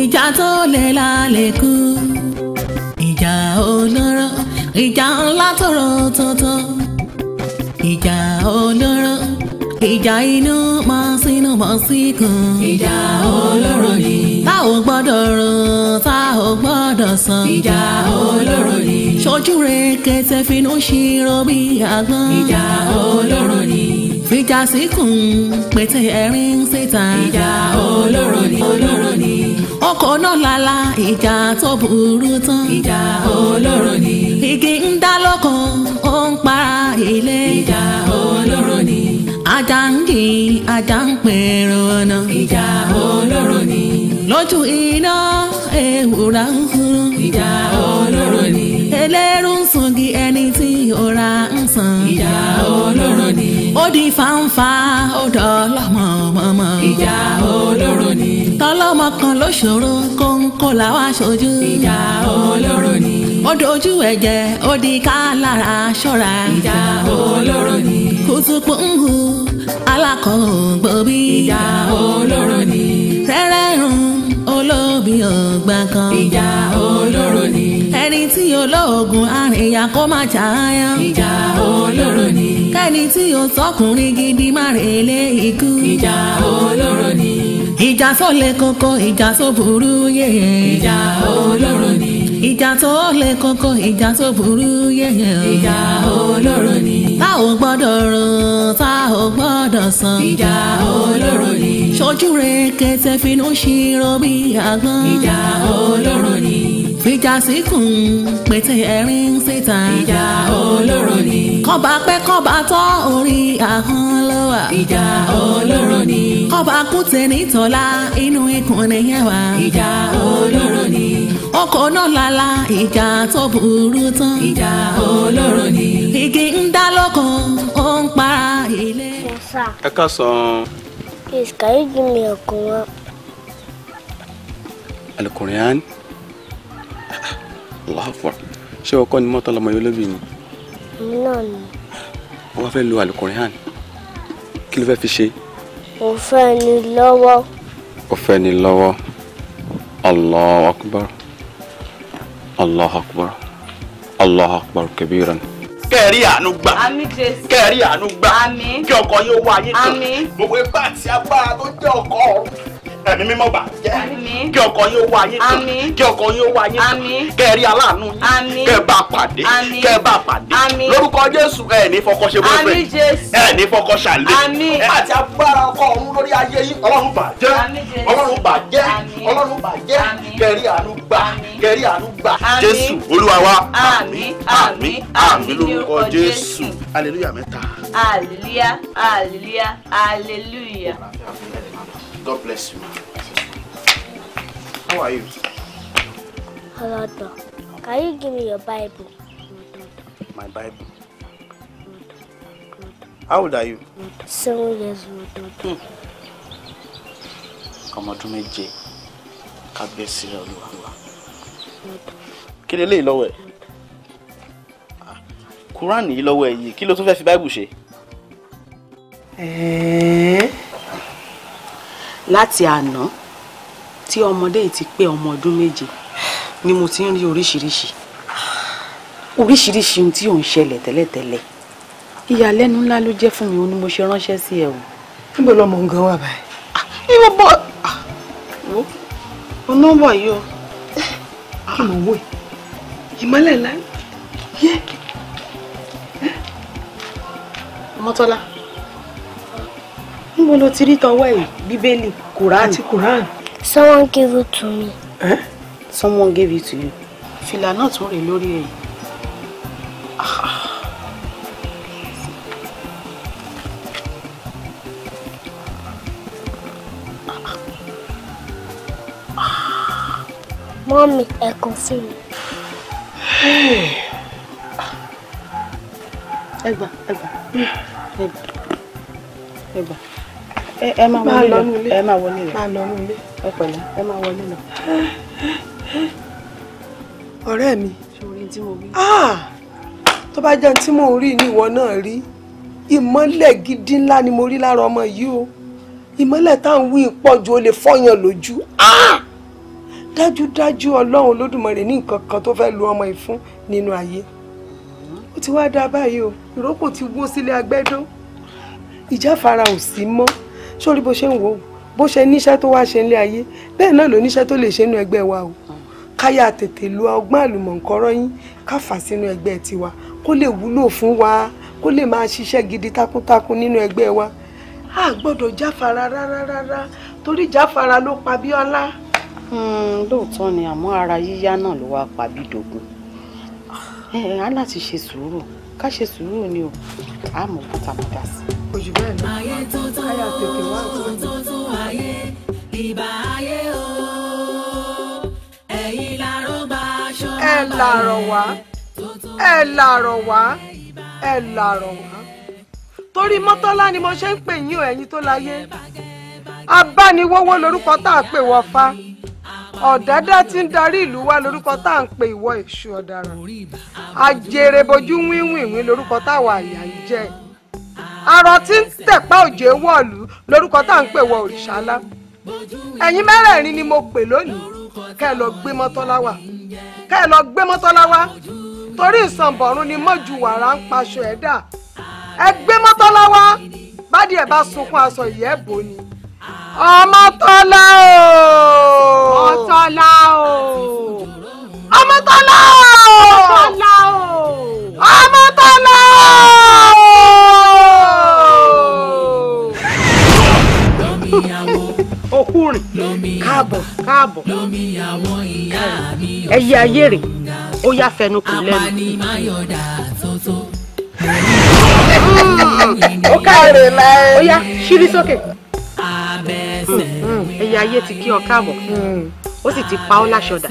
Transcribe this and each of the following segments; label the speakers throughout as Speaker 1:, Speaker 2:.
Speaker 1: ìjà tó lè lálẹ́ kú ìjà olóró ìjà ńlá tòrò tótó ìjà olóró ìjà inú mọ sínú mọ síkùn ìjà olóró ni tá ò gbọ́dọ̀ rò tá ò gbọ́dọ̀ sàn ìjà olóró ni ṣojú rẹ kẹsẹ finú ṣírò bí àgbọn ìjà olóró ni fìjà síkùn pété ẹ̀rín síta ìjà olóró ni olóró ni ọkọ̀ náà lala ìjà tó burú tán. ìjà olóró ni. igi ń dá lọ́kàn ó ń para ilé. ìjà olóró ni. ajá ń kì í ajá ń pèrò ọ̀nà. ìjà olóró ni. lójú iná ewúrà ń kúrú. ìjà olóró ni. eléérú ń sungi ẹni tí òrà ń sàn. ìjà olóró ni. ó di fàǹfà ó dọ̀ ọ́ lọ́mọ mọ́mọ́. ìjà olóró ni ọlọ́mọ kan ló ṣòro kóńkó làwọn aṣojú. ìjà olóró ni. ó dojú ẹ̀jẹ̀ ó di ká lára ṣọ́ra. ìjà olóró ni. kùtùkù ń hu alákọ̀ọ́gbọ̀bí. ìjà olóró ni. rẹ́rẹ́ rùn olóbi ọ̀gbà kan. ìjà olóró ni kẹ́ni tí olóògùn àríyá kó má ṣàyà. ìjà olóró ni. kẹ́ni tí o sọkùnrin gidi má relé ikú. ìjà olóró ni. ìjà tó le koko ìjà tó burú yẹ. ìjà olóró ni. ìjà tó le koko ìjà tó burú yẹ. ìjà olóró ni. tá ò gbọ́dọ̀ rán tá ò gbọ́dọ̀ san. ìjà olóró ni. ṣojú rẹ̀ kẹsẹ̀ finú ṣírò bí àgbọn. ìjà olóró ni. Ìjà síkùn pété ẹ̀rín síta. ìjà olóró ni. kọ́ba pẹ́ kọ́ba tọ́ orí ahọ́n ló wà. ìjà olóró ni. kọ́ba kúte nítọ́lá inú ikùn nìyẹn wà. ìjà olóró ni. ọkọ̀ náà lala ìjà tó burú tán. ìjà olóró ni. igi ń dá lóko ó ń para ilé. ẹ ká sàn. Please, can you give me a
Speaker 2: aláfọ ṣé ọkọ ni mọ́tò ọlọmọ yóò lóbi ni. náà ni. ó fẹ́ lo àlùkùnrin hàn
Speaker 3: kí ló fẹ́ fi ṣe.
Speaker 4: ó fẹ́ ni lọ́wọ́.
Speaker 3: ó ni lọ́wọ́ Allahu akbar Allah akbar Allah akbar kabiran
Speaker 4: kẹ́ẹ̀rí àánú gbà kẹ́ẹ̀rí àánú gbà kí ọkọ yóò wá ayé kan gbogbo ipá àti agbára tó jẹ́ ọkọ ọ̀run ẹ̀mí mímọ́ gbà kí ọkọ yín wá ayé kan kí ọkọ yín wá ayé kan kẹ́ ẹ rí aláàánú yín kẹ́ ẹ bá pàdé kẹ́ ẹ bá pàdé lórúkọ jésù ẹ ní fọkọ ṣe bọ́ọ̀fẹ́ ẹ ní fọkọ ṣàlẹ́ ẹ àti agbára ọkọ ọ̀run lórí ayé yín ọlọ́run bàjẹ́ ọlọ́run bàjẹ́ ọlọ́run bàjẹ́ kẹ́ ẹ rí àánú gbà kẹ́ rí àánú gbà
Speaker 1: jésù olúwa wa àmín àmín àmín lórúkọ jésù
Speaker 2: hallelujah mẹ́ta.
Speaker 1: hallelujah hallelujah hallelujah. God bless you.
Speaker 2: How are you?
Speaker 4: Hello, Can you give me your Bible?
Speaker 2: My Bible. How old are you?
Speaker 4: Seven years old.
Speaker 2: Ọmọ ọdún méje kábíyèsí rẹ̀ olúwa. Kí leléyìí lọ́wọ́ ẹ̀?
Speaker 4: Ah, Kúránì yìí lọ́wọ́ ẹ̀ yìí kí ló tún fẹ́ fi Báíbù ṣe? láti àná tí ọmọdé yìí ti pé ọmọ ọdún méje ni mo ti ń rí oríṣiríṣi oríṣiríṣi ohun tí ò ń ṣẹlẹ̀ tẹ́lẹ̀tẹ́lẹ̀ ìyàlẹ́nu ńlá ló jẹ́ fún mi ó ní mo ṣe ránṣẹ́ sí ẹ o. níbo lọmọ nǹkan wà báyìí. ìwọ ah, bọ ah, wo o nọ́mbà yìí o. kí mo wò ìmọ́lẹ̀ ńlá yé. mọ́tọ́lá níbo ló ti rí tọwọ́ ẹ̀ bíbélì kùrán àti kùrán. someone gave it to me. Eh? someone gave it to you. fìlà náà tún rè lórí ẹ̀. mọ́mí ẹ̀kan sí mi. ẹgbà ẹgbà ẹgbà ẹgbà ẹ máa wọlé lọ ẹ máa wọlé lọ ẹ pẹ̀lẹ́ ẹ máa wọlé lọ. ọ̀rẹ́ mi ah! tó bá jẹun tí mò rí ni ìwọ náà rí ìmọ́lẹ̀ gidi ńlá ni mo rí lára ọmọ yìí o ìmọ́lẹ̀ tá à ń wí pọ̀ ju o lè fọyàn lójú ah! dájúdájú ọlọ́run olódùmarè ní nǹkan kan tó fẹ́ lu ọmọ yìí fún nínú ayé ó ti wá dá báyìí o ìrókò ti wó sílé agbẹ́dọ́ ìjáfara ò sí mọ́ sórí bó ṣe ń wò ó bó ṣe níṣẹ́ tó wá ṣe nílé ayé bẹ́ẹ̀ náà ló níṣẹ́ tó lè ṣe nínú ẹgbẹ́ wa o káyà tètè lo ọgbọ́n àlùmọ̀ǹkọ́rọ́ yín ká fà sínú ẹgbẹ́ tiwa kó lè wúlò fún wa kó lè máa ṣiṣẹ́ gidi takuntakun nínú ẹgbẹ́ wa a gbọ́dọ̀ jáfara rárá torí jáfara ló pa Bíọ́lá. Hmm, lóòótọ́ ni àmọ́ ara yíyá náà ló wá pa Bídògún aláti ṣe sùúrù ká ṣe sùúrù ni o a mọ̀ bùtà bùtà sí.
Speaker 3: ojú bẹ́ẹ̀ ni ayé
Speaker 1: tó tó tó tó ayé ìbà ayé o ẹ̀yin làárọ̀ bá aṣọ lálẹ́. ẹ làárọ̀
Speaker 4: wá ẹ làárọ̀ wá ẹ làárọ̀ wá torí mọ́tọ́lá ni mo ṣe ń pè yín o ẹ̀yin tó láyé abániwówó lorúkọ tá a pè wọ́n fa ọ̀dádá tí ń darí ìlú wa lórúkọ tá à ń pe ìwọ èṣù ọ̀daràn àjèrè bojú wíwìnwín lórúkọ táwa àyà yìí jẹ́ arọ tí ń tẹ̀pá òjò wọ̀lú lórúkọ tá à ń pè wọ òrìṣàlá ẹ̀yin mẹ́rẹ̀ẹ̀rin ni mo pè lónìí kẹ́ ẹ lọ gbé mọ́tọ́lá wá kẹ́ ẹ lọ gbé mọ́tọ́lá wá torí ìsànbọ̀rún ni mọ́jú wàrà ń paṣọ ẹ̀dá ẹ gbé mọ́tọ́lá wá bádìí bá sunkún aṣọ ìyẹ́ ni ọmọtọ́lá o ọtọ́lá o ọmọtọ́lá o ọtọ́lá o ọmọtọ́lá o. ọkùnrin káàbọ̀ káàbọ̀ ẹyẹ ayé rẹ̀ ó yá fẹnu kò lẹ́nu.
Speaker 1: Hmm. ó káàárẹ̀ láyé. ó yá ṣírí sókè. Mm, mm, ẹ̀yà ayé ti kí ọ káàbọ̀ mm.
Speaker 4: ó sì ti pa ọ́ láṣọdà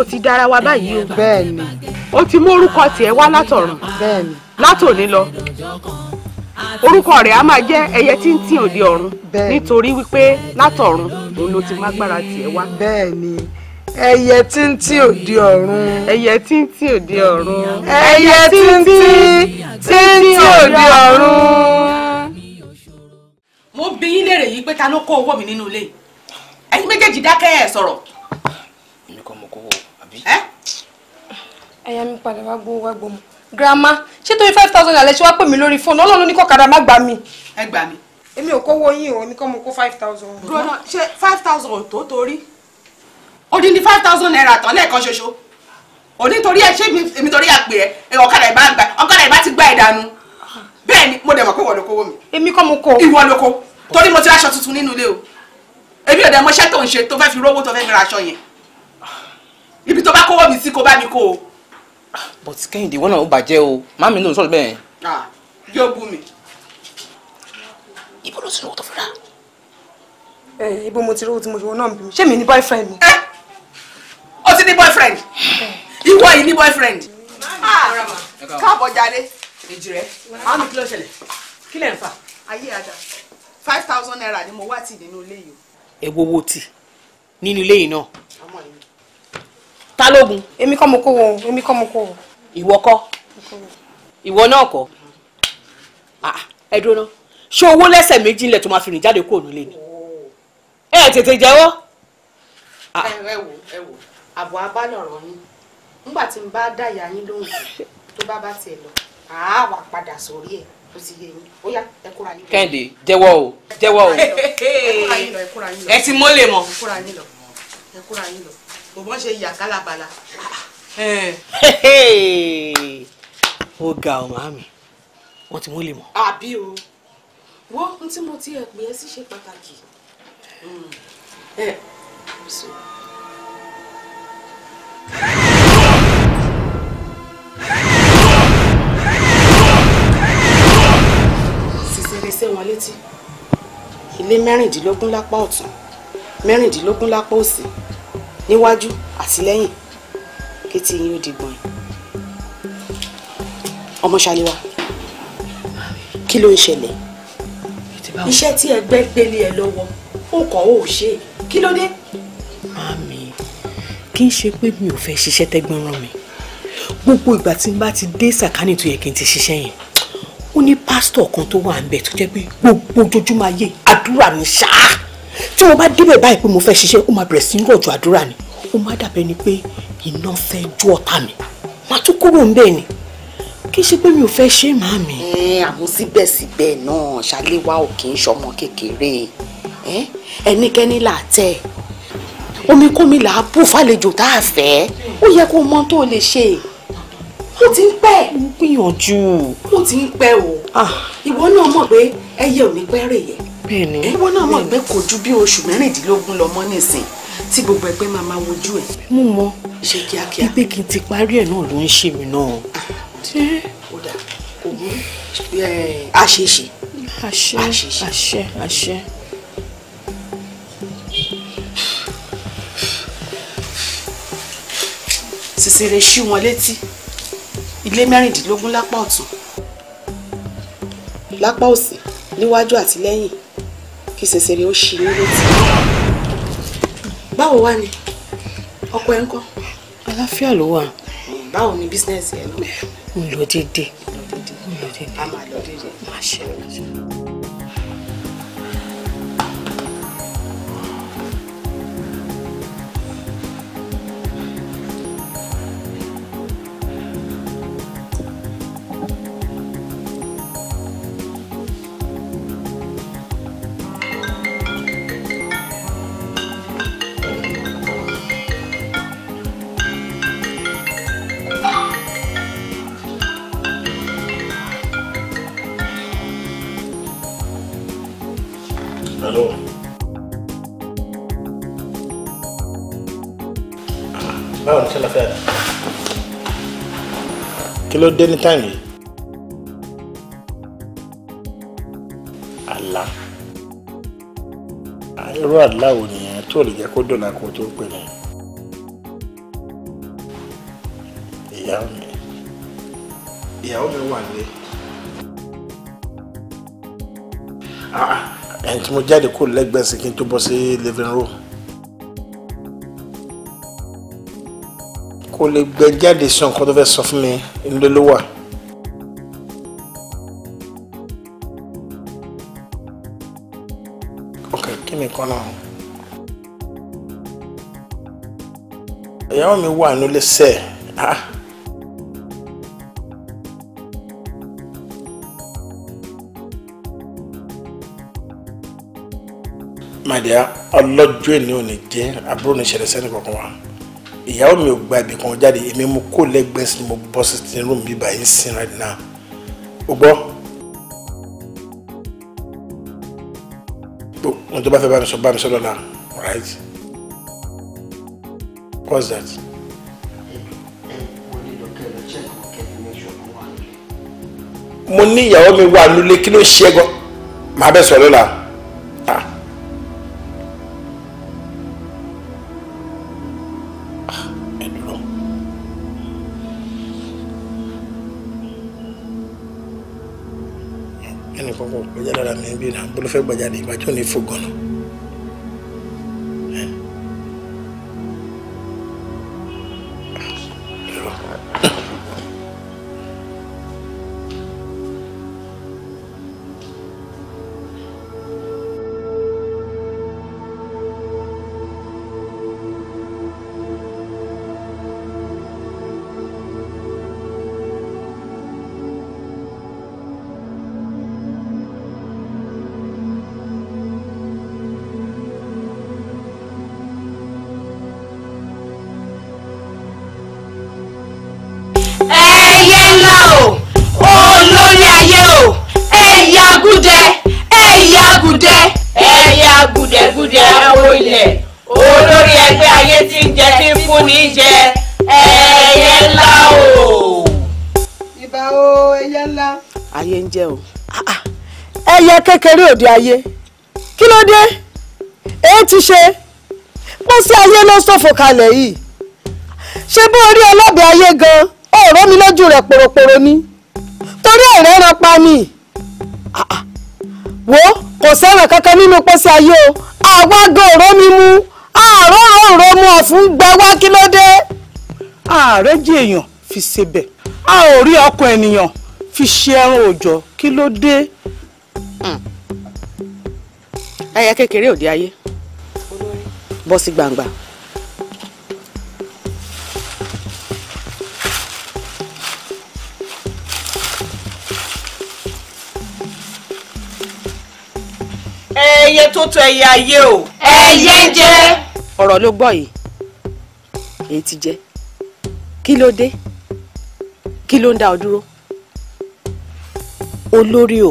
Speaker 4: ó ti dára wa báyìí o bẹ́ẹ̀ni ó ti mú orúkọ tiẹ̀ wá látọ̀run bẹ́ẹ̀ni látòní lọ orúkọ rẹ̀ á máa jẹ́ ẹyẹ tí ń tìn òde ọ̀run nítorí wípé látọ̀run òun ló ti mágbára tiẹ̀ wá. bẹ́ẹ̀ni ẹyẹ tíntín òde ọ̀run. ẹyẹ tíntín òde ọ̀run. ẹyẹ tíntín
Speaker 3: tíntín òde ọ̀run
Speaker 4: mo bí yín léèrè yìí pé ta ló kó owó mi nínú ilé ẹ̀yin méjèèjì dákẹ́ ẹ̀ sọ̀rọ̀. èmi kọ́ mo kówó àbí. ẹ̀yà mi padà wá gbowó wá gbowó girama ṣé torí five thousand naira lẹ́sẹ̀ wá pè mí lórí fóònù ọlọ́run ní kọ́kadà má gbà mí. ẹ gbà mí. èmi ò kówó yín o èmi kọ́ mo kó five thousand. dúró náà ṣé five thousand ò tó torí odindi five thousand naira tán lẹ́ẹ̀kan ṣoṣo onítorí ẹ ṣé èmi torí àpè ẹ ọ̀kadà ìbá ti gbà ẹ̀ dànù bẹ́ẹ̀ mo dẹ̀ mọ̀ pé ìwọ ló kówó èmi kọ́ mo kó. ìwọ ló torí mo ti ráṣọ tuntun nínú ilé o èmi ò dẹ̀ mọṣẹ́ tó ń ṣe tó fẹ́ fi rówó tó fẹ́ fi raṣọ yẹn ibi tó bá kówó mi sí kó bá mi kó o. but kẹ́hìndé wọn náà ó bàjẹ́ o má mi ló ń bẹ́ẹ̀. yóò bú mi. ibo ló ti rówó tó fi rà. ẹ ibo mo ti rówó tí mo fi wọn náà bí mi ṣé mi ní boyfriend ni. ẹ o ti ní boyfriend ìwọ yìí ní boyfriend. káàbọ̀ jáde èjì rẹ̀ máa mi kí ló ṣẹlẹ̀ kí lẹ̀ ń fà. ayé àdá five thousand naira ni mo wá tì nínú ilé yìí. ẹ wo owó tì nínú ilé yìí náà. ta lógun. èmi kọ́ mo kó wọn èmi kọ́ mo kó wọn. ìwọ kọ́ ìwọ náà kọ́ ah, ah, ẹ dúró náà ṣé owó lẹ́sẹ̀ méjì ńlẹ̀ tó máa fi rìn jáde kúrò nílé ni ẹ tètè jẹ́wọ́. Ah. ẹ wò ẹ wò àbọ̀ abálọ̀rọ̀ yín nígbà tí n bá dàyà yín lóhùn tó bá bá tiẹ̀ lọ àá wà padà sórí ẹ̀ ó ti yé yín ó yá ẹ kóra yín. kẹ́hìndé jẹ́wọ́ o jẹ́wọ́ o. ẹ ti mọ́lẹ̀ mọ́. ẹ ó ga ọ màámi wọ́n ti mọ́lẹ̀ mọ́. àbí o wo ohun tí mo ti ẹ̀ pè é sí ṣe pàtàkì. Hmm. wọn létí ilé mẹ́rìndínlógún lápá ọ̀tún mẹ́rìndínlógún lápá òsì níwájú àti lẹ́yìn kété yín ó di gbọ̀n ọmọ ṣàlíwá kí ló ń ṣẹlẹ̀. iṣẹ́ tí ẹgbẹ́ gbélé ẹ lọ́wọ́ ó kọ́ ó ṣe kí ló dé. màmí kì í ṣe pé mi ò fẹ́ ṣiṣẹ́ tẹ́gbọ́n rán mi gbogbo ìgbà tí n bá ti dé sàkánì tó yẹ kí n ti ṣiṣẹ́ yẹn ó ní pásítọ̀ kan tó wà níbẹ̀ tó jẹ́ pé gbogbo ojoojúmọ́ ayé àdúrà mi ṣáá tí mo bá débẹ̀ báyìí pé mo fẹ́ ṣiṣẹ́ ó máa bẹ̀rẹ̀ sí í rọ̀jò àdúrà ni ó má dàbẹ́ ni pé iná fẹ́ jó ọ̀tá mi màá tún kúrò ń bẹ́ẹ̀ ni kì í ṣe pé mi ò fẹ́ ṣe màá mi. àmọ́ síbẹ̀síbẹ̀ náà ṣàléwá ò kì í ṣọmọ kékeré ẹnikẹ́ni là á tẹ̀ omi kómi là á bù fàlejò tá a fẹ́ ó yẹ kó mọ tó lè ṣe ó ti ń pẹ́. mo gbìyànjú. ó ti ń pẹ́ o. Ah. ìwọ náà mọ̀ pé ẹyẹ ò ní pẹ́ rè yẹ. bẹ́ẹ̀ni ìwọ náà mọ̀ pé kò ju bí oṣù mẹ́rìndínlógún lọ mọ́ nísìn tí gbogbo ẹgbẹ́ máa máa wojú ẹ̀. mú mọ ṣe kíákíá. pípé kí n ti parí ẹ̀ náà ló ń ṣe mí náà. ó dà kò mú àṣeṣe. àṣẹ àṣẹ Sisire ṣí wọn létí ilé mẹ́rìndínlógún lápá ọ̀tún lápá òsì níwájú àti lẹ́yìn kí ṣẹ̀ṣẹ̀rẹ̀ ó ṣì ní létí. báwo wá ni ọkọ ẹ ń kọ́. aláfíà ló wà. báwo ni bísíǹnẹ̀sì ẹ lọ. ń lọ déédéé. ń lọ déédéé. a máa lọ déédéé. máa ṣe é.
Speaker 2: báwo ni ṣẹlẹ̀ fẹ́ dà kí ló dé ní táìmì yìí àlá irú àlá wo nìyẹn tó lè jẹ́ kó dọ̀là kó tó pè mí ìyàwó mi ìyàwó mi wà nílé ah, ah, ẹni tí mo jáde kó lẹ́gbẹ̀ẹ́ sí kí n tó bọ́ sí living room. kó lè gbẹ jáde sọ nǹkan tó fẹ́ sọ fún mi ńlẹ́ ló wà. ok kí ni kan náà. ìyàwó mi wà nílé sẹ́ẹ̀ ah. my dear ọlọ́jọ́ ènìyàn ò ní jẹ́ àbúrò ní ìṣẹ̀lẹ̀ sẹ́ni kankan wa ìyàwó mi ò gba ibì kan jáde èmi mo kó lẹ́gbẹ̀ẹ́ sí mo bọ́ sí ti rúùmù bíbá yìí sin right now o gbọ́. ohun tó bá fẹ́ bá mi sọ bá mi sọ lọ́la right what's that. mo ní ìyàwó mi wà nulẹ̀ kí ló ṣe é gan màá bẹ̀ sọ lọ́la. bí náà bó ló fẹ́ gbàjáde ìbájú ní
Speaker 4: kékeré òde ayé kí ló dé èyí ti ṣe pọ́sí ayé ló ṣòfò kalẹ̀ yìí ṣé bó orí ọlọ́bẹ̀ ayé gan ọ̀rọ̀ mi lójú rẹ̀ pòròpòrò ni torí ẹ̀rẹ́ ẹran pa ni wo kò sẹ́ràn kankan nínú pọ́sí ayé o àwa gan ọ̀rọ̀ mi mú àárọ̀ ọ̀rọ̀ mu ọ̀fun gbẹ wá kí ló dé. ààrẹ jí èèyàn fi ṣebẹ̀ a ò rí ọkọ ènìyàn fi ṣe ẹran òòjọ́ kí ló dé. Mm ẹyẹ kékeré òde ayé bọ́ sí gbangba. ẹyẹ tó tó ẹyẹ ayé o. ẹyẹ jẹ. ọ̀rọ̀ ló gbọ́ yìí èyí ti jẹ kí ló dé kí ló ń dá ọ dúró olórí o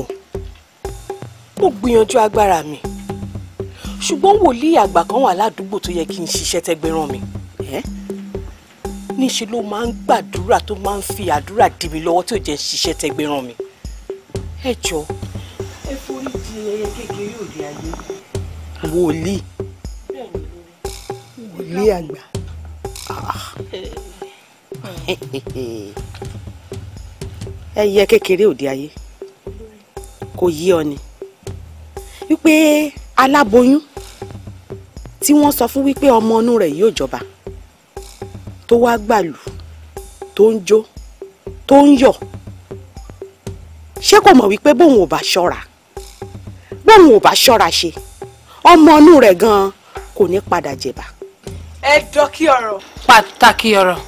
Speaker 4: mo gbìyànjú agbára mi ṣùgbọ́n wòlíì àgbà kan wà ládùúgbò tó yẹ kí n ṣiṣẹ́ tẹ́gbẹ́rán mi níṣẹ́ ló máa ń gbàdúrà tó máa ń fi àdúrà dì mí lọ́wọ́ tí ò jẹ́ ṣiṣẹ́ tẹ́gbẹ́rán mi ẹ jọ. ẹ forí di ẹyẹ kékeré òde ayé. wòlíì wòlíì àgbà ẹyẹ kékeré òde ayé kò yí ọ ni wípé aláboyún tí wọ́n sọ fún wípé ọmọ inú rẹ̀ yóò jọba tó wá gbàlù tó ń jó tó ń yọ̀ ṣé kò mọ̀ wípé bóun ò bá ṣọ́ra bóun ò bá ṣọ́ra ṣe ọmọ inú rẹ̀ gan-an kò ní padà jẹ̀bà. ẹ dọ́kí ọ̀rọ̀. pàtàkì ọ̀rọ̀.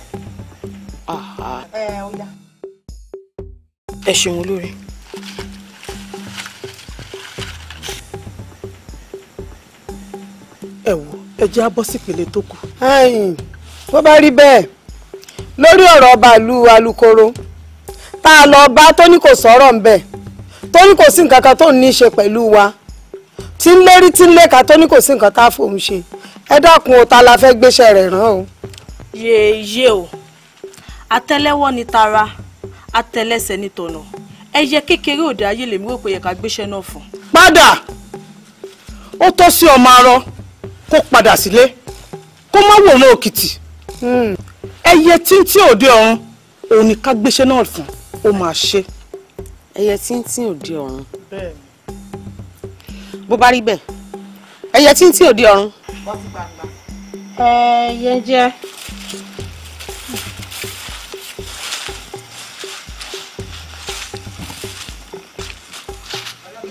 Speaker 4: ẹ ṣeun olórí. ẹ wò ẹ jẹ́ á bọ́ sípele tó kù. bó bá rí bẹ́ẹ̀ lórí ọ̀rọ̀ bàálù alukoro tá a lọ bá tó ní kò sọ̀rọ̀ ń bẹ̀ tó ní kò sí nǹkan kan tó ní í ṣe pẹ̀lú wa tí ń lérí tí ń léka tó ní kò sí nǹkan tá a fòun ṣe ẹ dákun o ta la fẹ́ gbéṣẹ́ rẹ̀ ràn o. yèyé o àtẹ́lẹwọ́ ni tara àtẹ́lẹsẹ̀ ni tọ̀nà ẹyẹ kékeré òde ayé lèmi rò pé yẹ ká gbéṣẹ́ náà fún. padà ó tó sí ọmọ arọ kó padà sílé kó má wòran òkìtì hmm. ẹyẹ tíntín òde ọ̀run òun ni ká gbéṣẹ́ náà fún ó máa ṣe. ẹyẹ tíntín òde ọ̀run bó bá rí bẹ́ẹ̀ ẹyẹ tíntín òde ọ̀run. ẹyẹ jẹ́.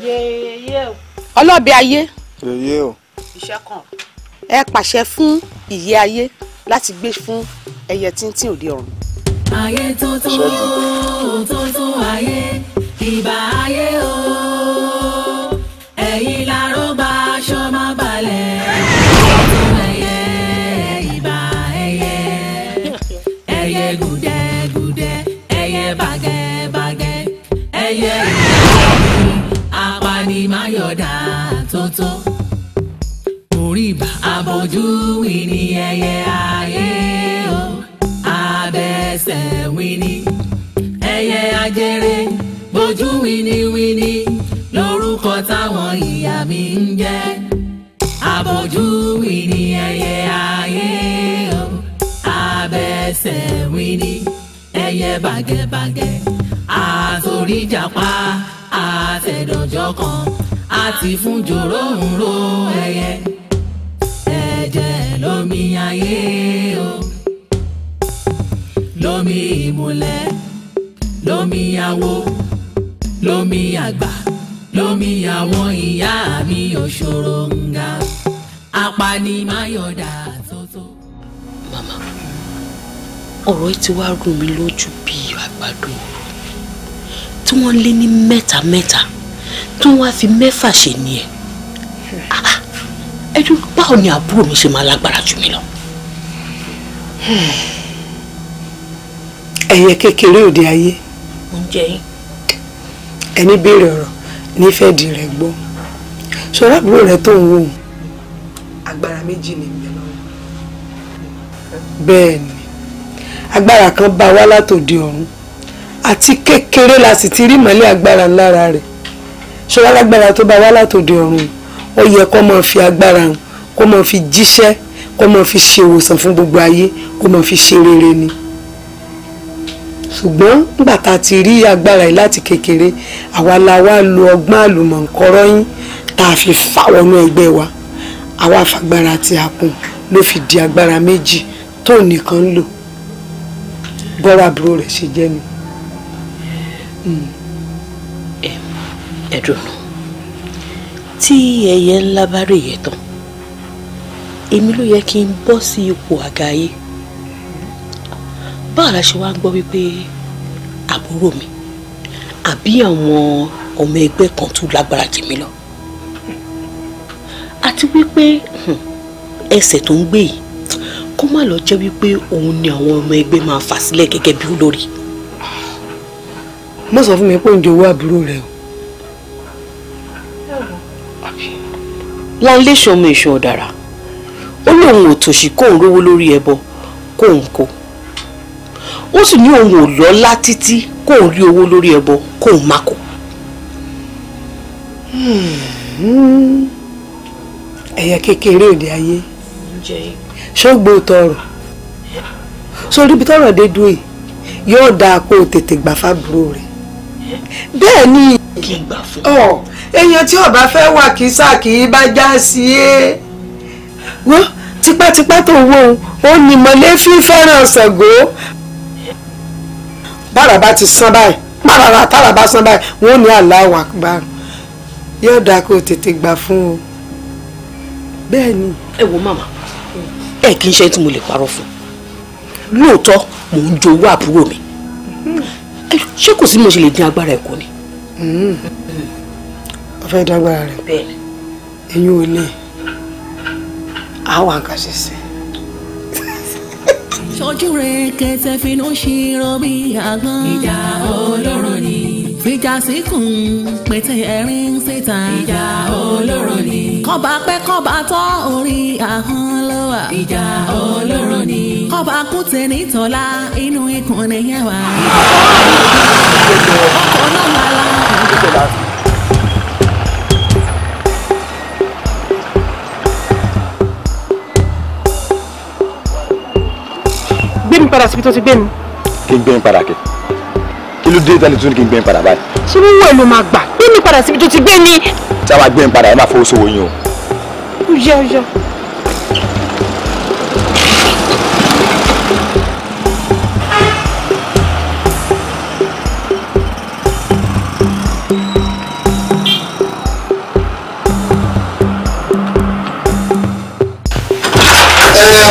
Speaker 4: yeye o. ọlọ́ọ̀bẹ ayé. yeye o. iṣẹ́ kan ẹ pàṣẹ fún ìyè ayé láti gbé fún ẹyẹ tíntín òde ọ̀run. ayé tuntun yóò tuntun ayé
Speaker 1: ìbà ayé o ẹ̀yin láró bá aṣọ má balẹ̀ tuntun ẹyẹ ìbà ẹyẹ ẹyẹ gùdẹ gùdẹ ẹyẹ bàgẹ bàgẹ ẹyẹ ìbà orí bá. àbójú wí ni ẹyẹ ayé o abẹ́sẹ̀ wí ni ẹyẹ ajere bójú wí ni wí ni lórúkọ táwọn ìyá mi ń jẹ́ àbójú wí ni ẹyẹ ayé o abẹ́sẹ̀ wí ni ẹyẹ bàgẹ́bàgẹ́ àtòríjàpá àtẹ̀dọ̀jọ́ kan àti fún jòrò ń ro ẹyẹ ẹ̀jẹ̀ lómi ayé o lómi ìmùlẹ̀ lómi àwo lómi àgbà lómi àwọn ìyá mi òṣòròǹgà apanimayọ̀dà tótó. màmá
Speaker 4: ọ̀rọ̀ yìí ti wá rùn mí lójú bíi àgbàdo tí wọ́n lé ní mẹ́ta mẹ́ta tí wọ́n wá fi mẹ́fà ṣe ni ẹ̀. Hmm. Ah, ẹdú báwo ni àbúrò mi ṣe máa lágbára jù mí lọ. ẹyẹ kékeré òde ayé ẹni béèrè ọ̀rọ̀ nífẹ̀ẹ́ di rẹ̀ gbọ́ ṣọ́ra àbúrò rẹ̀ tó ń wò agbára méjì ní ìgbẹ́ lọ́wọ́ bẹ́ẹ̀ ni agbára kan bá wá látòde ọ̀run àti kékeré la sì ti rí ìmọ̀lẹ́ agbára lára rẹ̀ ṣọ́ra lágbára tó bá wá látòde ọ̀run yìí ó yẹ kó máa fi agbára hàn kó máa fi jíṣẹ́ kó máa fi ṣe ìwòsàn fún gbogbo ayé kó máa fi ṣe rere ni ṣùgbọ́n nígbà tá a ti rí agbára yìí láti kékeré àwa la wá lo ọgbọ́n àlùmọ̀ǹkọ́rọ́ yín tá a fi fà wọnú ẹgbẹ́ wa àwa àfàgbára àti àpọ̀n ló fi di agbára méjì tó nìkan lò bọ́ra àbúrò rẹ̀ ṣe jẹ́ ni. Hmm. ẹ̀dùn nù tí ẹyẹ ńlá bá rè yẹ tán èmi ló yẹ kí n bọ́ sí ipò àga ayé báwo la ṣe wá gbọ́ wípé àbúrò mi àbí àwọn ọmọ ẹgbẹ́ kan tó lágbára jù mí lọ àti wípé ẹsẹ̀ tó ń gbé yìí kó má lọ jẹ́ wípé òun ni àwọn ọmọ ẹgbẹ́ máa fà sílẹ̀ gẹ́gẹ́ bí olórí. má sọ fún mi pé òun jowó àbúrò rẹ o. láńlé ṣọmọ èṣù ọ̀dàrà ó ní òun ò tòṣì kóun rówó lórí ẹbọ kóun kó ó sì ní òun ò lọ́lá títí kóun rí owó lórí ẹbọ kóun má kó.
Speaker 3: Hmm.
Speaker 4: ẹ̀yà kékeré òde ayé ṣọ́gbó tọrọ sórí ibi tọrọ dé dúró yìí yóò dáa kó o tètè gbà fábúrò rẹ bẹ́ẹ̀ ni. kí n gbà fún ọ èèyàn tí ọba fẹ́ wà kí sáàkì bá já sí i. wọ́n tipátipá tó wo ó ní mọ̀lẹ́ fífẹ́ràn ṣàngó. bára bá ti san báyìí bára tára bá san báyìí wọ́n ní Allahu Akbar yóò dáa kó tètè gbà fún o. bẹ́ẹ̀ ni. ẹ wo màmá ẹ kì í ṣe tí mo lè parọ́ fún lóòótọ́ mò ń jowó àbúrò mi ṣé kò sí mo ṣe lè dín agbára ẹ̀ kù ni. Hmm fẹ́ dágbára rẹ̀ bẹ́ẹ̀ ẹ̀yin ò lè àwọn nǹkan ṣe sí.
Speaker 1: ṣojú rẹ̀ kẹsẹ̀ finú ṣírọ bí àgbọn. ìjà olóró ni. fìjà síkùn pété ẹ̀rín síta. ìjà olóró ni. kọ́ba pẹ́ kọ́ba tọ́ orí ahọ́n ló wà. ìjà olóró ni. kọ́ba kúte nítọ́lá inú ikùn nìyẹn wà.
Speaker 5: ọkọ̀ náà máa
Speaker 4: ń padà síbi tó ti gbé mi. kí n gbé ń padà kẹ kí ló dé tẹ́lẹ̀ tún kí n gbé ń padà báyìí. ṣé wíwọ ẹ ló máa gbà gbé mi padà síbi tó ti gbé mi. tí a bá gbé ń padà ẹ
Speaker 5: máa fowó sówó yín o. ó
Speaker 4: yá ó yá.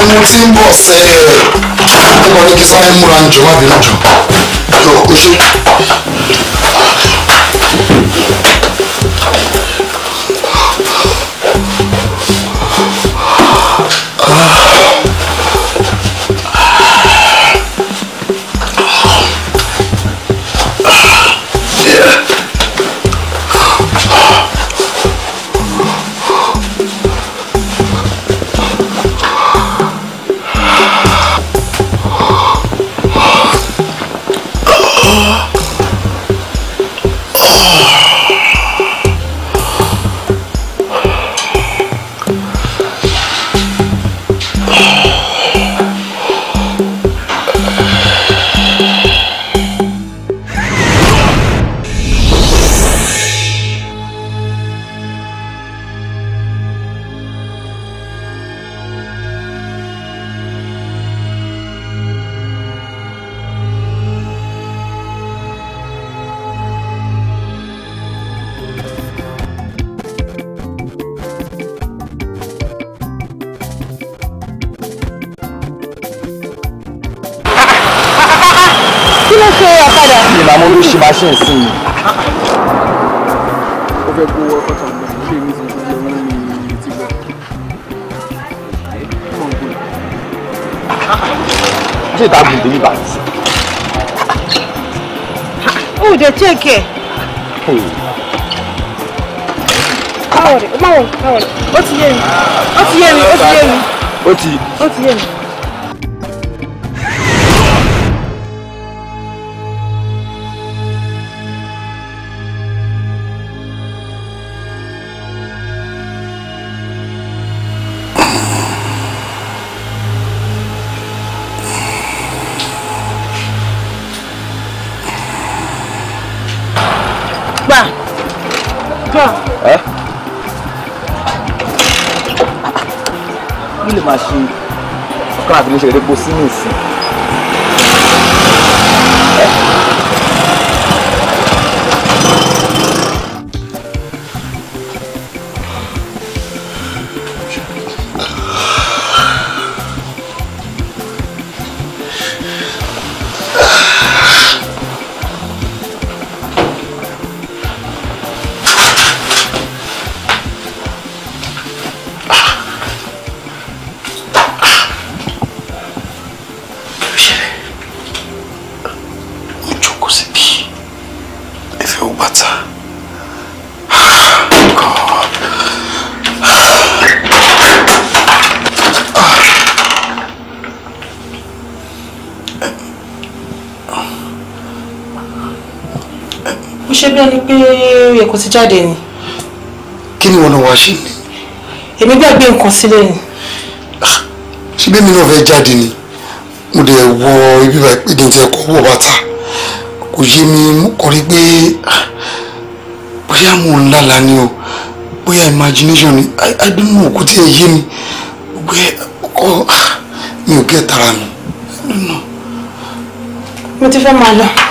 Speaker 4: mo ti ń bọ̀ sẹ́ẹ̀ nípa ní kí sáré múra ń jọ má bínú jọ. Yọ o ṣe.
Speaker 3: bá ṣe ń sìn ni.
Speaker 2: ó fẹ́ kó ọkọ̀ tàbí ṣé èmi ti fi ẹ̀rọ ní etí bọ̀.
Speaker 5: ṣé ìta gùn dé níbà sí.
Speaker 4: ó dẹ̀ tí ì kẹ̀. báwo rẹ̀ báwo rẹ̀ ó ti yé mi ó ti yé mi ó ti yé mi. ó ti ó ti yé mi.
Speaker 5: Mujerico Sinisi.
Speaker 4: ti jáde ni. kí ni wọn náà wá ṣe ni. èmi gbàgbé nǹkan sílẹ̀ ni. ṣíbí mi náà fẹ́ jáde ni mo dẹ̀ wọ ibi ìdí tí ẹ kọ́ wọ bàtà kò yé mi
Speaker 2: mo kọ́ rí pé bóyá mo ń lálàá ni o bóyá imagination ni i don't know kò tiẹ̀ yé mi gbé ọkọ mi ò gẹ́ tara mi.
Speaker 4: mo ti fẹ́ máa lọ.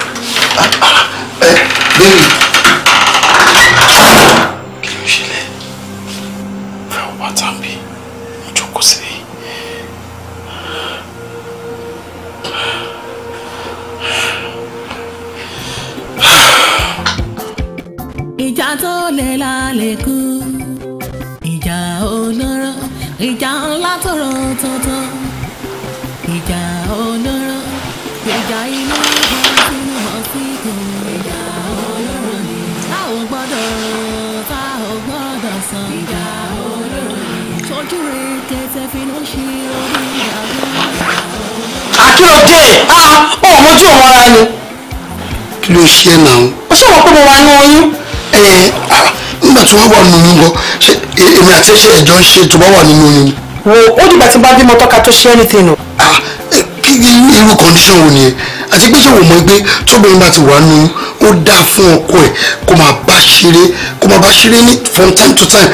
Speaker 4: ṣe ṣe ẹ̀jọ́ ń ṣe tó bá wà nínú oyún. wo ó dìgbà tí bá bímọ tọ́ka tó ṣe anything o. ah eh, kí irú condition wo nìyẹn àti pé ṣé wò mọ̀ pé tóbìnrin bá ti wà nù
Speaker 2: ó dáa fún ọkọ ẹ̀ kó máa bá ṣeré kó máa bá ṣeré ní from time to time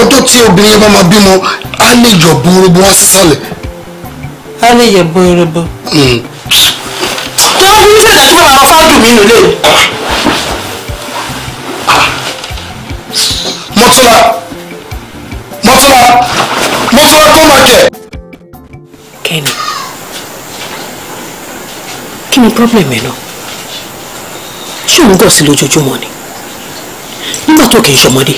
Speaker 4: ọjọ́ tí obìnrin yẹn bá máa bímọ á lè yọ búrúbú wá sísàlẹ̀. á lè yẹ búrúbú. tó ń bí tí mo máa fáwọn mí nù market. Kenny kí ni problem ẹ náà ṣé òun gọ̀ sí lójoojúmọ́ ni nígbà tó kì í ṣọmọdé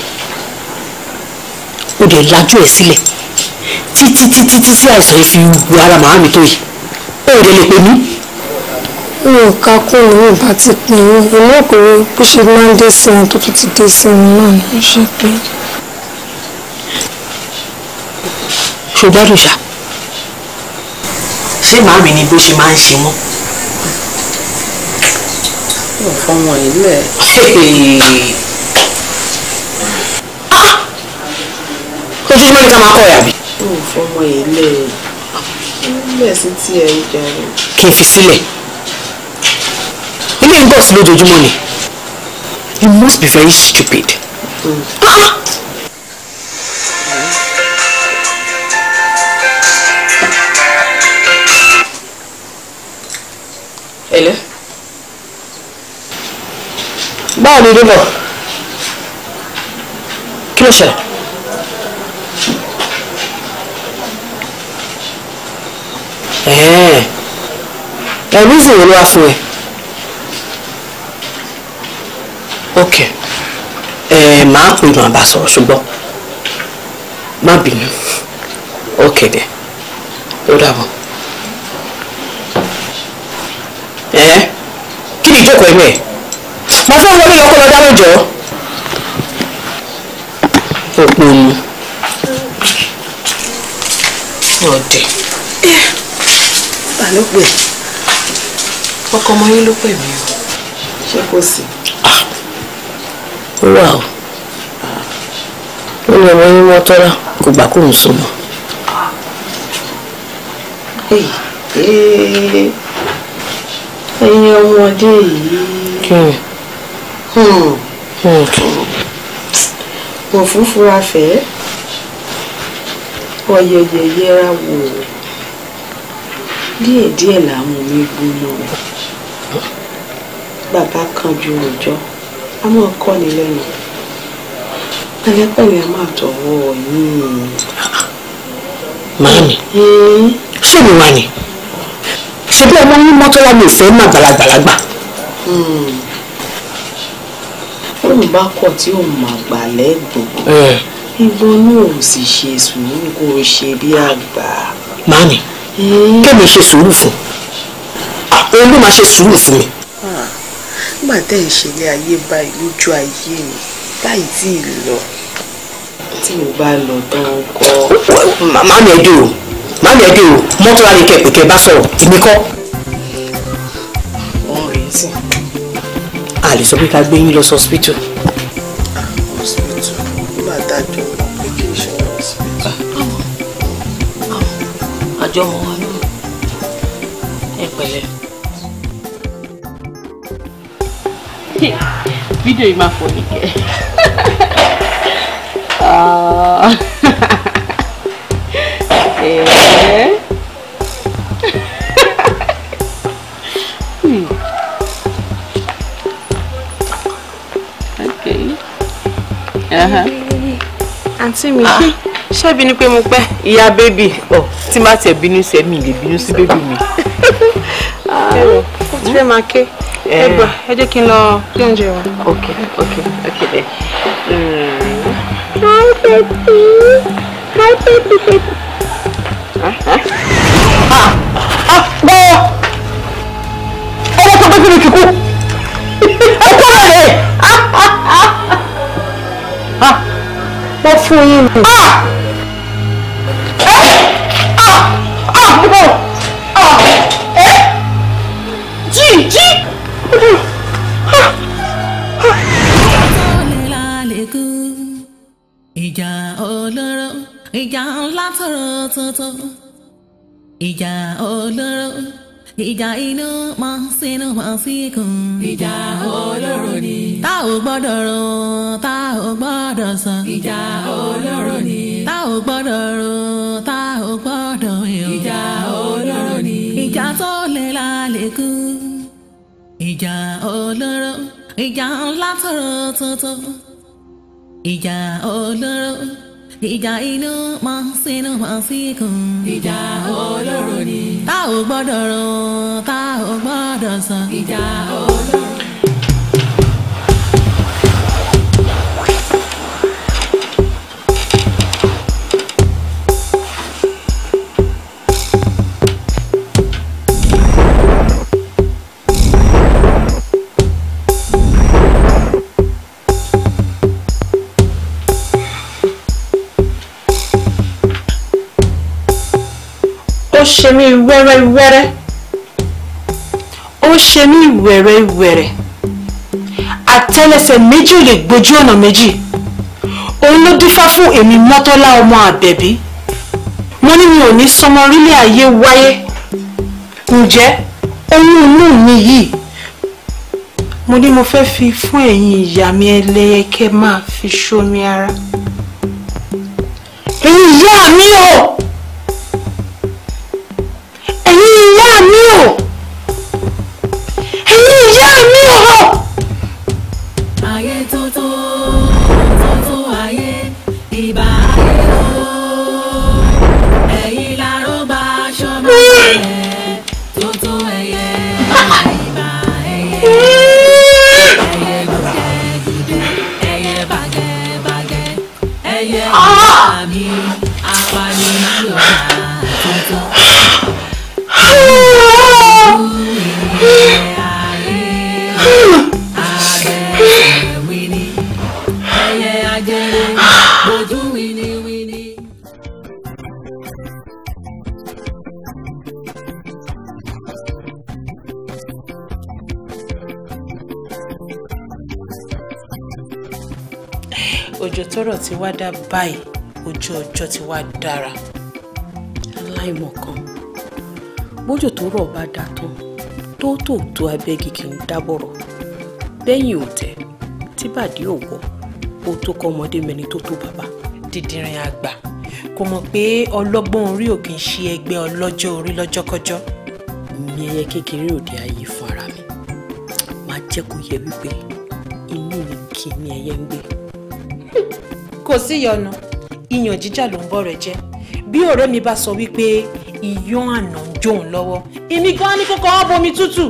Speaker 4: ó dẹ̀ lajú ẹ̀ sílẹ̀ títí títí tí àìsàn fi wù ara màámi tó yìí
Speaker 3: ó dẹ̀ lè pè mí mi ò ká kó òun ìbá ti pin òun òun ọkùnrin bó ṣe máa ń dé sí ohun tó tún ti dé sí ohun náà ló ṣe pé.
Speaker 4: ṣùgbọ́n àdùsà. ṣé màámi ni bó ṣe máa ń ṣe mọ́. yóò fọmọ ilé. ojoojúmọ́ ni ká máa kọ́ ẹ̀ àbí. yóò fọmọ ilé ilé sí tí ẹ ń jẹun. kí n fi sílẹ̀ ilé ń bọ̀ sí lójoojúmọ́ ni you must be very stupid. Mm. Ah! báwo ni ìdúbọ̀ kí ló ṣẹlẹ̀. ẹ̀rí ìsìn olúwa fún ẹ ok ẹ máa kún ìmọ̀ àbá sọ̀rọ̀ ṣùgbọ́n má bínú ok dẹ ó dàbọ̀ ẹ kí ni ìjókòó ẹgbẹ́ ẹ wọlé yọ kó lọ dá lójọ. òpó ni ọdẹ. ta ló pè ọkọ ọmọ yín ló pè mí o ṣé kò sí. ó wà o ó ní ọmọ yín mọ́ tọ́ra kò gbà kó ń sùn mọ́. ọmọdé yìí wọ́n fún fúra fẹ́ ọ̀yẹ̀yẹ̀ yẹra wò díẹ̀díẹ̀ làwọn mi gbóná bàbá kan ju òòjọ́ a máa kọ́ ni lẹ́nu pẹ̀lẹ́pẹ̀lẹ́ a máa tọ̀wọ́ yín. màámi ṣé hmm? mi wà ní ṣe bí ọmọ yín mọ́tò wá mi ò fẹ́ máa gbàlagbàlagbà. Hmm tóun bá kọ̀ tí òun mà gbà lẹ́gbọ̀n ìbọn náà ò sì ṣe sùúrù kó o ṣe bí àgbà. màámi kémi ṣe sùúrù fún òun ló máa ṣe sùúrù fún mi. nígbà tẹ́ ẹ̀ ṣe ilé ayé báyìí lójú ayé mi báyìí tí ì lọ. tí mo bá lọ tán kọ́. màámi ẹ dé o màámi ẹ dé o mọ́tò àríkẹ́ pèkẹ́ bá sọ̀rọ̀ èmi kọ́.
Speaker 3: ọ̀rẹ́ sìn
Speaker 4: a lè sọ pé ká gbé yín lọ sọ́spítù. hospital
Speaker 1: hospital. àjọ ọmọ wa náà ẹ pẹ̀lẹ́.
Speaker 4: fídíò yìí máa fọ nìkẹ́. ẹ̀ẹ́. àǹtí mi ah. ṣé bínú pé mo pẹ́ ìyá bébì ọ tí má tiẹ̀ bínú sí ẹ̀mí lè bínú sí bébì mi. ó ah, ti fẹ́ máa ké ẹgbà eh. ẹ jẹ́ kí n lọ bí oúnjẹ wa. ok ok ok then. hi baby hi baby baby. Ah, bẹ́ẹ̀ ọmọ tó gbé sínú ìtìkú
Speaker 3: ẹ̀kọ́ rẹ̀ ó fún yín nù. Ah! Eh! Ah! Ah! Eh! jí jí.
Speaker 1: ìjà olóró ìjà ńlá tọrọ tuntun ìjà olóró ìjà inú mọ sínú mọ síkùn. ìjà olóró ni tá ò gbọ́dọ̀ run tá ò gbọ́dọ̀ sàn. ìjà olóró ni. tá ò gbọ́dọ̀ run tá ò gbọ́dọ̀ yàn. ìjà olóró ni. ìjà tó lè la lè kú. ìjà olóró ìjà ńlá tóró tuntun. ìjà olóró ìjà inú mọ́ sínú mọ́ síkùn. ìjà olóró ni. tá ò gbọ́dọ̀ run tá ò gbọ́dọ̀ sàn. ìjà olóró.
Speaker 4: ó ṣe mí wẹ́rẹ́wẹ́rẹ́ ó ṣe mí wẹ́rẹ́wẹ́rẹ́ àtẹ́lẹsẹ̀ méjì ò lè gbójú ọ̀nà méjì òun ló dífá fún èmi mọ́tọ́lá ọmọ àbẹ̀bí mo ní mi ò ní sọmọ orílẹ̀ ayé wáyé ǹjẹ́ oyún inú mi yìí mo ní mo fẹ́ fi fún ẹ̀yin ìyá mi ẹlẹ́yẹ kẹ́ máa fi ṣomi ara
Speaker 3: ẹ̀yin ìyá mi o.
Speaker 4: báyìí ojú ọjọ́ ti wá dára aláìmọ̀kan bójú tó rọ̀ bá dà tán tó tó tó abẹ́gi kì í dábọ̀rọ̀ bẹ́yìn ò tẹ́ tí bàdí ò wọ̀ ó tó kọ́ ọmọdé mẹ́ni tó tó bàbá. dídìrín àgbà kò mọ̀ pé ọlọ́gbọ́n orí ò kì í ṣe ẹgbẹ́ ọlọ́jọ́ orí lọ́jọ́kọ́jọ́. mi ẹyẹ kékeré òde ayé fún ara mi máa jẹ́ kó yẹ wípé inú mi kì í ní ẹyẹ ń gbé. kò sí yọnu iyàn jíjà ló ń bọ̀ rẹ jẹ bí ọ̀rẹ́ mi bá sọ wípé iyán àná ń jó òun lọ́wọ́ èmi gan ni kókó ọ́ bomi tútù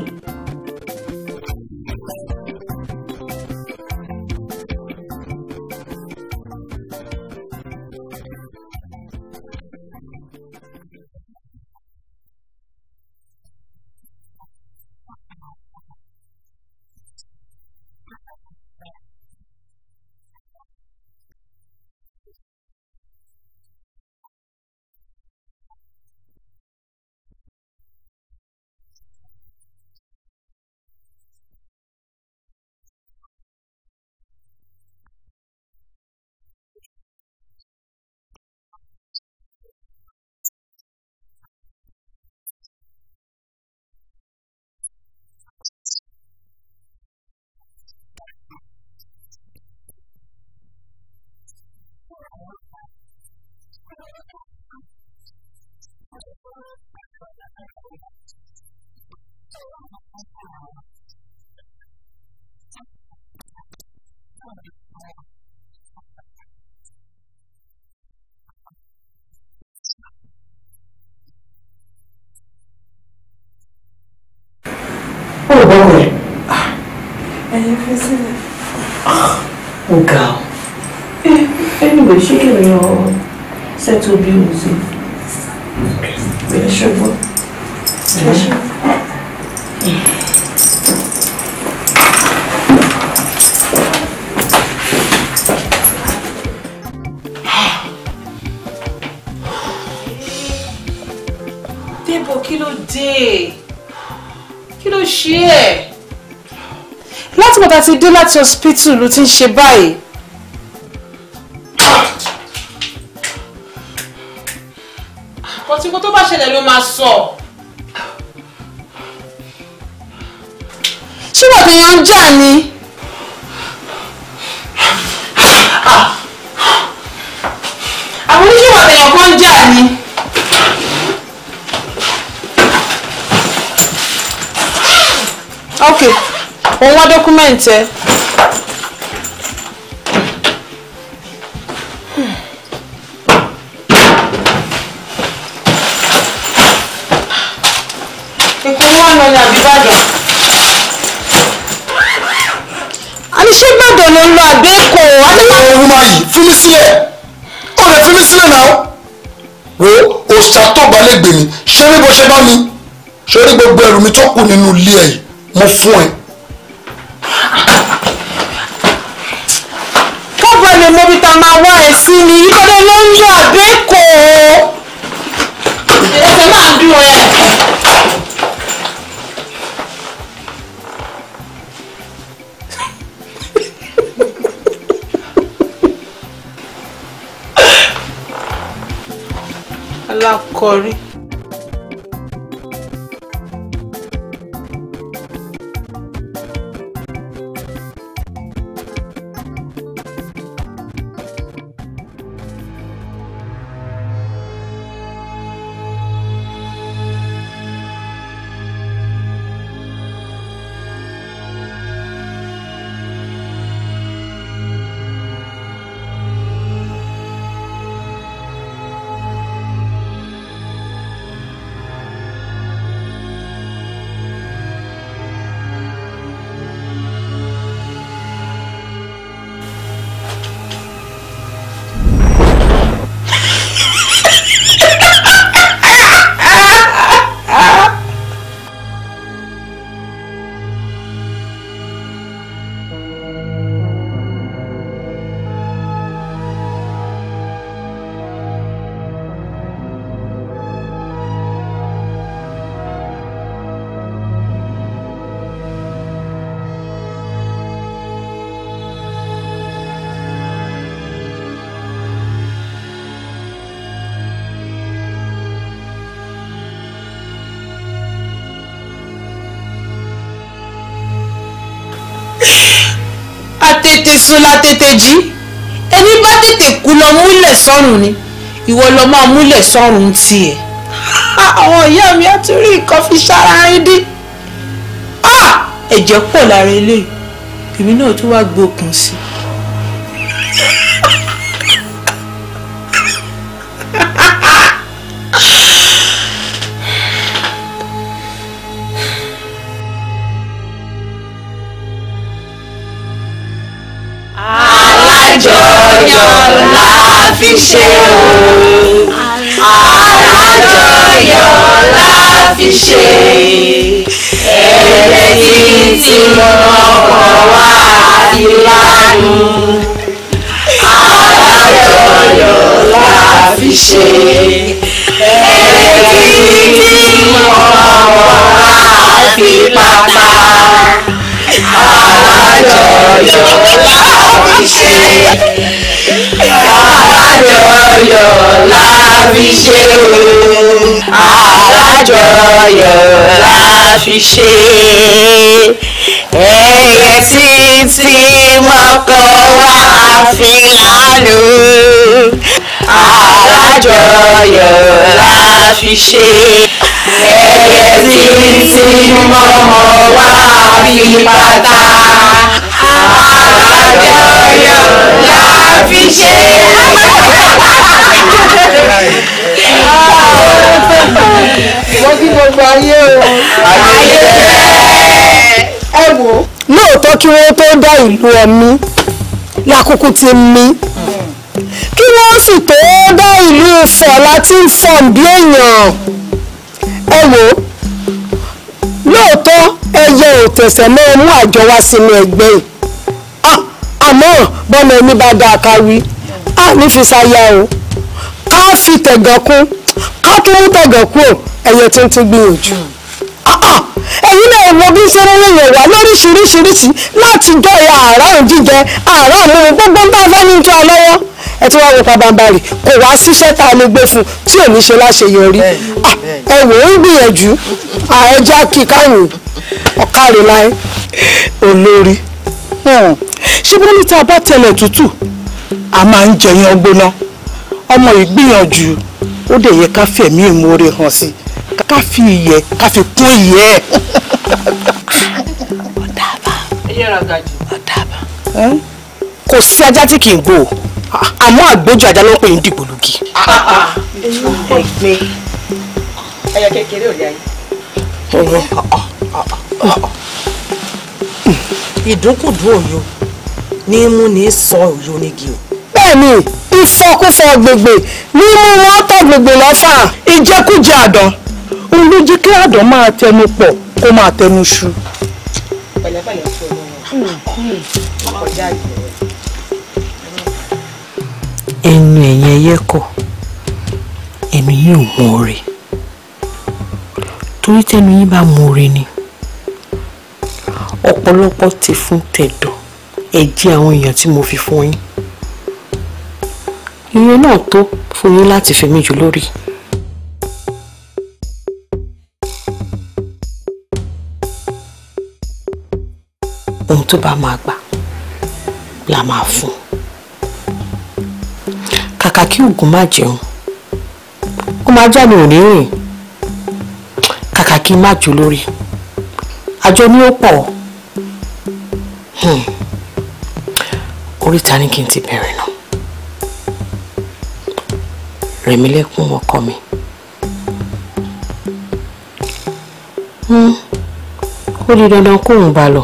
Speaker 4: ó ga ọ. anyway ṣé kí ni ọ settle bills
Speaker 3: yìí. ṣùgbọ́n.
Speaker 4: láti hospital ló ti ń ṣe báyìí. kọtíkó tó bá ṣẹlẹ̀ ló máa sọ. ṣé wọ́n ti yan jà ni. àwọn oníṣòwò àtẹ̀yàn kan ń jà ni. ok òun wá dọ́kúmẹ̀ntì ẹ. ló ń lọ àbẹ́kọ̀ àtẹ́tà. ẹ ọ̀run máa yìí fi mí sílẹ̀ ó lè fi mí sílẹ̀ náà wo òòṣà tó balẹ̀ ṣé ní ṣe bá mi
Speaker 2: ṣé ní gbogbo ẹrù mi tó kù nínú ilé ẹ̀ mo fún ẹ
Speaker 4: tètè sùn la tètè jí ẹni bá tètè kú lọ múlẹ̀ sọ́run ni ìwọ lọ máa múlẹ̀ sọ́run tiẹ̀ àwọn ìyá mi á tún rí nǹkan fi ṣára rí dín ẹ̀jẹ̀ pọ̀ lára eléyìí èmi náà tún wá gbókun sí
Speaker 1: ń ṣe
Speaker 3: ẹlẹ́tí tí wọ́n ọkọ̀ wá àti lánú aláyọ̀yọ̀ láàfi ṣe ẹlẹ́tí tí wọ́n ọkọ̀ wá àti pátá aláyọ̀yọ̀ láàfi ṣe. Ọ̀yọ́ la
Speaker 1: fi ṣe o alájọyọ̀ la fi ṣe ẹyẹ títí mọ́kọ wá fi lálù alájọyọ̀ la fi ṣe ẹyẹ títí mọ́mọ́ wá fi pátá ọ̀dọ́yọ̀
Speaker 4: la fi ṣe. mo kí gbogbo ayé o. ayé ẹ wò. lóòótọ́ kí wọ́n tó dá ìlú ọ̀mí lákòókò ti mí kí wọ́n sì tó dá ìlú Ifọ̀ láti ń fọ̀n bí èèyàn ẹ wò ó lóòótọ́ ẹyẹ ò tẹ̀sẹ̀ mọ́ ọmú àjọ wá sínú ẹgbẹ́ yìí àmọ́ bọ́mọ ẹni bá da àkàwí a ní fi ṣayá o ká fi tẹ̀gàn kún ká tún tẹ̀gàn kú o ẹ̀yẹ tí ń tún gbìyànjú ẹ̀yin náà wo bí ṣe ń rìnyìn wá lóríṣiríṣiríṣi láti jọ ìyá àárọ̀ jíjẹ àárọ̀ mímu gbogbo ń bá fẹ́ ní ìjọ lọ́wọ́ ẹ tí wọ́n wò pabambarì kò wá síṣẹ́ tá a lè gbé fún tí ò ní ṣe láṣeyọrí ẹ wò ó ń gbìyànjú àẹjá kí káwọn ọ̀kárẹ̀ láì olórí ṣé bí wọ́n ní tá a bá tẹlẹ̀ tútù a máa ń jẹyàn gbóná ọmọ yìí gbìyànjú ó dẹ̀ yẹ ká fẹ̀mí ìmoore hàn sí ká fi iyẹ̀ ká fi kún iyẹ̀ ẹ̀. ọ̀dàbà ọ̀dàbà kò sí ajá tí kì í gbó àmọ́ àgbójú ajá ló ń pè ní dìgbòlugi. ẹgbẹ́ kékeré ò yá yìí ìdúnkùdú òyò ní mú ní sọ òyò nígi o. bẹ́ẹ̀ni ìfọkúfọ gbègbè ní mú wọn tọ gbègbè lọfà ìjẹkújẹ àdán òun ló jẹ kí àdán máa tẹnu pọ̀ kó máa tẹnu ṣu. pẹ̀lẹ́pẹ̀lẹ́ fún ọmọ ọkọjá àgbẹ̀ rẹ. ẹnu ẹ̀yìn ẹyẹ kọ̀ ẹnu yìí ò mú oore torí tẹnu yìí bá mú oore ni ọ̀pọ̀lọpọ̀ ti fún tẹ̀dọ̀ ẹ̀jẹ̀ àwọn èèyàn tí mo fi fún yín iye náà tó fún yín láti fi mí jù lórí. ohun tó bá máa gbà la máa fún kàkà kí oògùn má jẹun ó máa jáde òní rìn kàkà kí n má jù lórí àjọ ni ó pọ̀ ọ́. Hmm. oríta ní kí n ti bẹ̀rẹ̀ náà rẹ̀mílẹ́kún ọkọ mi. Hmm. ó di dandan kóun bá lọ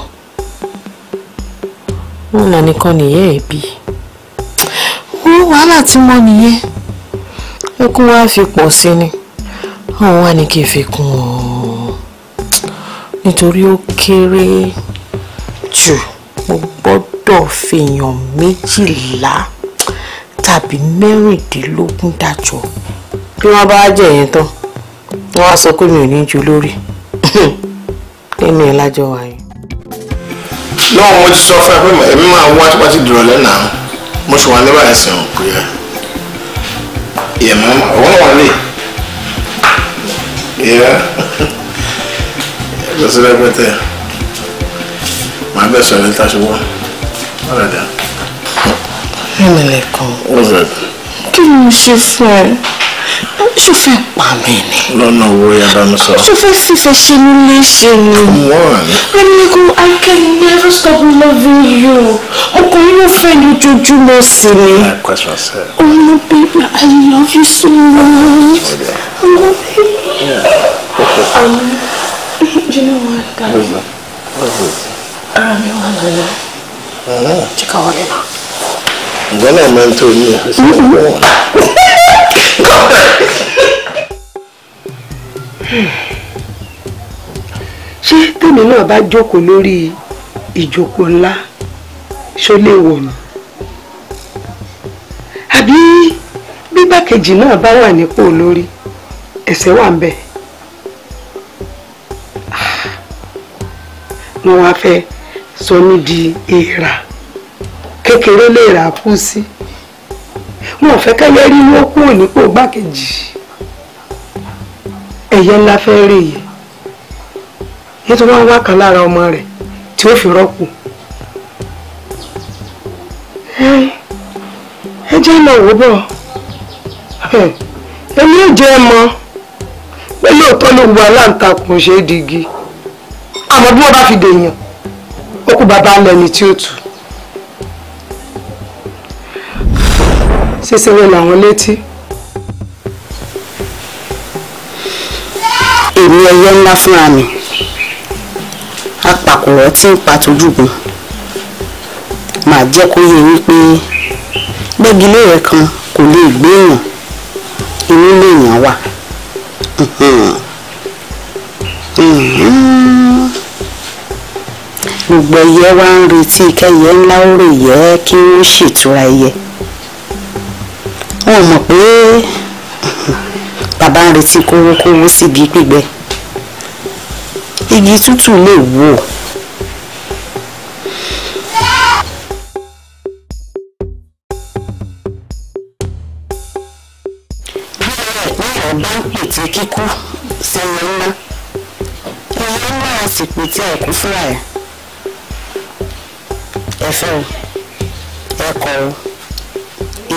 Speaker 4: wọn là nìkan nìyẹn ẹ bí wàhálà tí mo nìyẹn ẹkún wa fi pọ̀ sí ni àwọn wa ní kí n fi kún ọ nítorí ó kéré jù mo gbọ́dọ̀ fèèyàn méjìlá tàbí mẹ́rìndínlógún dájọ́. bí wọ́n bá jẹ yẹn tán wọ́n á sọ pé mi ò ní ju lórí èmi ẹ̀ lájọ wà yẹn.
Speaker 3: náà mo ti sọ fún
Speaker 2: ẹ pé èmi máa wá tí wọ́n ti dúró lẹ́nà mo ṣe wà ní báyìí sìn òkú yẹn ìyẹ̀mọ́ òun wà lè yẹ ẹ lọ sí rẹpẹtẹ màá bẹ̀ sọ̀rọ̀ níta ṣùgbọ́n wọ́n rẹ̀ dá.
Speaker 4: Rẹ̀mílẹ́kan. What's that? Kí ni mo ṣe fún ẹ? Ṣo fẹ́
Speaker 2: pa mí ni? Lọ́nà owó ya bá mi sọ. Ṣo
Speaker 4: fẹ́ fífẹ́ ṣe mí léṣe ni? Wọ́n. Rẹ̀mílẹ́kan, I can never stop loving you. Ọkùnrin ló me? ní ojoojúmọ́ sí mi.
Speaker 2: Oh
Speaker 4: my baby, I love you so much. I love you.
Speaker 2: Yeah.
Speaker 4: um,
Speaker 1: do you know what, guys? What
Speaker 4: that?
Speaker 2: What is it?
Speaker 1: ara mi wà
Speaker 2: lọ́wọ́
Speaker 3: tí ká wọlé náà.
Speaker 2: é wọ́n.
Speaker 4: ṣé tèmi náà bá jókòó lórí ìjókòó ńlá ṣó lè wọ̀ mí àbí bígbàkejì náà bá wà nípò lórí ẹ̀ṣẹ̀ wà ń bẹ̀ wọ́n ah, wá fẹ́ẹ́ sọ ní di èèrà kékeré lè rà kú sí wọn fẹ́ kẹ́yẹ rí wọn kúrò nípò gbákejì ẹ̀yẹ ńlá fẹ́ rí yìí nítorí wọn wá kan lára ọmọ rẹ̀ tí ó fi rọ́pò ẹ jẹ́ lọ wò bọ̀ èmi ò jẹ́ mọ pé lóòótọ́ ló wà láǹtakùn ṣe é digi àmọ́ bí wọ́n bá fi dèèyàn ó kú bàbá lẹni tí ó tù ṣe ṣeré làwọn létí. èmi ẹyẹ ńlá fúnra mi apàkùrọ̀ tí ń pa tójúgun màá jẹ́ kó yé wípé gbẹ́gilé rẹ̀ kan kò lè gbé èèyàn inú lèèyàn wà gbogbo ẹyẹ wá ń retí kẹyẹ ńlá ó rè yẹ kí ó ṣètura ẹyẹ wọn mọ̀ pé bàbá ń retí kówókówó síbi gbígbẹ igi tútù lè wò
Speaker 3: kíkú sẹ́yìn ńlá ẹ̀yìn ńlá àsìkò tí ẹ̀kú fúnra ẹ̀
Speaker 4: ẹ̀fọ́ o ẹ̀kọ́ o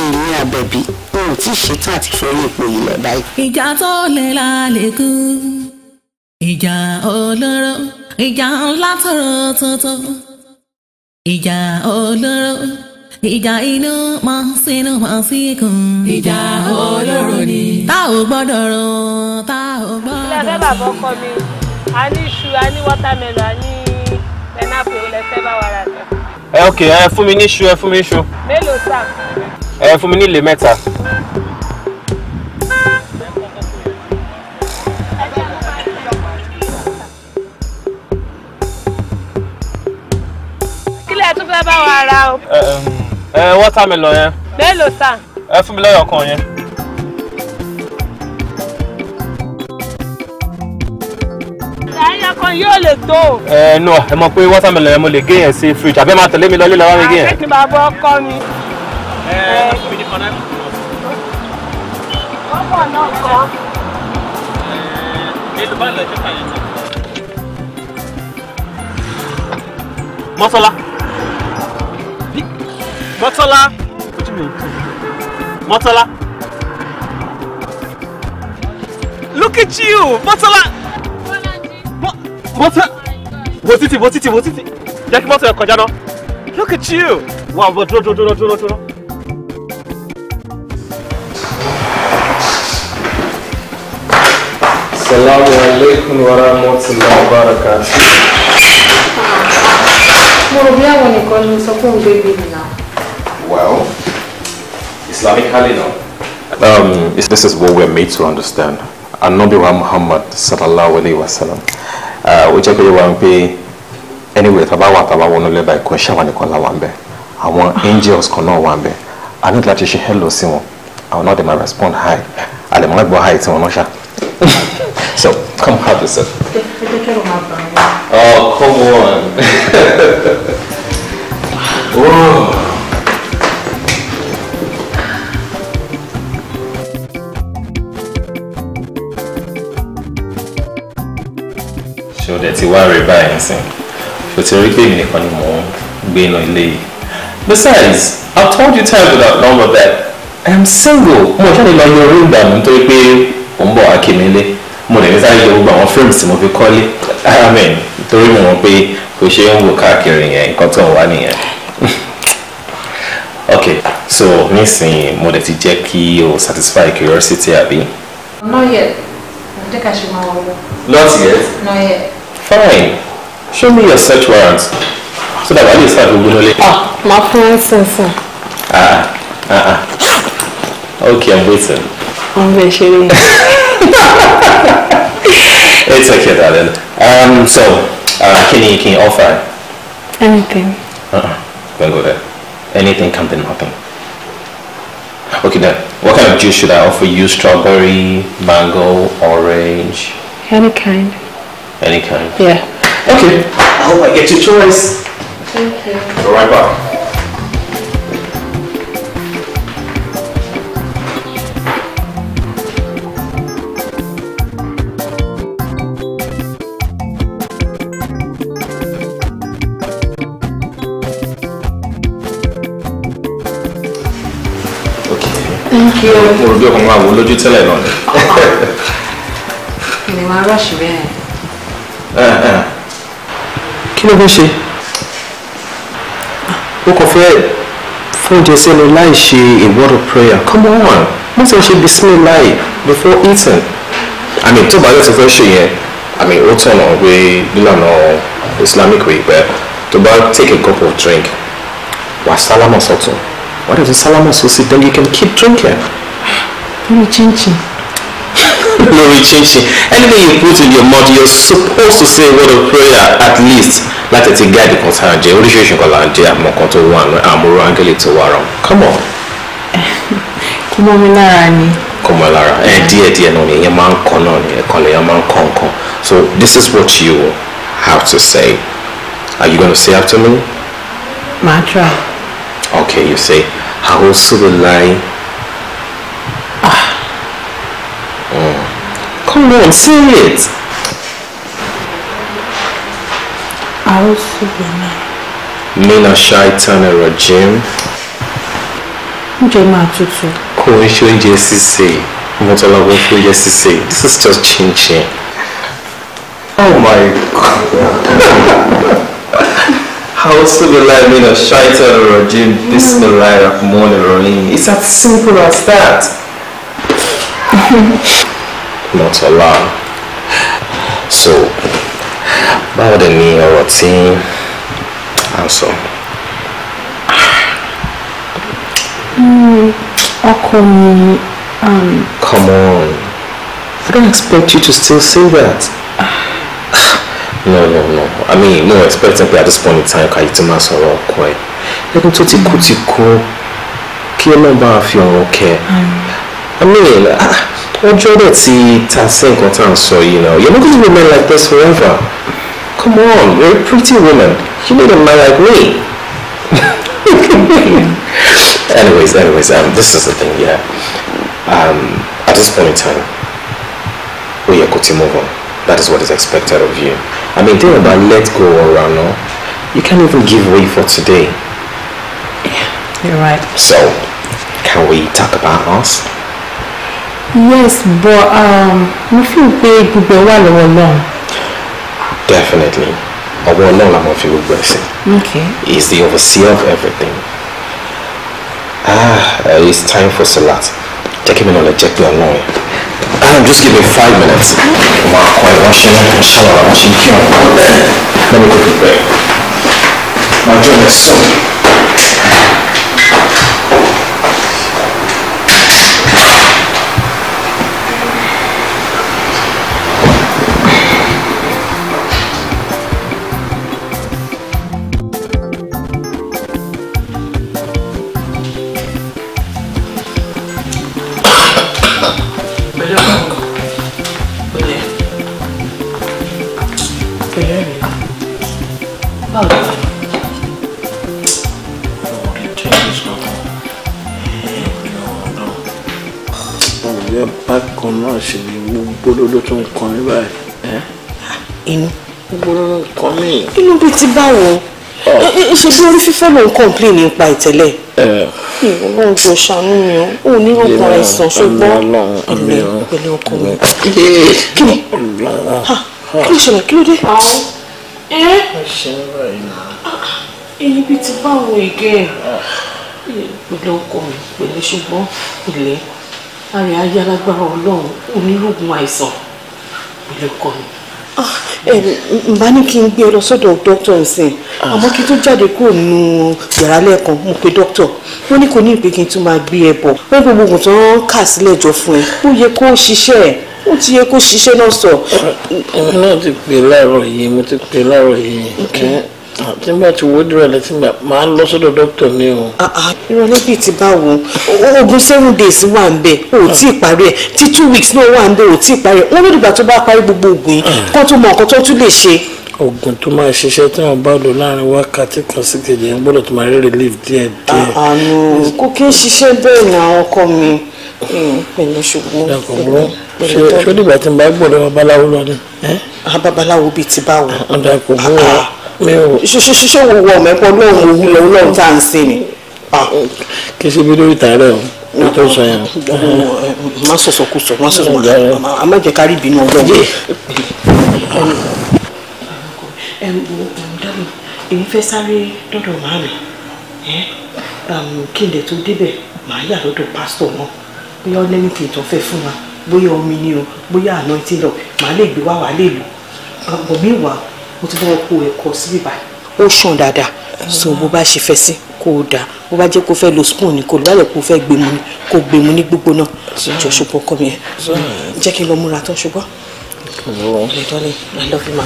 Speaker 4: èmi àbẹ̀bí n ò tí ì
Speaker 1: ṣetán àti forí ipò yìí lẹ̀ báyìí. ìjà tó lè la lè kú ìjà olóró ìjà ńlá tóró tuntun ìjà olóró ìjà inú mọ sínú mọ síkùn. ìjà olóró ni. tá ò gbọ́dọ̀ rò tá ò gbọ́dọ̀. ilé ẹgbẹ́ bàbá ọkọ mi a ní iṣu a ní wọ́támẹ́lì a ní pẹnápù lẹ́fẹ́ bá wa rà
Speaker 3: ẹ ok
Speaker 5: ẹ fún mi ní iṣu ẹ fún mi ní iṣu. mélòó sá. ẹ fún mi ní ilé mẹ́ta.
Speaker 4: kílẹ̀ tún fẹ́ bá wa ra o.
Speaker 2: ẹ ẹ wọ́tàmílọ̀ yẹn. mélòó sá. ẹ fún mi lẹ́yọ̀ kan yẹn.
Speaker 4: ẹja kan yóò lè tó.
Speaker 5: ẹ nù ẹ mọ̀ pé watermelon yẹn mo lè gé yẹn sí fridge àbẹ́ máa tẹ̀lé mi lọ lílọ wá mi gé yẹn. àbẹ́tì
Speaker 4: máa bọ́ kọ́ mi. ẹ ọkọ̀ náà kọ́. mọ́sọ́lá
Speaker 2: mọ́sọ́lá mọ́sọ́lá look at you mọ́sọ́lá
Speaker 5: mọ́tò wo títì wo títì wo títì jẹ́ kí mọ́tò ẹ̀ kọjá náà look
Speaker 4: at you wà wọ dúró dúró dúró dúró.
Speaker 3: Assalamu alaikum wa
Speaker 2: rahmatullahi wa barakatuh.
Speaker 4: Mo rò bí àwọn nìkan ni mo sọ
Speaker 3: fún òǹgbẹ́ Well,
Speaker 5: Islamically now. Um, this is what we're made to understand. Anabi wa Muhammad sallallahu alayhi wa sallam. Eh, ó jẹ́ kéde wa pé anyway tàbá wà tàbá wọnú lẹ́bà ẹ̀kọ́ ṣáwá nìkan láwa ń àwọn ah. angels kan náà wà ń bẹ a ní láti ṣe hello sí wọn àwọn náà dẹ̀ máa respond hi àlẹ́ mọ́ gbọ́ hi tí wọ́n náà ṣá so come have a oh come on. Whoa. ṣé o dẹ̀ ti wá rẹ̀ báyìí sìn ṣé o ti rí pé èmi nìkan ni mò ń gbé iná ilé yìí. besides I've told you times without number that I am single mo ṣáà ní lọ yọ orí ìgbà mi nítorí pé ò ń bọ̀ wá kí mi lé mo lè ní sáré yọ gbogbo àwọn fíìmù tí mo fi kọ́lé amen torí mo mọ̀ pé kò ṣe ń wò káàkiri yẹn nǹkan tó ń wá nìyẹn ok so nísìnyí mo dẹ̀ ti jẹ́ kí o satisfy curiosity àbí.
Speaker 1: not yet. I think I should know.
Speaker 4: Not yet?
Speaker 1: Not yet.
Speaker 5: Fine. Show me your search warrants. So that at is I will know Ah,
Speaker 4: my friend, sir.
Speaker 5: Ah, ah, ah. Okay, I'm waiting.
Speaker 4: I'm waiting.
Speaker 5: it's okay, darling. Um, so, uh, can you can you offer? Anything. Uh-uh. Don't go there. Anything can be nothing. Okay then, what kind of juice should I offer you? Strawberry, mango, orange?
Speaker 4: Any kind. Anytime. Yeah.
Speaker 3: Okay.
Speaker 5: I hope I get your choice.
Speaker 3: Thank you. Go right back. mo rò bí
Speaker 5: ọkùnrin máa wò lójú tẹ́lẹ̀ You ni.
Speaker 4: kìnìún arọ́ọ̀ṣì bẹ́ẹ̀. kí ló fẹ́ ṣe
Speaker 5: o kò fẹ́ fún oúnjẹ sẹ́nu láì ṣe a word of prayer come on mo ti ṣe bismillah before eating àmì tó bá yẹ ti fẹ́ ṣe yẹn mean, ó tọ̀nà pé nílànà islamic way pẹ́ tó bá take a cup of drink wà sálámà sọ̀tún wà á dẹ̀ tún sálámà sósì then you can keep drinking.
Speaker 4: lórí chinchin.
Speaker 5: Glory Chinchi. Anything you put in your mouth, you're supposed to say a word of prayer at least. Láti ti gáàdì kan tá à ń jẹ oríṣiríṣi nǹkan là ń jẹ àmọ́ kan tó wà ní àmúrò áńgẹ́lì tó wà rán.
Speaker 3: Come on. Kò mọ mi lára ni.
Speaker 5: Kò mọ lára ẹ díẹ̀ díẹ̀ náà ni ìyẹn máa ń kọ́ náà ni ẹ̀kan lèyàn máa ń kọ́ nǹkan. So this is what you have to say. Are you gonna say after me?
Speaker 3: Màá
Speaker 4: try.
Speaker 5: Okay, you say, Àwòsùn láì. Ah. Come on, sing it.
Speaker 4: أعوذ بالله
Speaker 5: من الشيطان الرجيم.
Speaker 4: Oúnjẹ máa tutù.
Speaker 5: Kò ń ṣe oúnjẹ sísè. This is just chin chin. Oh my god. أعوذ بالله من الشيطان الرجيم. بسم الله It's as simple as that. not alarm. So, báwo dẹ̀ ni ọ̀rọ̀ tí à ń sọ?
Speaker 3: Hmm, ọkọ mi. Um,
Speaker 5: Come on, I don't expect you to still say that. No, no, no. I mean, no, expecting me at this point in time, kàyí tí máa sọ̀rọ̀ ọkọ ẹ̀. Ẹni tó ti kú ti kú, kí ẹ náà bá fi ọ̀rọ̀ kẹ. Hmm. I mean, ah. ọjọ́ dẹ̀ ti ta sí nǹkan tá à ń sọ yìí náà you're not going to man like this forever come on you're a pretty woman you need a man like me. anyways anyways um, this is the thing yeah um, at this point in time we are kó to move on that is what is expected of you I mean think about let go run. No, you can't even give way for today.
Speaker 3: Yeah, you're right.
Speaker 5: So, can we talk about us?
Speaker 4: yes but um, we feel pé gbogbo ẹ wà lọ́wọ́
Speaker 5: definitely ọwọ́ Ọlọ́run la mo fi gbogbo ẹ okay he is the overseer of everything. ah eh, it's time for salat Take him in on a jet pé Ọlọ́run. Ah, just give me five minutes. Ma kọ́ ẹ̀ shower, ṣáwá ránṣẹ́ kí ọ̀rọ̀ let me go to bed. My journey is soon.
Speaker 4: ti báwo oh. ṣe bí orí fífẹ́ ló ń kọ́ńplé nípa ìtẹ́lẹ̀ eh. ọlọ́run jọ ṣàánú mi
Speaker 3: ò ní ọkàn àìsàn ṣùgbọ́n ilẹ̀ pẹ̀lú
Speaker 4: ọkọ mi kí ló ṣẹlẹ̀ kí ló dé. Eh? ẹyin bíi ti báwo ìgẹ́ pẹ̀lú ọkọ mi pẹ̀lú ṣùgbọ́n ilẹ̀ àrẹ ayé alágbára ọlọ́run onírògùn àìsàn pẹ̀lú ọkọ mi bá ní kí n gbé ọ lọ sọ́dọ̀ dókítà nsìn àmọ́ kí n tó jáde kúrò nínú yàrá lẹ́ẹ̀kan mo pe dókítà wọ́n ní kò ní ìpè kí n tún máa gbé ẹ bọ̀ wọ́n gbogbo oògùn tó ń kà sílẹ̀ jọ fún ẹ ó yẹ kó ṣiṣẹ́ ẹ̀ ó ti yẹ kó ṣiṣẹ́ náà sọ. mo náà ti pè
Speaker 2: láàárọ̀ yìí mo ti pè láàárọ̀ yìí tí n bá ti wo dúró lẹ́tí máa ń lọ sọ́dọ̀
Speaker 4: dókítà ni o. ìrọ̀lẹ́ ah, ah, bíi ti báwo oògùn seven days wà ń bẹ̀ o ò tí ì parí ẹ̀ tí two weeks náà wà ń bẹ̀ o ò tí ì parí ẹ̀ wọ́n lódìgbà tó bá parí gbogbo oògùn yìí kó tó mọ nǹkan tó tún
Speaker 2: lè ṣe. oògùn tó máa ṣiṣẹ́ tí wọ́n bá lò láàrin wákàtí kan sí kejì ń gbọ́dọ̀ tó máa rí relief díẹ̀ díẹ̀. àánú ah, kò kí ń ṣiṣẹ́ bẹ́ẹ̀ ni àwọn ọkọ mi hmm, pẹ̀lú ṣùgbọ́n ṣé ó ṣíṣe wo wọ ọmọ ẹ̀kọ́ lóhùn òwú lọ lóhùn tá à ń sè ni. Ah, kí ṣe bí lórí tààrẹ o ní tó sọ yẹn.
Speaker 4: má sọ̀sọ̀ kó sọ má sọ̀sọ̀ kó sọ a má jẹ́ kárí ìbínú ọlọ́run. ẹ ń bo ọ̀dọ́mù èmi fẹ́ sáré dọ́dọ̀ màá mi kí n dẹ̀ tó débẹ̀ màá yà lọ́dọ̀ pásítọ̀ náà bóyá ó lẹ́yìn kìí tó fẹ́ fún wa bóyá omi ni o bóyá àná ti lọ màá lè gbé wá wàá lè lò bọ̀ mí wàá mo ti bá kó ẹ̀kọ́ síbí báyìí. ó sàn dáadáa so bó bá ṣe fẹ́ sí kó o dà bó bá jẹ́ kó fẹ́ lo spoon ni kó o lálẹ́ kó o fẹ́ gbé mu ni kó o gbé mu ní gbígbóná jọ ṣùgbọ́n ọkọ mi yẹn jẹ́ kí n lọ múra tán ṣùgbọ́n. ọ̀rọ̀ ọ̀rọ̀ I love you my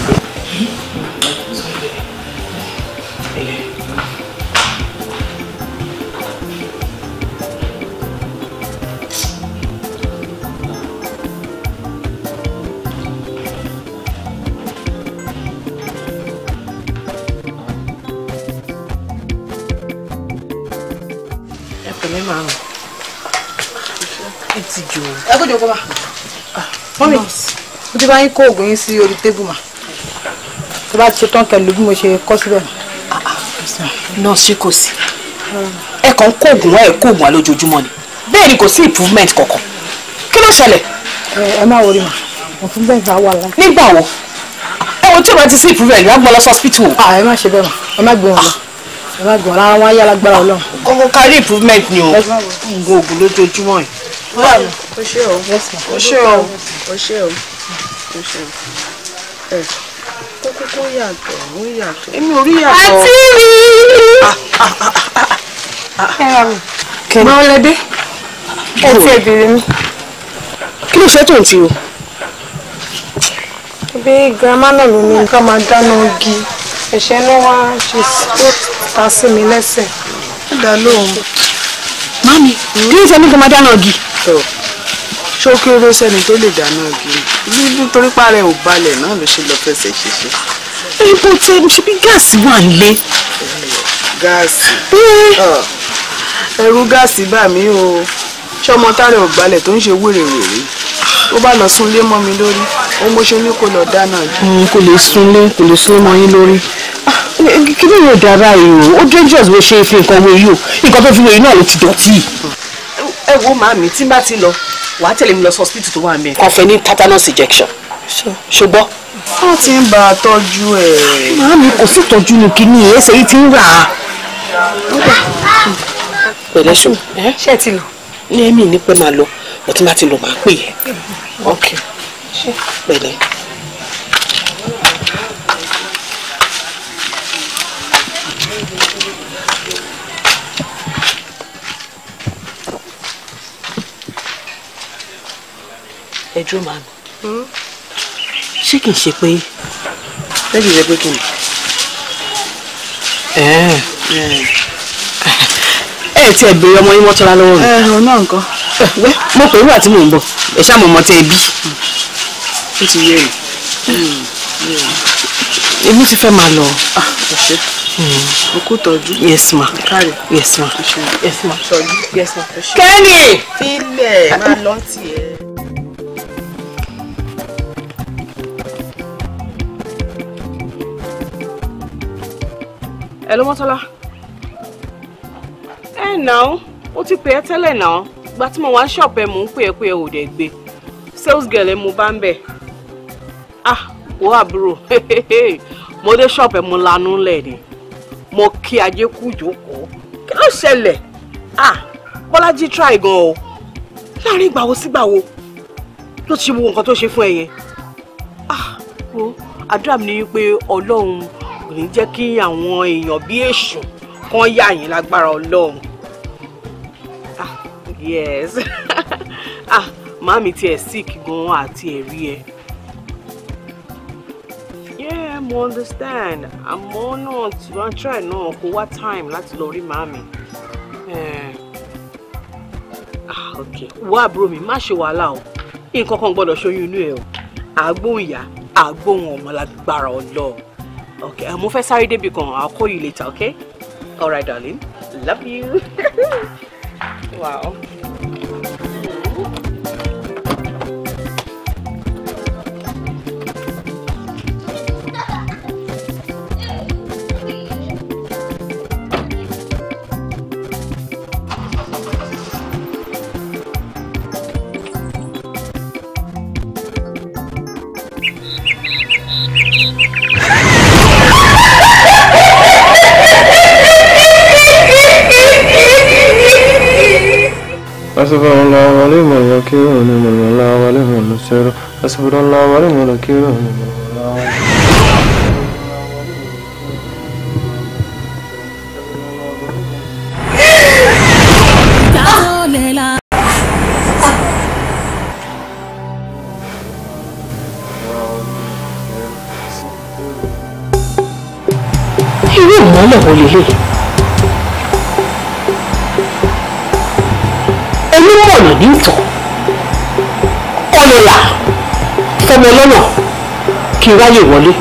Speaker 4: jókòó jókòó ma. mọ́mí mo ti bá yín kó oògùn yín sí orí tébù ma. tó bá ti ṣe tán kẹlú bí mo ṣe kọ́ síbẹ̀ ma. nọ́ọ̀sì kò sí ẹ kàn ń kó oògùn wọn ẹ kó oògùn wọn lójoojúmọ́ ni bẹ́ẹ̀ ni kò sí improvement kankan kí ló ṣẹlẹ̀. ẹ má wọrí ma òfin bẹ́ẹ̀ bá wà láì. nígbà wo ẹ tí o bá ti sí improvement ìyá gbọ́n lọ sí hospital. ẹ má ṣe bẹ́ẹ̀ ma ẹ má gbé wọn lọ ẹ má gbọ́n rárá wọn á yára gbára ọlọ́run. kókó kárí improvement ni o
Speaker 3: oògùn
Speaker 4: oògùn lójoojúmọ́ yìí
Speaker 3: báwo o
Speaker 4: ṣe o o ṣe o o o o ṣe o ẹ kókó kó yàtọ̀ ó yàtọ̀ èmi ò rí yàtọ̀. àti mi. ẹ̀rọ mi kẹ̀mí ọlẹ́dẹ́ ẹ ti ẹ̀bìrì mi. kí ló ṣe tó ń tiro. bí girama náà ló ní ká máa dáná ogi ẹ̀ṣẹ́ ló wá ṣe tó ta sí mi lẹ́sẹ̀. ó dá lóhùn. mami hmm? kí ló ṣe ní kí máa dáná ogi tó ṣó kí oró sẹ́ni tó lè dáná ògiri nítorí pàrẹ ò balẹ̀ náà ló ṣe lọ fẹsẹ̀ ṣiṣẹ. ibo tí mo ṣe bí gáàsì wà nílé. gáàsì ẹ̀rù gáàsì bà mí o ṣọmọ tààrẹ ò balẹ̀ tó ń ṣe wèrè wèrè ó bá lọ súnlé mọ́ mi lórí ó mọṣẹ́ ní kò lọ dáná jù. Mm, kò lè súnlé kò lè súnlé mọ́ yín lórí ah, kí ni yóò dára yìí o ó dangerous bó ṣe fi nǹkan wé yìí o nǹkan tó fi wé yìí náà ló ti dọ̀tí ẹ wo màmí tí n bá ti lọ wàá tẹ̀lé mi lọ sí hospital tó wà mí. kàn fẹ́ ní tetanus injection ṣùgbọ́n. wọ́n ti ń bá a tọ́jú ẹ̀. màmí kò sí tọ́jú ní kíní ẹ̀ ṣe é ti ń rà á. pẹ̀lẹ́ ṣù ṣe ti lọ. ní ẹ̀mí ní pẹ́ máa lọ ọtí máa ti lọ máa pè é. ok pẹ̀lẹ́. dúró màmí ṣé kìí ṣe pé lẹ́yìn rẹ pé kí ni. ẹ ẹ tí ẹ béèrè ọmọ yín wọ́n tọ́ra lọ́wọ́ mi. ẹ ọ náà nǹkan. wẹ́ mo pè é wà tí mò ń bọ̀ ẹ ṣáà mo mọ tẹ ẹ bí. ó ti yé
Speaker 3: mi.
Speaker 4: èmi ti fẹ́ máa lọ. Ah, hmm. Okú tọ́jú. Yes ma. Káre. Yes ma. Yes ma. Yes ma. Kẹ́ni. Ilé máa lọ tiẹ̀. ẹ ló mọ́tọ́lá ẹ nà ó ó ti pè é tẹ́lẹ̀ nà ó gba tí mo wá ṣọ̀pù ẹ mò ń pè é pé ẹ sales girl ẹ mo bá ń bẹ̀ ah wò àbúrò mo dé ṣọ̀pù ẹ mo lanú lẹ̀ ni mo kí ajé kú jókòó kí ló ṣẹlẹ̀ ah bọ́lájí try go. o láàrin ìgbàwo sígbàwo ló ti wo nǹkan to ṣe fún ẹ ah wo àdúrà mi ni wípé ọlọ́run kò ní jẹ́ kí àwọn èèyàn bí èṣù kan yà yín lágbára ọlọ́run ah yes
Speaker 3: ah
Speaker 4: màmí tiẹ̀ sick gan àti ẹ̀rí ẹ̀ yeah mo understand àmọ́ náà tí wọ́n try náà kó wá time láti lọ rí màmí eh. ah ok wá àbúrò mi má ṣe wàhálà o nǹkan kan gbọ́dọ̀ ṣoyún inú ẹ̀ o àgbóhùn ìyá àgbóhùn ọmọ lágbára ọlọ́run. Okay, mo fẹ́ sáré débi kan, I'll call you later, okay? alright, darling. Love you. wow.
Speaker 3: أصبر الله وليم الوكيل وليم المولى وليم النصير أصبر الله وليم الوكيل وليم المولى irú ìmọ́lẹ̀ wo lélẹ́yìí
Speaker 4: onímọ̀nà ní tọ̀ ọlọ́lá fọmọ kí wáyé wọlé.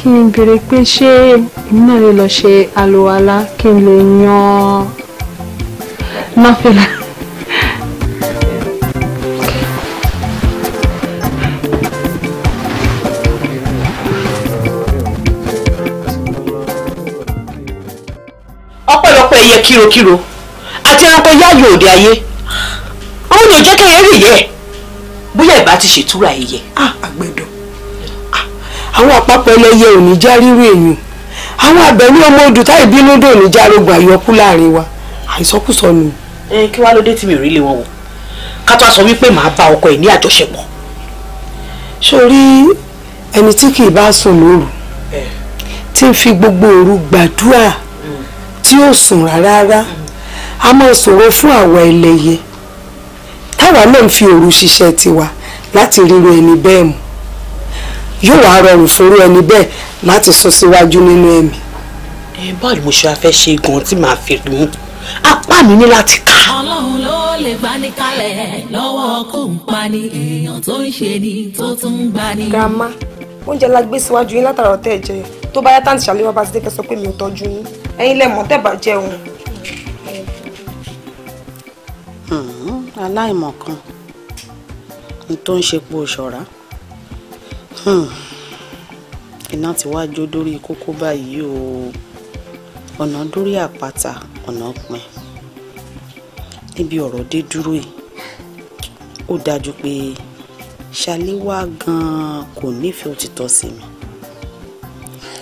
Speaker 4: kí n béèrè pé ṣé èmi náà lè lọ ṣe àlùwàlá kí n lè yan náfìlà. ọ̀pọ̀lọpọ̀ ẹyẹ kirokiro àti ẹranko yáyò òde ayé àwọn èèyàn jẹ́ kẹ́yẹ rí yẹ bóyá ìbá ti ṣètúra ẹyẹ. Ah, àgbẹ̀dọ̀ ah, àwọn àpapọ̀ ẹlẹ́yẹ ò ní já rírú èèyàn àwọn àgbẹ̀ ní ọmọ odò táì bínú dò ní járógun àyọkú láàrin wa àìsọkúsọ nù. ẹ kí wàá ló dé tí mi ò rí lé wọn wò ká tó a sọ wípé màá bá ọkọ ẹ ní àjọṣepọ̀. sórí ẹni tí kì í bá sùn lóru tí ń fi gbogbo òru gbàdúrà mm. tí ó sùn rárá a máa ṣòro fún àwa ẹlẹ́yẹ táwa náà ń fi òru ṣiṣẹ́ tiwa láti ríro ẹni bẹ́ẹ̀ mu yóò wá rọrùn fúnrú ẹni bẹ́ẹ̀ láti sún síwájú nínú ẹ̀mí. ẹ báwo ni mo ṣe fẹ́ ṣe gan tí màá fi rí mú apá mi ní láti ká.
Speaker 1: ọlọ́run ló lè gbà kalẹ̀ lọ́wọ́ kó ń pani èèyàn tó ń ṣe ni tó tún ń gbà grandma oúnjẹ la gbé síwájú yín látara ọ̀tẹ̀ ẹ̀jẹ̀ tó
Speaker 4: bá yá tàǹtì ṣàlẹ́ wá bá ti dé kẹsàn pé mi ò tọ́jú yín ẹ̀yin lẹ́mọ̀ tẹ́ bá jẹun. Hmm, aláìmọ̀kan ní tó ń ṣe pò ṣọ̀rá. Hmm iná ti wá jó dórí kókó báyìí o ọ̀nà dórí àpáta ọ̀nà pin níbi ọ̀rọ̀ dé dúró yìí ó dájú pé ṣàléwá gan-an kò nífẹ̀ẹ́ òtítọ́ sí mi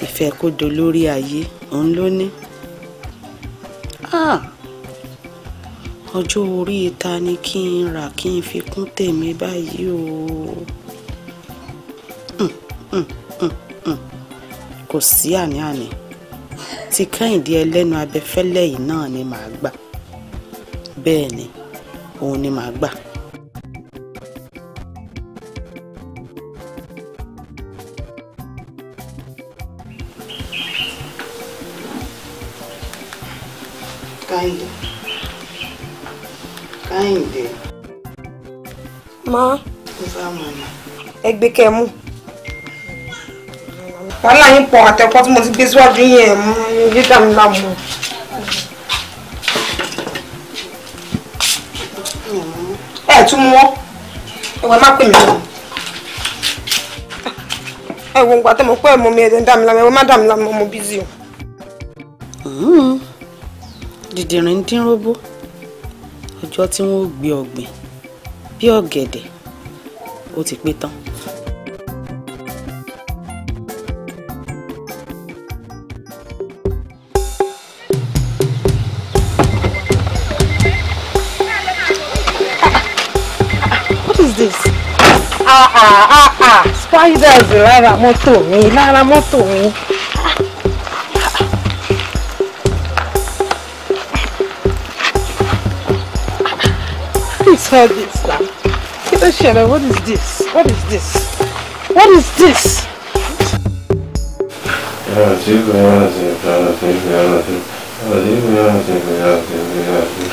Speaker 4: ìfẹ́ kó dolórí ayé òun ló ní ah! ọjọ́ orí ta ni kí n rà kí n fi kún tèmi báyìí o. Mm, mm. Mm. kò sí àní-àní tí kẹ́hìndé ẹlẹ́nu abẹ́fẹ́lẹ́ yìí náà ni màá gbà bẹ́ẹ̀ ni òun ni màá gbà. Kẹ́hìndé Kẹ́hìndé. mọ́. mo fẹ́ mọ̀ ẹ gbé kẹ́ mú wàhálà yín pọ̀ àtẹ̀kọ́ tí mo ti gbé síwájú yín ẹ̀ mú yídà mi máa mú. ẹ tún mú wọn ẹwẹ má pè mí lọ. ẹ wo nǹkan tẹ́ mo pẹ́ mọ́ mi Hum, dá mi lámọ́ ẹ má dá mi lámọ́ mo bízì o. dìdìrín dín róbó ọjọ́ tí wọ́n gbé ọ̀gbìn bí ọ̀gẹ̀dẹ̀ ó ti pé tán. spiders lára mọ́tò mi lára mọ́tò mi. It's all this now. Kí ló What is this? What is this? What is this?
Speaker 3: Yeah,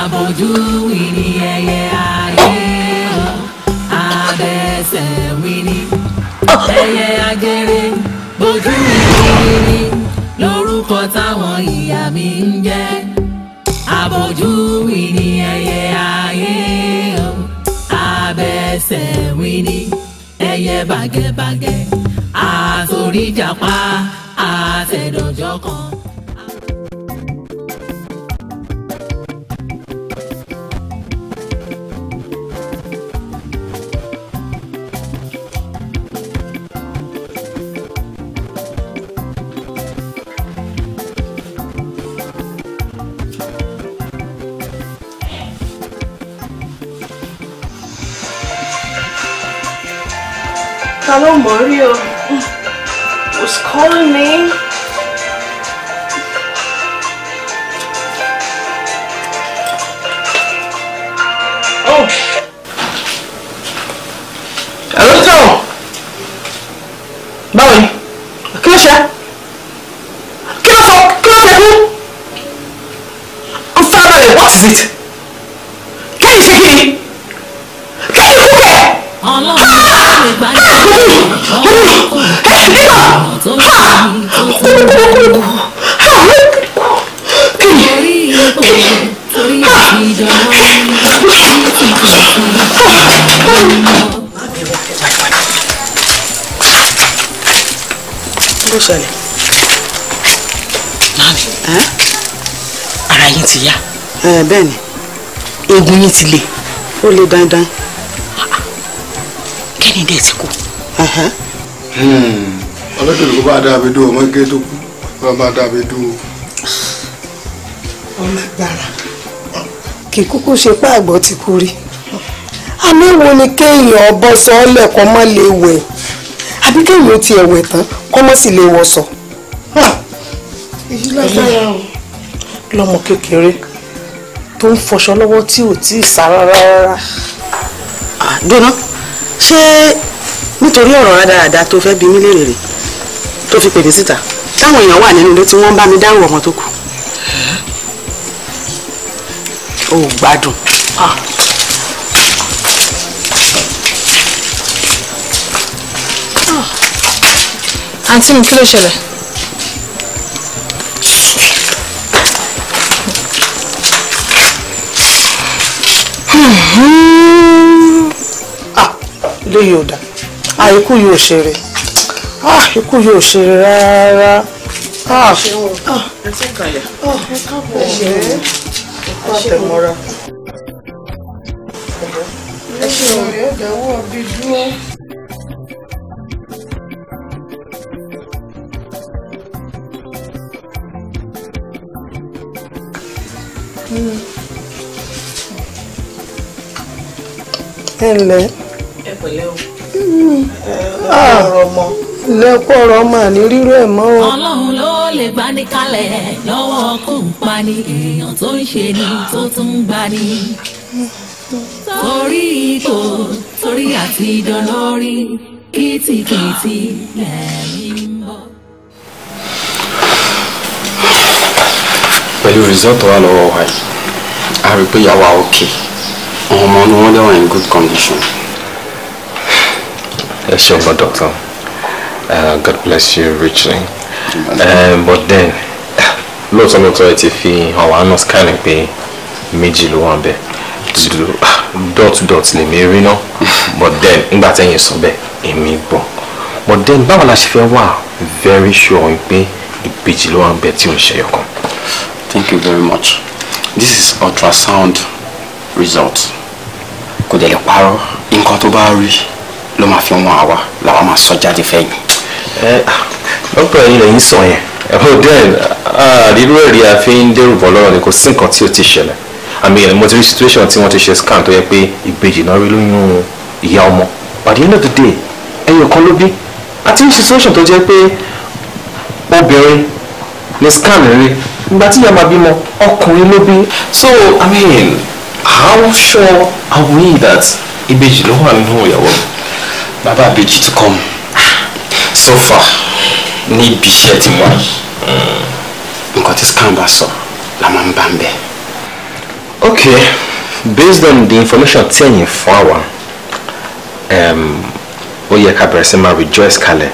Speaker 1: Abojú ìní ẹyẹ ayé o, abẹ́sẹ̀ wíní, ẹyẹ lórúkọ táwọn ìyá mi ń jẹ́ àbọ̀júwìn ni ẹyẹ ayé o abẹ́sẹ̀wìn ni ẹyẹ bàgẹ́bàgẹ́ àtòríjàpá àtẹ̀dọ̀jọ́ kan.
Speaker 4: Hello, Mario Who's calling me. Oh! Alonso! Báwo ni? Kí ló ṣe? Kí ló sọ?
Speaker 1: what is it?
Speaker 4: ti le. ó le dandan. kẹ́ni dẹ̀ ti kú.
Speaker 2: Hmm. ọlọ́dún kò bá dàbí dùn ọmọ ike tó kú bá má dùn o.
Speaker 4: ọmọ agbára. kì í kúkú ṣe pé àgbọ̀ ti kú rí àmì wo ni kéèyàn ọbọ sọ ọ lẹkọọ mọ lè wẹ̀ àbí kéèyàn ti ẹ̀wẹ̀ tán kọ́ mọ́ sì lè wọṣọ.
Speaker 3: èyí lágbára o
Speaker 4: lọmọ kékeré tó ń fọṣọ lọ́wọ́ tí ò tí ì sá rárá rárá. jóná ṣé nítorí ọ̀rọ̀ rádaràda tó fẹ́ bi mí léèrè rè tó fi pè mí síta táwọn èèyàn wà nínú ilé tí wọ́n ń bá mi dárò ọmọ tó kù. o ò gbádùn. àǹtí mi kí ló ṣẹlẹ̀. yìí ò dà à ah, ikú yìí ò ṣe rè à ah, ikú yìí ò ṣe rè
Speaker 3: rárá. Ah, ẹ ṣe kàlẹ̀ ẹ káàbọ̀ ẹ ṣe mọ́ra. ẹ ṣe ọ̀rẹ́ ọ̀dàwọ̀ bíi dúró.
Speaker 4: Hmm. ẹ ǹlẹ́. Mm pẹ̀lẹ́ o ah, ọ̀rọ̀ ọmọ. lẹ́kọ̀ọ́ ọ̀rọ̀ ọmọ ní rírọ̀
Speaker 1: ẹ̀ mọ́. ọlọ́run ló lè gbani kalẹ̀ lọ́wọ́ kò ń pani èèyàn tó ń ṣe ni tó tún ń gbani. torí ipò torí àti idán lórí kìtìkìtì lẹ́yìn ń
Speaker 5: pẹ̀lú rìsọ́ọ̀tù wa lọ́wọ́ wa yìí a rí i pé ìyàwó àwòkè ọmọ ni wọ́n dẹ̀ wà good condition. Yes, ṣeun gan doctor uh, God bless you richly um, but then lots of authority fee. fi hàn wá náà scanning pé méjì ló dot dot lèmi me náà but then in nígbà tẹ́yìn sọ bẹ́ẹ̀ èmi gbọ́ but then báwo la ṣe fẹ́ very sure pé pay the wà bẹ́ẹ̀ tí share your com. thank you very much this is ultrasound result kò dẹ̀ lè parọ́ nǹkan ló máa fi wọn àwa làwa máa sọ jáde fẹ́yìn. ẹ dókítà yìí lẹ́yìn sàn yẹn ẹ̀hún den àdínú ẹ̀rí àfi ń dẹ́rù bọ̀ lọ́rọ̀ ni kò sí nǹkan tí ó ti ṣẹlẹ̀ àmì ẹ̀rọ mo ti rí situation tí wọ́n ti ṣe scan tó yẹ pé ìbejì náà rí lóyún ìyá ọmọ by the end of the day ẹyọ kan ló bí àti ní situation tó jẹ́ pé obìnrin ni scan rí ìgbà tí ìyá máa bímọ ọkùnrin ló bí. so i mean how sure are we that ìbejì ló wà nínú ìyàwó mi bàbá àbèjì ti kọ́ mi so far ní ibi iṣẹ́ ti wá nǹkan tí scan bá sọ la máa ń bá ń bẹ̀. okay based on the information tí ẹ̀yin fún àwa um, ó yẹ ká bẹ̀rẹ̀ sí máa rejoice kalẹ̀.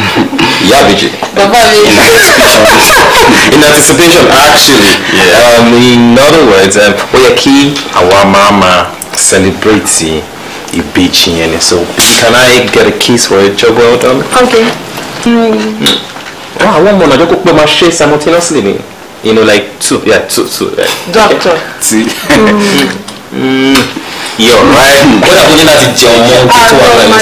Speaker 5: ìyá àbèjì. bàbá mi. in anticipation in anticipation actually yeah. um, in other words um, ó yẹ kí àwa máa máa celebrate ìbejì yẹn ni so can I get a kiss for your job well done. okay. àwọn ọmọ nàjọ kó pé máa ṣe simultaneously ni you know like two yeah two two. doctor. See. yọ right. What ní láti jẹun mọ ojú tó wà lẹ́yìn o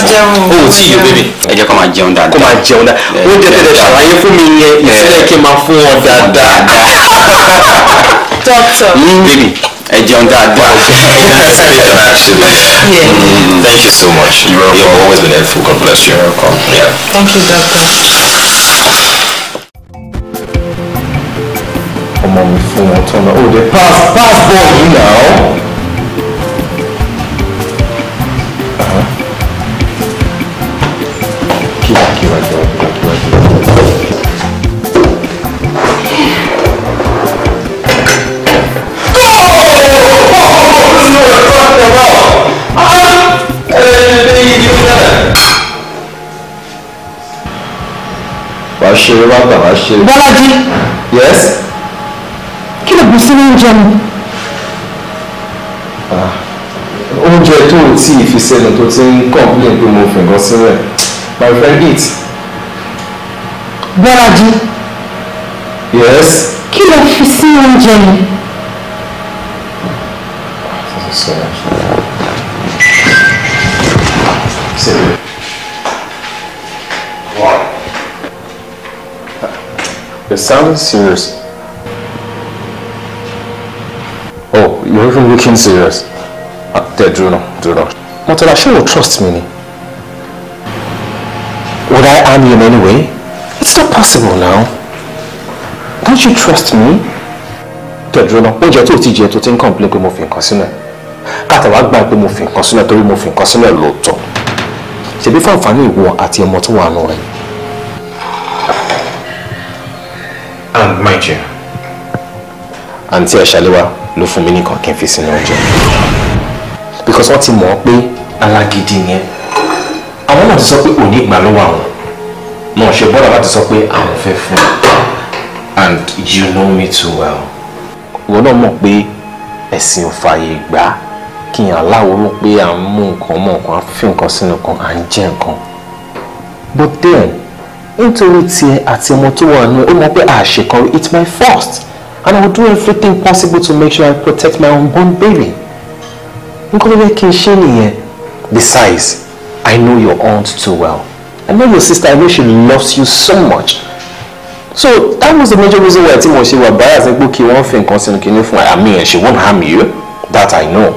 Speaker 5: ò tí ì yọ bébì. ẹ jẹ́ kó máa jẹun dáadáa. kó máa jẹun dáadáa oúnjẹ tẹ̀lé ṣàlàyé fún mi yẹn ìsílẹ̀ kí n máa doctor. Mm. Baby. ẹ jẹun dad. and Yeah. Mm Thank you so much. You are You've always been helpful. God bless you. You're welcome. Yeah.
Speaker 4: Thank you, doctor.
Speaker 5: ọmọ mi fún wọn turn náà oh they pass pass ball yìí wá ṣe wá gbà ṣe. Bọ́lájí. Yes.
Speaker 4: Kí ló bù sí ní oúnjẹ mi?
Speaker 5: Ah, oúnjẹ tó o tí ì fi sẹ́nu tó ti ń complain pé mo fìgàn sílẹ̀. My friend eat. Bọ́lájí. Yes.
Speaker 4: Kí ló fi sí oúnjẹ mi?
Speaker 5: some serious. Oh, you're even looking serious. Uh, there, do not, do not. Motola, she will trust me. Would I harm you in any way? It's not possible now. Don't you trust me? Tẹ̀dúró náà, oúnjẹ tó ti jẹ tó ti ń complain pé mo fi nǹkan sínú ẹ̀. Kàtàwá gbà pé mo fi nǹkan sínú ẹ̀ torí mo fi nǹkan sínú ẹ̀ lóòótọ́. Ṣèbí fún oúnjẹ àǹtí ẹ̀ṣálẹ́wà ló fún mi nìkan kí n fi sínú oúnjẹ because wọ́n ti mọ̀ ọ́ pé alágídí ni ẹ́ àwọn náà ti sọ pé òní ìgbà lọ́wọ́ àwọn náà ṣe bọ́lá láti sọ pé àwọn fẹ́ fún ẹ and you know me too well wọ́n náà mọ̀ pé ẹ̀sìn ò fààyè gbà á kí n aláwo ló pé à ń mú nǹkan mọ̀ nǹkan á fi nǹkan sínú kan à ń jẹ nǹkan but then nítorí tiẹ̀ àti ọmọ tó wà nù ó mọ̀ pé àṣekọrí it's my first and I will do everything possible to make sure I protect my unborn baby. nǹkan tó yẹ kí n ṣe nìyẹn. Besides, I know your aunt too well. I know your sister, I know she loves you so much. So that was the major reason why Timo she was biased and book you one thing concerning Kini fún I mean she won't harm you. That I know.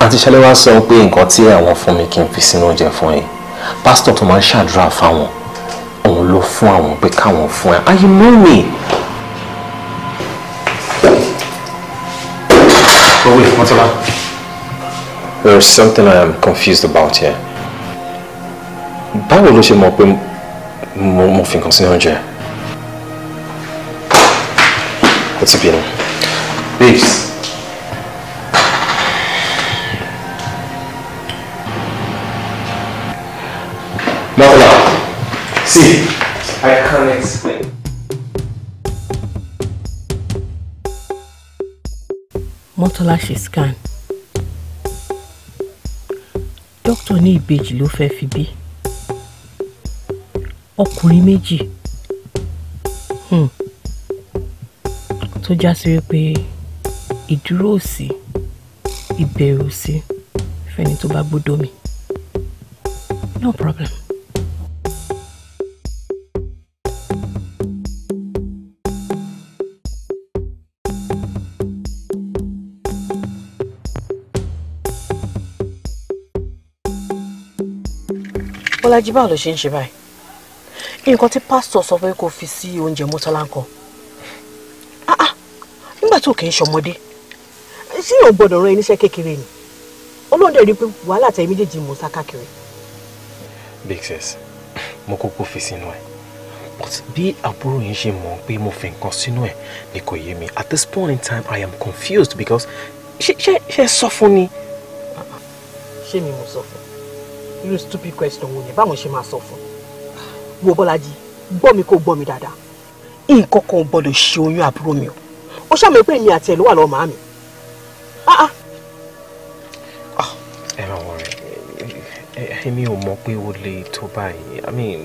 Speaker 5: Àǹtí Ṣaléwá sọ pé nǹkan tí àwọn fún mi kí n fi sínú oúnjẹ fún yín. Pastor, tó máa ń ṣàdúrà fáwọn òun ló fún àwọn pé káwọn fún ẹ and you know me. Oh wait, what's that? There is something I am confused about here. Báwo ló ṣe mọ̀ pé mo mo fi nǹkan sínú oúnjẹ? Ó ti bínú. Babes. See, I
Speaker 4: can't explain. Mọ́tọ́lá ṣe scan. Doctor ní ìbejì ló fẹ́ fi bí. Ọkùnrin méjì hmm. tó já sí wípé ìdúró òsì ìbẹ̀rù òsì fẹ́ni tó bá gbọ́dọ̀ mi. No problem. Bọ́lájí báwo ló ṣe ń ṣe báyìí? Nǹkan tí pásítọ̀ sọ pé kò fi sí oúnjẹ Mọ́tọ́lá ńkọ́. Ah, ah, nígbà tó kì í ṣọmọdé, ṣé yóò gbọ́dọ̀ ran iníṣẹ́ kékeré ni? Olóńdè rí pé wàhálà tẹ méjèèjì mọ̀ sá káàkiri.
Speaker 5: Big sis, mo kúkú fi sínú ẹ̀. But bí àbúrò yín ṣe mọ̀ pé mo fi nǹkan sínú ẹ̀ ni kò yé mi. At this point in time, I am confused
Speaker 4: because ṣé ṣé ṣé sọ fún ni? Ah, ṣé mi mo sọ fún? irú stupid question wo ni báwọn ṣe máa sọ fún wo Bọ́lájí gbọ́ mi kó gbọ́ mi dáadáa nǹkan kan ò gbọ́dọ̀ ṣe oyún àbúrò mi o ó ṣàmì pé èmi àti ẹ̀ ló wà lọ́ọ́ màámi. Ah, ah.
Speaker 5: Ah, ẹ máa wọ rẹ èmi ò mọ̀ pé ó lè tó báyìí i mean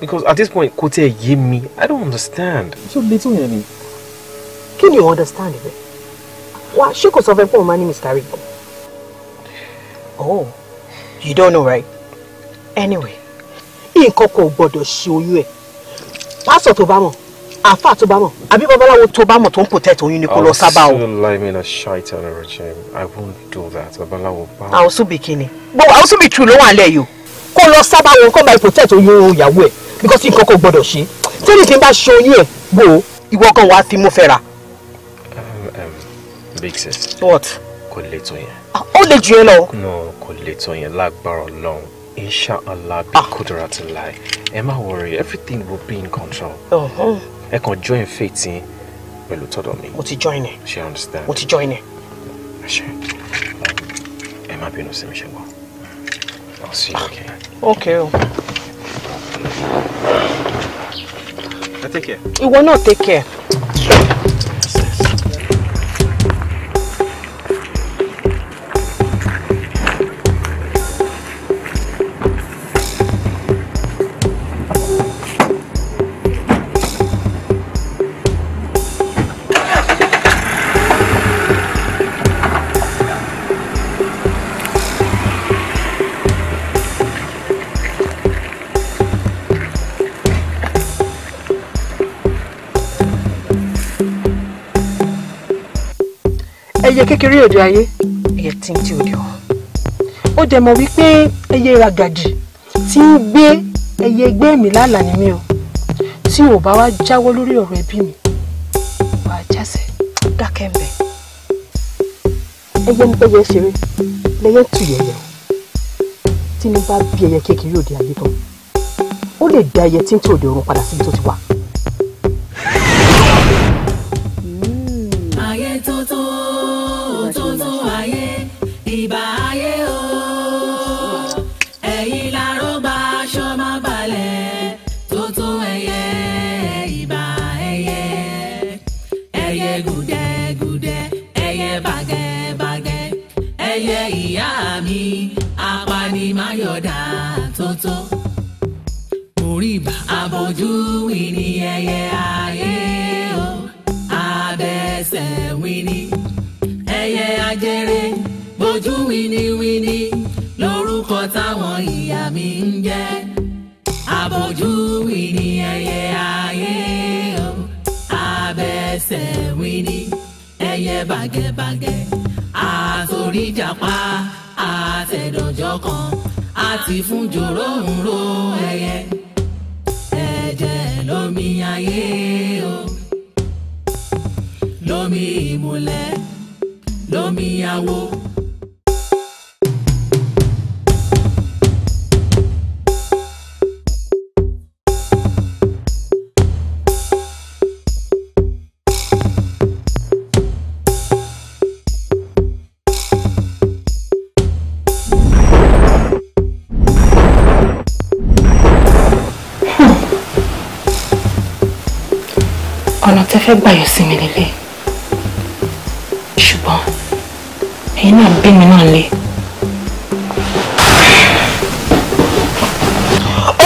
Speaker 5: because at this point kò tiẹ̀ yé mi i don't understand. ṣé o lè tún
Speaker 4: Can you understand bẹ́ẹ̀ wá ṣé kò sọ fẹ́ pé òun máa ní miscarriage. oh you don't know right anyway in kò gbọdọ̀ show you. ẹ̀ pásọ̀ tó bá mọ̀ àáfà tó bá mọ̀ àbí babaláwo tó bá mọ̀ tó ń protect oyún ni kò lọ still
Speaker 5: lie in a shite and a regime I won't do that babaláwo bá. àwọn
Speaker 4: sùn bí kíni but àwọn also be true No one lẹ́yìn you. Colo lọ sábà wọn kó máa protect oyún ìyàwó ẹ̀ because in kò gbọdọ̀ she. Tell tí n show you, oyún you walk on what wàá fi mú fẹ́ um,
Speaker 5: um, big sis. what kò le tó yẹn.
Speaker 4: Ah, ó le jù ẹ
Speaker 5: lọ. no kò le tó yẹn lágbára Ọlọ́run inshallah bí kúdúrà ah. ti láì ẹ má worry everything will be in control. Uh-huh. ẹ kàn join faith yín pẹ̀lú tọ́dọ̀ mi. mo ti join ẹ. she understand.
Speaker 4: mo ti join ẹ. ẹ ṣe ẹ
Speaker 5: má bínú sí mi ṣe gbọ́. I'll see you again.
Speaker 4: Ah. okay o. take care. You will not take care. ẹyẹ kékeré òde ayé ẹyẹ tíntín òde ọ̀hún ó dẹ̀ mọ̀ wípé ẹyẹ ìragàjì tí ń gbé ẹyẹ ẹgbẹ́ mi lálàá ni mí o tí ò bá wá jáwọ́ lórí ọ̀rọ̀ ẹbí mi wà á jásẹ̀ dákẹ́ ń ẹyẹ ń bẹ́yẹ ṣeré lẹ́yẹ tù yẹ̀yẹ̀ tí ní bá bí ẹyẹ kékeré òde ayé tán ó lè da ẹyẹ tíntín òde ọ̀run padà síbi tó ti wà.
Speaker 1: ọdún wí ni ẹyẹ ayé o abẹ́sẹ̀ wí ni ẹyẹ ajere bójú wí ni wí ni lórúkọ táwọn ìyá mi ń jẹ́ abọ́jú wí ni ẹyẹ ayé o abẹ́sẹ̀ wí ni ẹyẹ bàgẹ́bàgẹ́ àtòríjàpá àtẹ̀dọ̀jọ́ kan àti fún jòrò ń ro ẹyẹ ẹ̀jẹ̀ lómi ayé o lómi ìmùlẹ̀ lómi àwo.
Speaker 4: fẹ́ gbàyọ̀ sí mi níbí ṣùgbọ́n ẹ̀yin náà bí mi náà lé.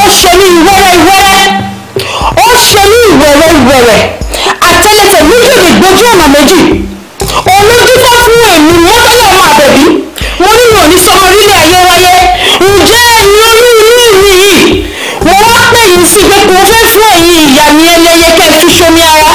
Speaker 4: ó ṣe ní ìwẹ́rẹ́ ìwẹ́rẹ́ ó ṣe ní ìwẹ́rẹ́ ìwẹ́rẹ́ àtẹ́lẹsẹ̀ méjèèjì gbójú ọ̀nà méjì olójú tó fún èmi mọ́tọ́lọ́ ọmọ àbẹ̀bí mo ní ìwọ̀n ní sọmọ orílẹ̀ ayé wáyé ǹjẹ́ ẹ̀yin orí inú ìní yìí mo wá pè yín sí pé kò fẹ́ fún ẹ̀yin ìyá ní ẹlẹ́yẹ kẹ́ ẹ fi ṣomi ara.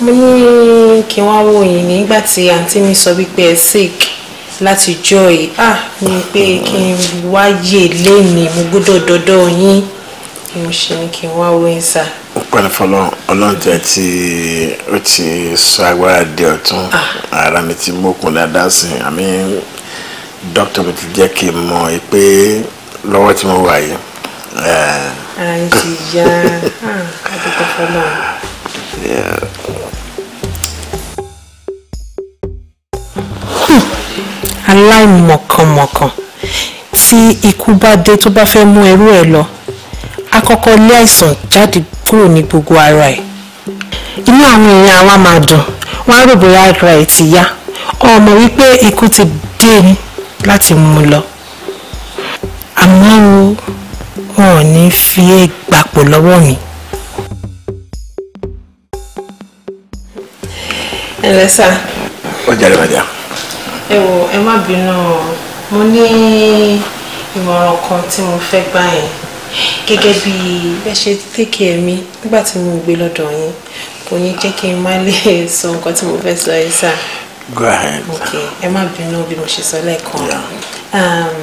Speaker 4: mo ní kí wọ́n wò yín nígbà tí àǹtí mi sọ wípé ẹ sick láti joy ah mi pé kí n wáyè lénìí mo gbọ́dọ̀ dọ́dọ̀ yín bí mo ṣe ní kí n wá wò yín sá.
Speaker 2: ó pẹ̀lú fọlọ́n ọlọ́jà tí ó ti sọ agbára di ọ̀tún ah. ara mi ti mókun dáadáa sí i àmì dókítà mi ti jẹ́ kí n mọ̀ pé lọ́wọ́ tí mo wà yìí.
Speaker 3: ara yín ti yá ká dúpẹ́ fọlọ́n.
Speaker 4: aláìmọ̀kànmọ̀kàn tí ikú bá dé tó bá fẹ́ mú ẹrú ẹ̀ lọ á kọ́kọ́ lé àìsàn jáde kúrò ní gbogbo ara ẹ̀ inú àwọn èèyàn wa máa dùn wọ́n á rò bóyá ara ẹ̀ ti yá ọmọ wípé ikú ti dé láti mú lọ àmọ́ wọn ò ní fi é gbapò lọ́wọ́ mi. ẹ lẹ́sà. ó jàre bàjẹ́ ẹ wò ẹ má bínú mo ní ìmọ̀ràn kan tí mo fẹ́ gbà yẹn gẹ́gẹ́ bí bẹ́ẹ̀ ṣe tẹ́kẹ̀ ẹ̀mí nígbà tí mo gbé lọ́dọ̀ yín kò ní jẹ́ kí n má lè sọ nǹkan tí mo fẹ́ sọ yìí sá.
Speaker 2: go ahead. ok
Speaker 4: ẹ má bínú bí mo ṣe sọ lẹ́ẹ̀kan. Um,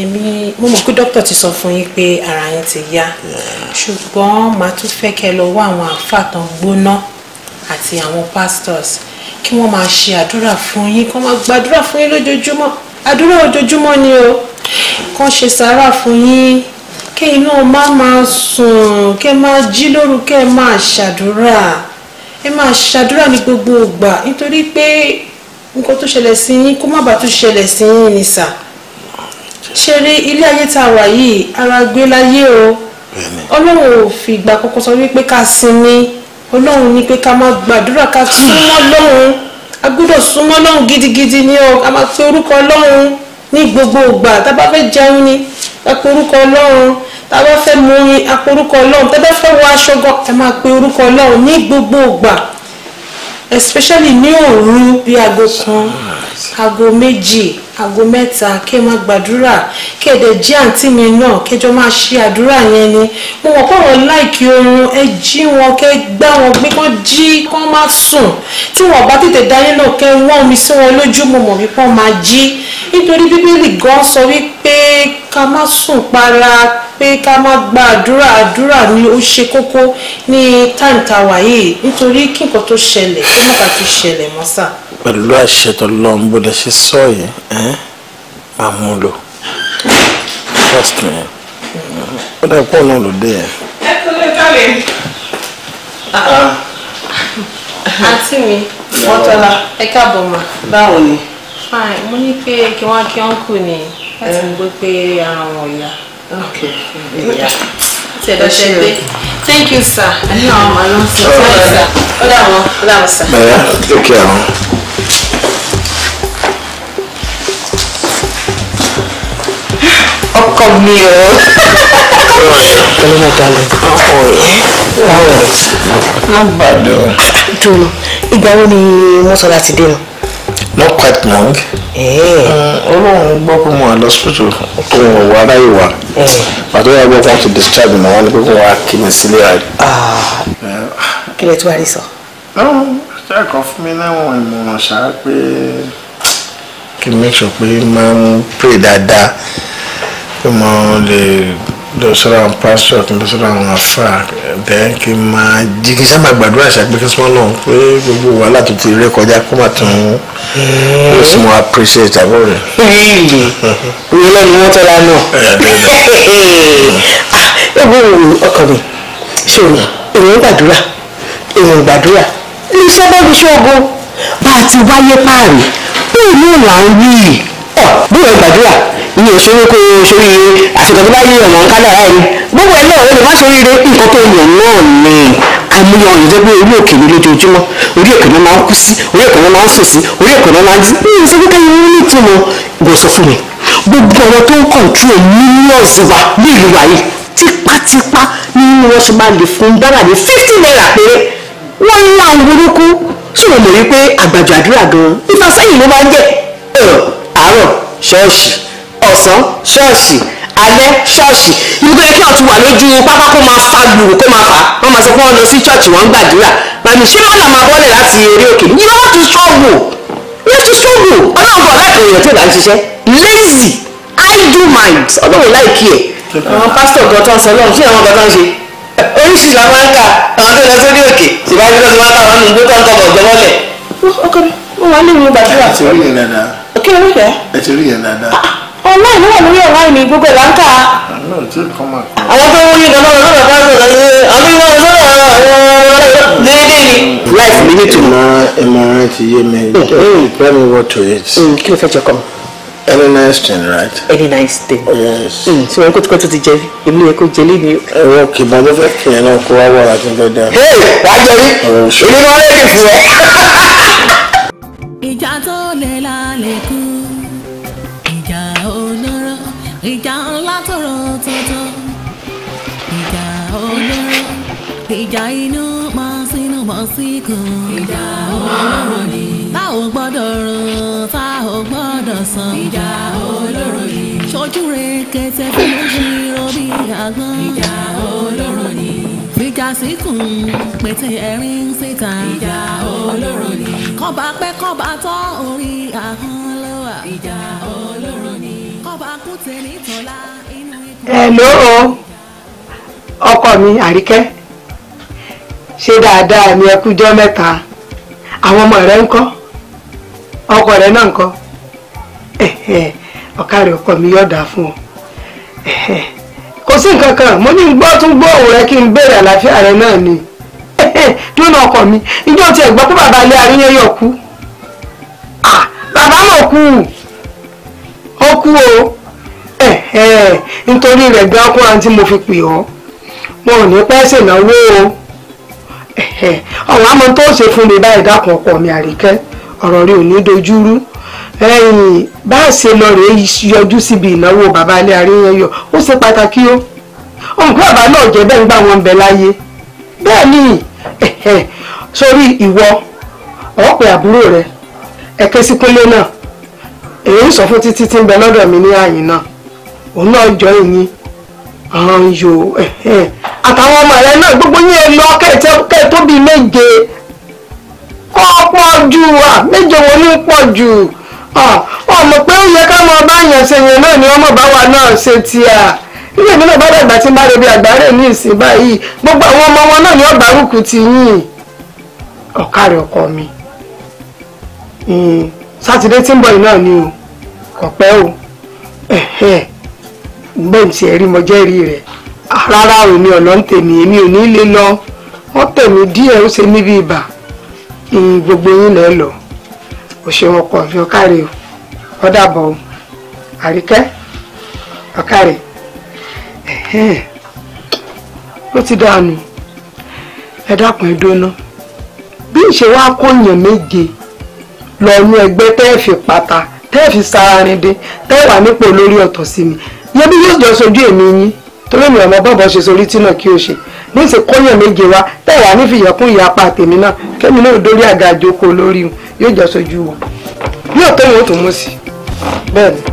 Speaker 4: èmi mo mọ̀ pé dókítà ti sọ fún yín pé ara yín ti yá ṣùgbọ́n màá tún fẹ́ kẹ́ lọ wá àwọn àáfàá gbóná àti àwọn pastors. Yeah kí wọ́n máa ṣe àdúrà fún yín kí wọ́n máa gbàdúrà fún yín lójoojúmọ́ àdúrà ojoojúmọ́ ni o kàn ṣe sàárà fún yín kẹ́yìn náà má máa sùn kẹ́ máa jí lóru kẹ́ máa ṣàdúrà ẹ máa ṣàdúrà ní gbogbo ìgbà nítorí pé nǹkan tó ṣẹlẹ̀ sí yín kó má bàa tún ṣẹlẹ̀ sí yín ni sà ṣe rí ilé ayé tá a wà yìí ara gbé láyé o ọlọ́run ò fìgbà kankan sọ wípé ká sinmi ọlọ́run ni pé ká máa gbàdúrà ká súnmọ́ lọ́hùn a gbọ́dọ̀ súnmọ́ lọ́hùn gidigidi ni ọ ká máa pe orúkọ ọlọ́run ní gbogbo ìgbà tá a bá fẹ́ jẹun ni ká pe orúkọ ọlọ́run tá a bá fẹ́ mu orin ká pe orúkọ ọlọ́run tá a bá fẹ́ wọ aṣọ gan ká máa pe orúkọ ọlọ́run ní gbogbo ìgbà especially ní òru bí aago kan aago méjì aago mẹ́ta kẹ́ máa gbàdúrà kẹ́ ẹ̀dẹ̀ jí àǹtí mi náà kẹjọ máa ṣe àdúrà yẹn ni mo mọ̀ pé wọ́n láìkí oorun ẹ jí wọn kẹ́ gbá wọn gbé kán jí kán má sùn tí wọn bá tètè dáyé náà kẹ́ wọ́n omi sí wọn lójú mo mọ̀ wípé wọ́n máa jí nítorí bíbélì gan sọ wípé ká má sùn para pé ká má gba àdúrà àdúrà ni ó ṣe kókó ní táìmù tá a wà yìí nítorí kí nǹkan tó ṣẹlẹ̀ kó má bàa ṣẹlẹ̀ mọ́
Speaker 2: pẹ̀lú àṣẹ tọlọ́run bó dẹ ṣe sọ yìí máa mú un lò first ni ó dẹ pọ̀ náà ló dé yẹn.
Speaker 4: ẹ kò lè kálẹ̀. Ah. àǹtí mi wọ́n tọ́lá ẹ káàbọ̀ mà. báwo ni. fine mo ní pé kí wọ́n kí ọ́nkù ni láti mú gbé pé ara wọn yá. ok
Speaker 1: ìyá tẹ lọ ṣe thank you sir. ẹ ní àwọn ọmọ ló ń sọ. ó dà wọ́n ó dà wọ́n sir.
Speaker 2: bẹ́ẹ̀ ó kí àwọn.
Speaker 4: ọkọ mi o. Hello, darling. Báwo rẹ̀? Má bàdọ̀. Dùnú, ìgbà wo ni Mọ́sọ́lá ti dé nù?
Speaker 2: Not quite long. Eh. Mm, no gbọ́ pé mo wà lọ́sítítù tó wọ̀ wá ráyè wá. Pàtó eh. yà gbọ́ pé wọ́n ti discharge mi wọ́n ní pé kò wá kí mi sílé àjò. Ah. Kí lè tún wá rí sọ? Ṣẹ́ẹ̀kan fún mi láwọn ìmọ̀ràn ṣáá pé kí n make sure pé máa ń pray dáadáa on, kí mo lè lọ sọ́dọ̀ àwọn pásítọ̀ kí n lọ sọ́dọ̀ àwọn afá then kí n máa jí kí n sábà gbàdúrà ṣàgbé kí n sọ́mọ́ náà pé gbogbo wàhálà tó ti ré kọjá kó má tún
Speaker 3: mm. ó sì mọ
Speaker 2: appreciate àbọ̀ rẹ̀. ìyẹn náà ni wọ́n tọ́lá náà
Speaker 4: ah ewu ọkàn mi ṣòro èèyàn gbàdúrà èèyàn gbàdúrà iṣẹ́ bẹ́ẹ̀ fi ṣọ́gun bá a ti wáyé páàrí bẹ́ẹ̀ ni ìlà ń wí yìí bóyá gbàdúrà ní òṣèré kó ṣoríire àsìkò tó bá yí ọ̀nà kádàrá ẹni gbogbo ẹ̀ náà ó lè má ṣoríire nǹkan tó yàn náà ni àmúyọ ọ̀yàn jẹ́ pé orí òkè ní lójoojúmọ́ orí òkè náà máa ń kú sí orí òkè náà máa ń fò sí orí òkè náà máa ń dí. ní ìsọ́kúkẹ́ yìí wọ́n ní ìtumọ̀ gbọ́ sọ fún mi gbogbo ọ̀rọ̀ tó ń kọ̀ntró mílíọ̀nù wa ní ìlú wa yìí tipátipá nínú wọn ṣe máa lè fún dára ní fifty naira péré wọ́n ń lá àwọn burúkú sọ̀rọ̀ lórí pé àgbàjọ àdúrà gan-an ìfàsẹ́yìn ló máa ń jẹ́ àárọ̀ ṣọ́ọ̀ṣì ọ̀sán ṣọ́ọ̀ṣì alẹ́ ṣọ́ọ̀ṣì ibi tó yẹ kí ọ̀tún wà lójú pápá kó máa fa gbùrù kó máa fà á wọ́n máa sọ pé wọ́n lọ sí ṣọ́ọ̀ṣì wọ́n ń gbàdúrà màmí ṣé wọ́n là máa bọ́lẹ̀ láti eré òkè you know how to struggle you have to struggle ọlọ́run kọ̀ láìpẹ́ èèyàn tí ò bá ń ṣiṣẹ́ lazy idle mind ọlọ́run láìkí ẹ̀. àwọn pásítọ̀ gan tán sọ lọ́run kí àwọn gan tán ṣe oríṣiríṣi la máa ń kà àwọn tó lọ sórí òkè ṣèbáyé lọ́sọ̀rọ̀ àwọn nùgbó tó ń kọ̀ bọ̀ gbọ́mọ́lẹ̀ ọkọ mi mo wà ní ìwé
Speaker 2: gbàdúrà kí ló ṣe. ẹ ti rí yẹn dáadáa. Ah,
Speaker 4: online ló wà lórí online mi gbogbo ìlà ń àwọn tó ń yí ganan lọ́dọ̀ bá ń sọ̀rọ̀ ṣe àwọn ìwà ọ̀sán déédéé ni. life mi ní tìmọ̀
Speaker 2: ìmọ̀ràn ti yé mi let mm, mm. me work to it. Mm, kí ló fẹ́ jẹ kọ́ Any nice thing, right? Any nice thing. Yes. Mm. So I could go to the jelly. You may go jelly ni. Oh, okay, but the fact you know, go out I can Hey, why jelly?
Speaker 3: Oh, sure. You know what I can do. Ìjà tó lè lálẹ́
Speaker 1: kọ́. ìjà ńlá tòrò tuntun ìjà olóró ìjà inú mọ́ sínú mọ́ síkù ìjà olóró ni tá ò gbọ́dọ̀ rún tá ò gbọ́dọ̀ sàn ìjà olóró ni ṣojú rẹ̀ kẹsẹ̀ fún mi ṣírò bí àgbọn ìjà olóró ni ìjà síkùn pété ẹ̀rín síta ìjà olóró ni kọ́ba pẹ́ kọ́ba tọ́ orí ahọ́n lọ́wọ́ ìjà olóró ni.
Speaker 3: hello
Speaker 4: ọkọ mi àríkẹ́ ṣe dáadáa ni ẹ kújọ́ mẹ́ta àwọn ọmọ rẹ ńkọ́ ọkọ rẹ náà ńkọ́ ọkà rẹ ọkọ mi yọ̀dà fún ọ kò sí nǹkan kan mo ní gbọ́ tún gbọ́ kí n béèrè àlàáfíà rẹ náà ni ọkọ mi tiẹ̀ gbọ́ o. nítorí rẹ̀ gbé ọkùnrin tí mo fi pè ọ́ wọn ò ní pẹ́ ṣènáwó o ọ̀rọ̀ àmọ́ tó ṣe fún mi báyìí dákun ọkọ mi àríkẹ́ ọ̀rọ̀ rẹ ò ní dojúrú bá a ṣe lọ rèé yọjú síbi ìnáwó bàbá alẹ́ yọ ó ṣe pàtàkì o àbá náà bẹ́ẹ̀ ń gbà bẹ láyé bẹ́ẹ̀ ni sórí ìwọ ọ̀pẹ àbúrò òun náà jọ ìyìn àwọn yòó àtàwọn ọmọ rẹ náà gbogbo yín lọ kẹ́ẹ̀ tóbi méje kọ́ pọ̀ jù à méje wo ni pọ̀ jù ọmọ pé ó yẹ ká mọ bá yàn ṣe yẹn náà ni ọmọ báwa náà ṣe ilé mi náà bá dàgbà tí n bá gbogbo àwọn ọmọ wọn náà ni ọgbà rúkú ti yìn ọkọ mi hmm, sátidé tí ń ni o o. bẹ́ẹ̀ tí ẹ rí mo rẹ̀ rárá o ní ọ̀nà ń tèmi èmi ò ní lè lọ wọ́n tẹ̀mí díẹ̀ ó ṣe níbi ibà ìyìn gbogbo yín lẹ́ lọ o ṣeun ọkọ mi ọ̀kàrẹ̀ o ọ̀dàbọ̀ o àríkẹ́ ọ̀kàrẹ̀ ó ti dànù ẹ dákun ẹ dóná bí ìṣe wá kó yàn méje lọ ní ẹgbẹ́ tẹ́ẹ̀ fi pata tẹ́ẹ̀ fi sararin dín tẹ́ẹ̀ wà nípò lórí ọ̀tọ̀ sí mi mo bí yóò jọ sojú èmi yín torí mi ọmọ bọ́bọ̀ ṣe sórí tí náà kí o ṣe ní ìsìn kọ́yàn méje wa tẹ̀wá ní fìyàkún ìyá apá tèmi náà kẹ́mi náà dórí àga àjòkó lórí yóò jọ sojú wọn yóò tó yóò tó mú sí bẹ́ẹ̀ ni.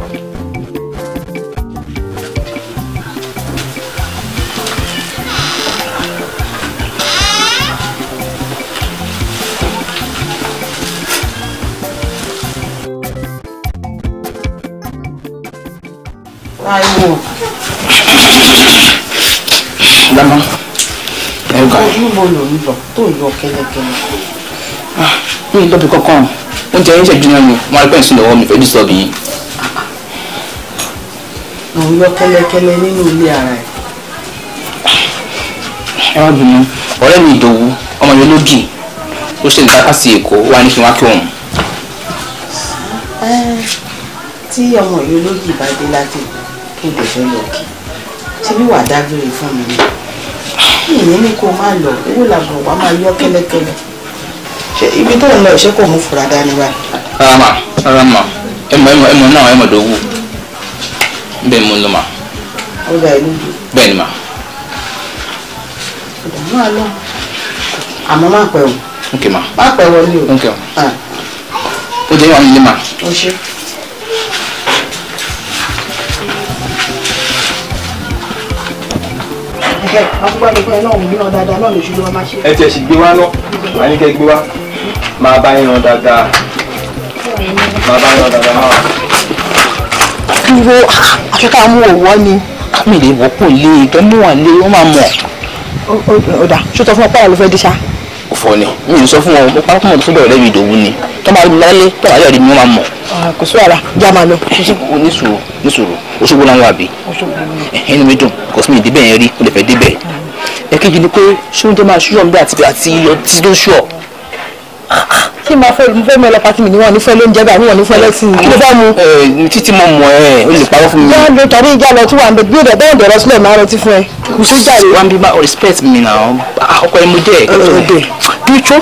Speaker 4: Táíwò. Dama, ẹ gbà. Ojú wo lò ń lọ tó yọ kẹ́lẹ́kẹ́lẹ́? Ah, mi ì lọ́bi kankan. Oúnjẹ yín ṣẹ̀jú náà ni wọ́n á rí pẹ́ǹsì lọ́wọ́ mi fẹ́ dùsọ̀ bì í. Òun yọ kẹ́lẹ́kẹ́lẹ́ nínú ilé ara ẹ̀.
Speaker 5: Ah, ẹ má bínú, ọ̀rẹ́ mi ìdòwú, ọmọ mi ológì,
Speaker 4: ó ṣe ìtàkà sí Èkó, wà ní kí wọ́n kí òun. Tí ọmọ yìí ológì bá dé láti ìlú èdè fẹ́ lọ kí tí bí wàá dágbére fún mi ni ìyẹn ní kó máa lọ owó làbọ̀ wàá máa yọ kẹ́lẹ́kẹ́lẹ́ ṣe ibi tó ń lọ ṣé kò mú fura dání wa.
Speaker 5: rama rama ẹmọ ẹmọ ẹmọ náà ẹmọ dòwú bẹ́ẹ̀ mo lọ ma. ó dà ìlú dùn. bẹ́ẹ̀ ni ma.
Speaker 4: ìdààmú àlọ àmọ́ má pẹ̀ wọ̀.
Speaker 5: ok ma. má pẹ̀ wọ̀ ni o. ok ma.
Speaker 4: Ah. ó jẹ́ ìwà nílé ma. o ṣe. bẹ́ẹ̀ akúgbàdúgbà náà òun náà dáadáa náà lóṣù ló máa ṣe.
Speaker 5: ẹ tiẹ̀ sì gbé wá náà màá gbé wá máa bá yan dáadáa máa bá yan
Speaker 4: dáadáa máa. dúró aṣọ a mú ọ̀wọ́ ni mi lè wọ́ kó lé ìtọ́ e, mú wà lé e, wọ́n máa mọ̀. ó dà ṣó sọ fún ọ pààrọ̀ ló fẹ́ dé ṣá. ò fọ ni mi ò sọ fún ọ mo parọ́ fún ọ tó fún bẹ̀rẹ̀ mi ìdòwú ni tó máa rí mi lálẹ́ tó máa rí mi wọ́n máa mọ̀. Ah, kò sí wàhálà já máa lọ. nísòro nísòro Òṣogbo làwọn àbí inú mi dùn kò sí mi débẹ̀ yẹn rí mo lè fẹ́ débẹ̀. ẹ̀kejì ni pé ṣé oúnjẹ máa ṣúyọ̀ nígbà àti àti ọtí ló ṣúọ̀. ṣé máa fẹ́ mo fẹ́ mọ ẹlọ́pàá tí mi níwọ̀n nífẹ̀ẹ́ ló ń jẹ́ báyìí níwọ̀n nífẹ̀ẹ́ lẹ́sìn yìí. kí ló bá mu. títí mo mọ ẹ o lè parọ́ fún mi. yá ló tàbí ìjà lọ tí wà ń bẹ bí ó dẹ̀ bẹ́ẹ̀ dẹ̀rọ sílẹ̀ máa retí fún ẹ. kò sí ìjà rẹ̀. wà á bí
Speaker 5: ma respect mi náà ah, ọkọ ẹ mo jẹ́ ẹ̀.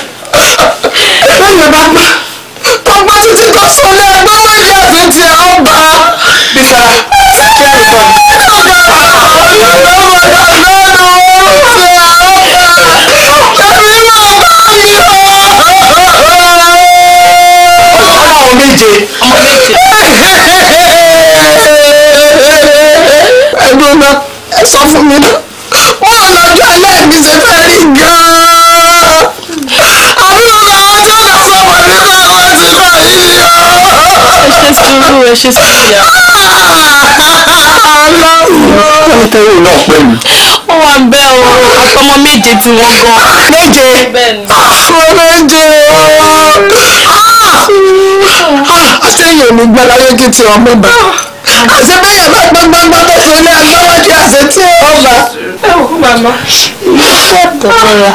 Speaker 4: lọ ṣe sí ìyá. ọlọ́run nítorí náà pẹ̀lú. ó wà ń bẹ́ o àtọmọ méje tí wọ́n gan. méje àwọn méje ah! ah! àṣeyìn ò ní gbalaye kí ti ọmọ bá ah! àṣẹ bẹ́yẹn bá gbọ́ngbọ́ngbọ́ tó sọ ní agbọ́wọ́ kí àṣẹ tí ó bá. ẹ wò ó màmá. ìfẹ́ tẹ̀lé ra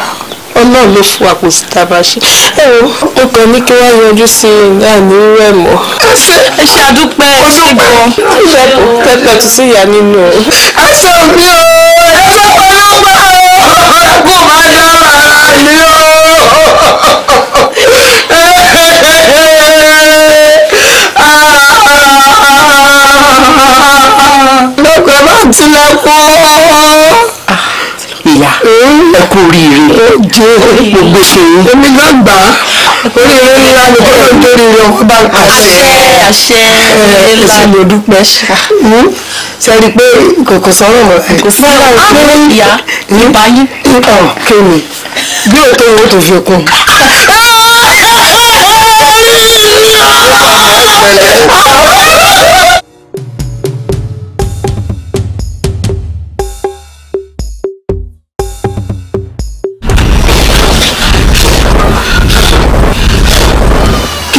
Speaker 4: ọlọ́run ló fún àpò síta bá ṣe ẹ o mo kàn ní kí wọ́n yọjú sí i náà ní rẹ̀ mọ́. ẹ ṣe àdúpẹ́ ṣe gan. ìṣe pẹpẹ tó sì yà nínú. ẹ sọ mi o ẹ sọ pẹ̀lú
Speaker 3: pa o ọkọ bá dára ni o. lọ́kọ̀ọ́ bá tilẹ̀ kú ìyá ẹ kú oríire gbogbo ṣòro. èmi náà gbà á oríire ńlá ni kí ló
Speaker 4: ń torí rẹ ọkọ bá ń àṣẹ àṣẹ ńlá ni odúpẹ́ hmm? ṣá. sẹ́ni pé kòkò sọ̀rọ̀ mọ́ ẹ̀ kò sọ̀rọ̀ pé ìyá hmm? nípa yín. kéwì bí òótọ́ ìwé tó fi kún.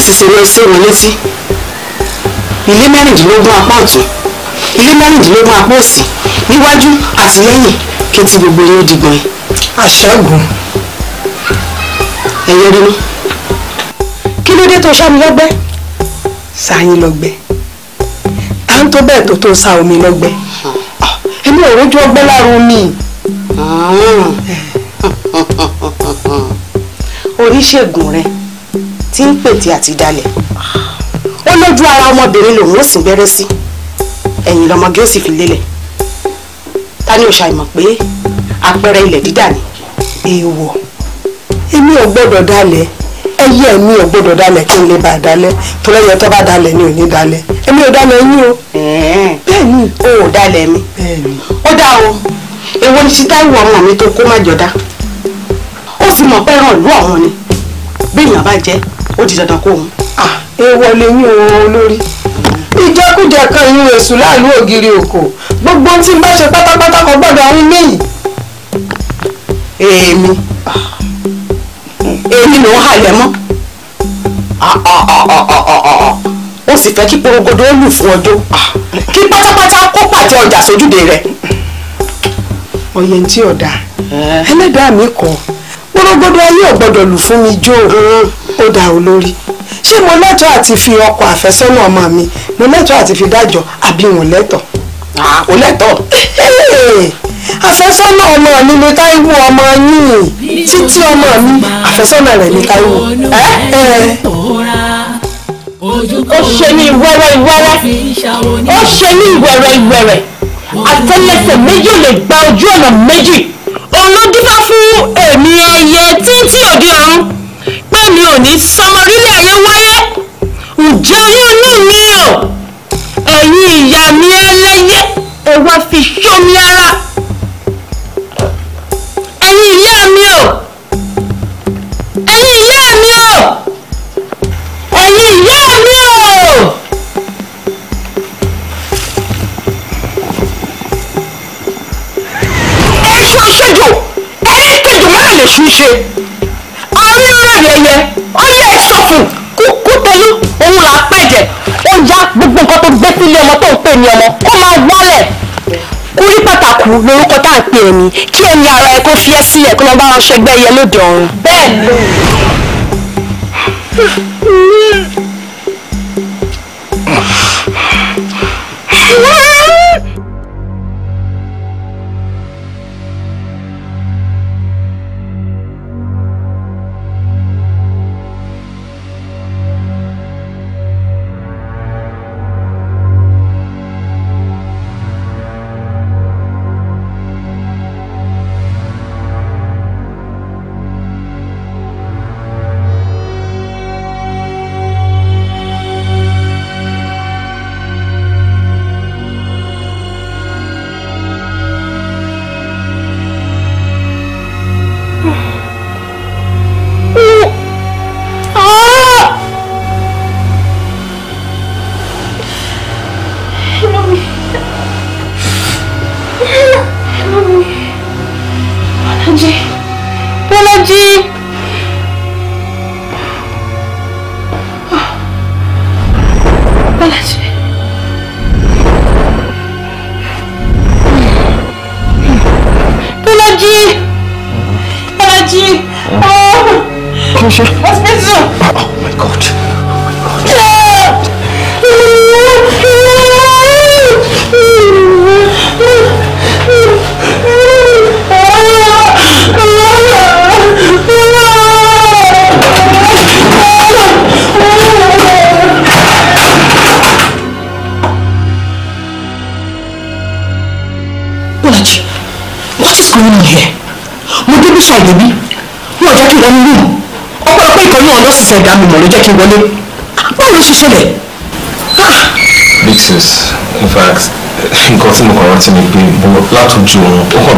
Speaker 4: ti ṣe lọ sí mi létí ilé mẹ́rìndínlógún apá ọ̀tún ilé mẹ́rìndínlógún apá òsì níwájú àti lẹ́yìn gbogbo yín dìgbọ̀n ẹ̀. àṣàgùn. ẹ̀yẹ rinú. kí ló dé tó ṣá lọ́gbẹ́? sáyìn lọ́gbẹ́ tá ń tó bẹ́ẹ̀ tó tó sa omi lọ́gbẹ́ ah, èmi ò ọgbẹ́ lára omi. Hmm. oríṣègùn rẹ̀ tí ń pètè àti dalẹ̀ ó lójú ara ọmọbìnrin lòun ó sì bẹ̀rẹ̀ sí ẹ̀yìn lọmọge ó sì fi lélẹ̀ ta ni o ṣàìmọ̀ pé àpẹẹrẹ ilẹ̀ dídà ni èèwọ̀ èmi ò gbọ́dọ̀ dalẹ̀ ẹyẹ mi ò gbọ́dọ̀ dalẹ̀ kí n lè bá a dalẹ̀ torí ẹyẹ tó bá dalẹ̀ ni ò ní dalẹ̀ èmi ò dalẹ̀ yín o. bẹ́ẹ̀ni o ò dalẹ̀ mi ó dá o èwo ni Táíwò ọmọ mi tó kó má jọdá ó sì mọ̀ pé ràn lú ni bí èèyàn bá jẹ́ ó ti dandan kó òun. èèwọ̀ lèyìn òun olórí ìjẹkújẹ kan ìlú èṣù láàlú ògiri òkò gbogbo tí n bá ṣe pátápátá kan gbọ́dọ̀ àwọn ilé yìí. èmi èmi ló ń halẹ̀ mọ́ ó sì fẹ́ kí porogodo ó lù fún ọjọ́ kí pátápátá kó pàtẹ ọjà sójúde rẹ̀. ọ̀yẹ̀ tí ọ̀dà ẹlẹ́dàá mi kọ̀ porogodo ayé ò gbọ́dọ̀ lù fún mi jó. Mm-hmm ó da olórí ṣé mo lẹ́tọ̀ọ́ àti fi ọkọ àfẹ́sọ́nà ọmọ mi mo lẹ́tọ̀ọ́ àti fi dájọ́ àbí wọn Ah, ò lẹ́tọ̀ọ́. àfẹ́sọ́nà ọmọ mi ni Táíwò ọmọ yín títí ọmọ mi àfẹ́sọ́nà rẹ̀ ni Táíwò.
Speaker 1: ó ṣe ní ìwẹ́rẹ́ ìwẹ́rẹ́ ó ṣe ní ìwẹ́rẹ́
Speaker 4: ìwẹ́rẹ́ àtẹ́lẹsẹ̀ méjì ò lè gba ojú ọ̀nà méjì òun fún èmi ẹyẹ tí tí òdi ní sọmọ orílẹ̀ ayé wáyé ǹjẹ́ oyún inú mi o ẹ̀yin ìyá mi ẹlẹ́yẹ ẹ wá fi ṣómi ara. lọ́dọ̀ mi kí ẹ̀mí ara ẹ̀ kó fi ẹ́ sílẹ̀ kó lọ bá wọn ṣẹgbẹ́ ẹyẹ lóde ọ̀run. bẹ́ẹ̀
Speaker 3: ni.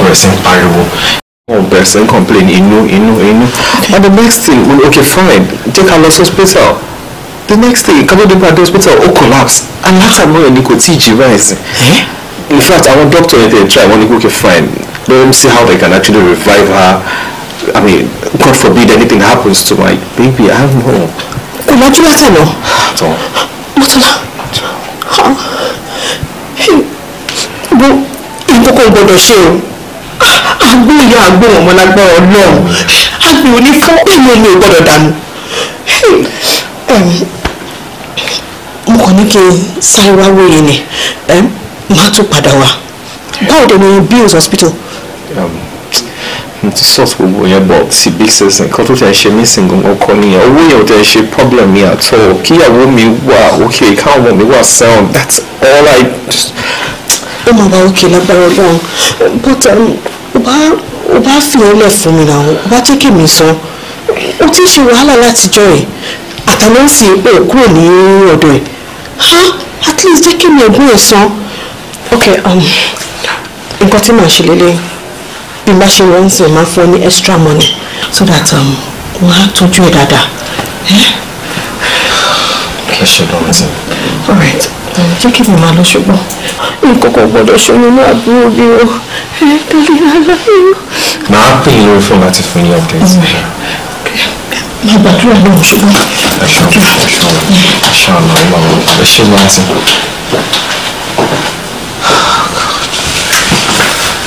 Speaker 5: Person sí One person wọn You know. You know. You know. and the next thing well, okay fine Take ká lọ sí hospital the next day kábọ̀dé bá dé hospital ó collapse and látàmú ẹ̀ ni kò tí teach you, ráìsì in fact àwọn doctor ẹ̀ dẹ̀ try wọ́n go. okay fine let them see how they can actually revive her i mean god forbid anything happens to my baby i have no.
Speaker 4: kò lájú látàná mọ́tọ́lá bó nǹkan kan gbọ́dọ̀ ṣe o agbóhùn ìyá agbóhùn ọmọ lágbára ọlọ́run agbóhùn òní fún ìmọ̀ mi ò gbọ́dọ̀ dànù. mo kàn ní kí n sáré wá wò yín ni má tún padà wá báwo dé ni bills hospital. mo ti sọ́ọ̀tù gbogbo
Speaker 5: yẹn bọ̀ sí big season kan tó tẹ̀ ń ṣe missing gangan kọ́ nìyẹn owó yẹn ò tẹ̀ ń ṣe problem mi àtọ̀ kíyàwó mi wà òkè káwọn mi wà sound that's all i just
Speaker 4: ó máa bá òkè lágbára ọlọ́run but um, bá o bá fìyàn lẹ̀ fún mi làwọn o bá jẹ́ kí mi san o ti ṣe wàhálà látijọ́ ẹ̀ àtàlẹ́ ń sìn pé kúrò ní ọ̀dọ̀ ẹ̀ ha at least jẹ́ kí mi ẹ̀gbọ́n ẹ̀ san ok um, nǹkan tí màá ṣe lélẹ̀ bí bá ṣe wọ́n ń sìn máa fún ọ ní extra money so that um, wọ́n á tọ́jú ẹ̀ dáadáa. Eh? ẹ ṣe lọ́wọ́ sí i. all right um, jẹ́ kí mi máa lọ ṣùgbọ́n
Speaker 3: nǹkan kan
Speaker 5: gbọ́dọ̀ ṣe nínú àbúrò bí o màá pè é lórí fóònù láti fún yín update. máa gbàdúrà lóhùn ṣùgbọ́n. ẹ̀ṣọ́ ẹ̀ṣọ́ ẹ̀ṣọ́ àná ọmọ àwọn ẹ̀ṣẹ́ láti.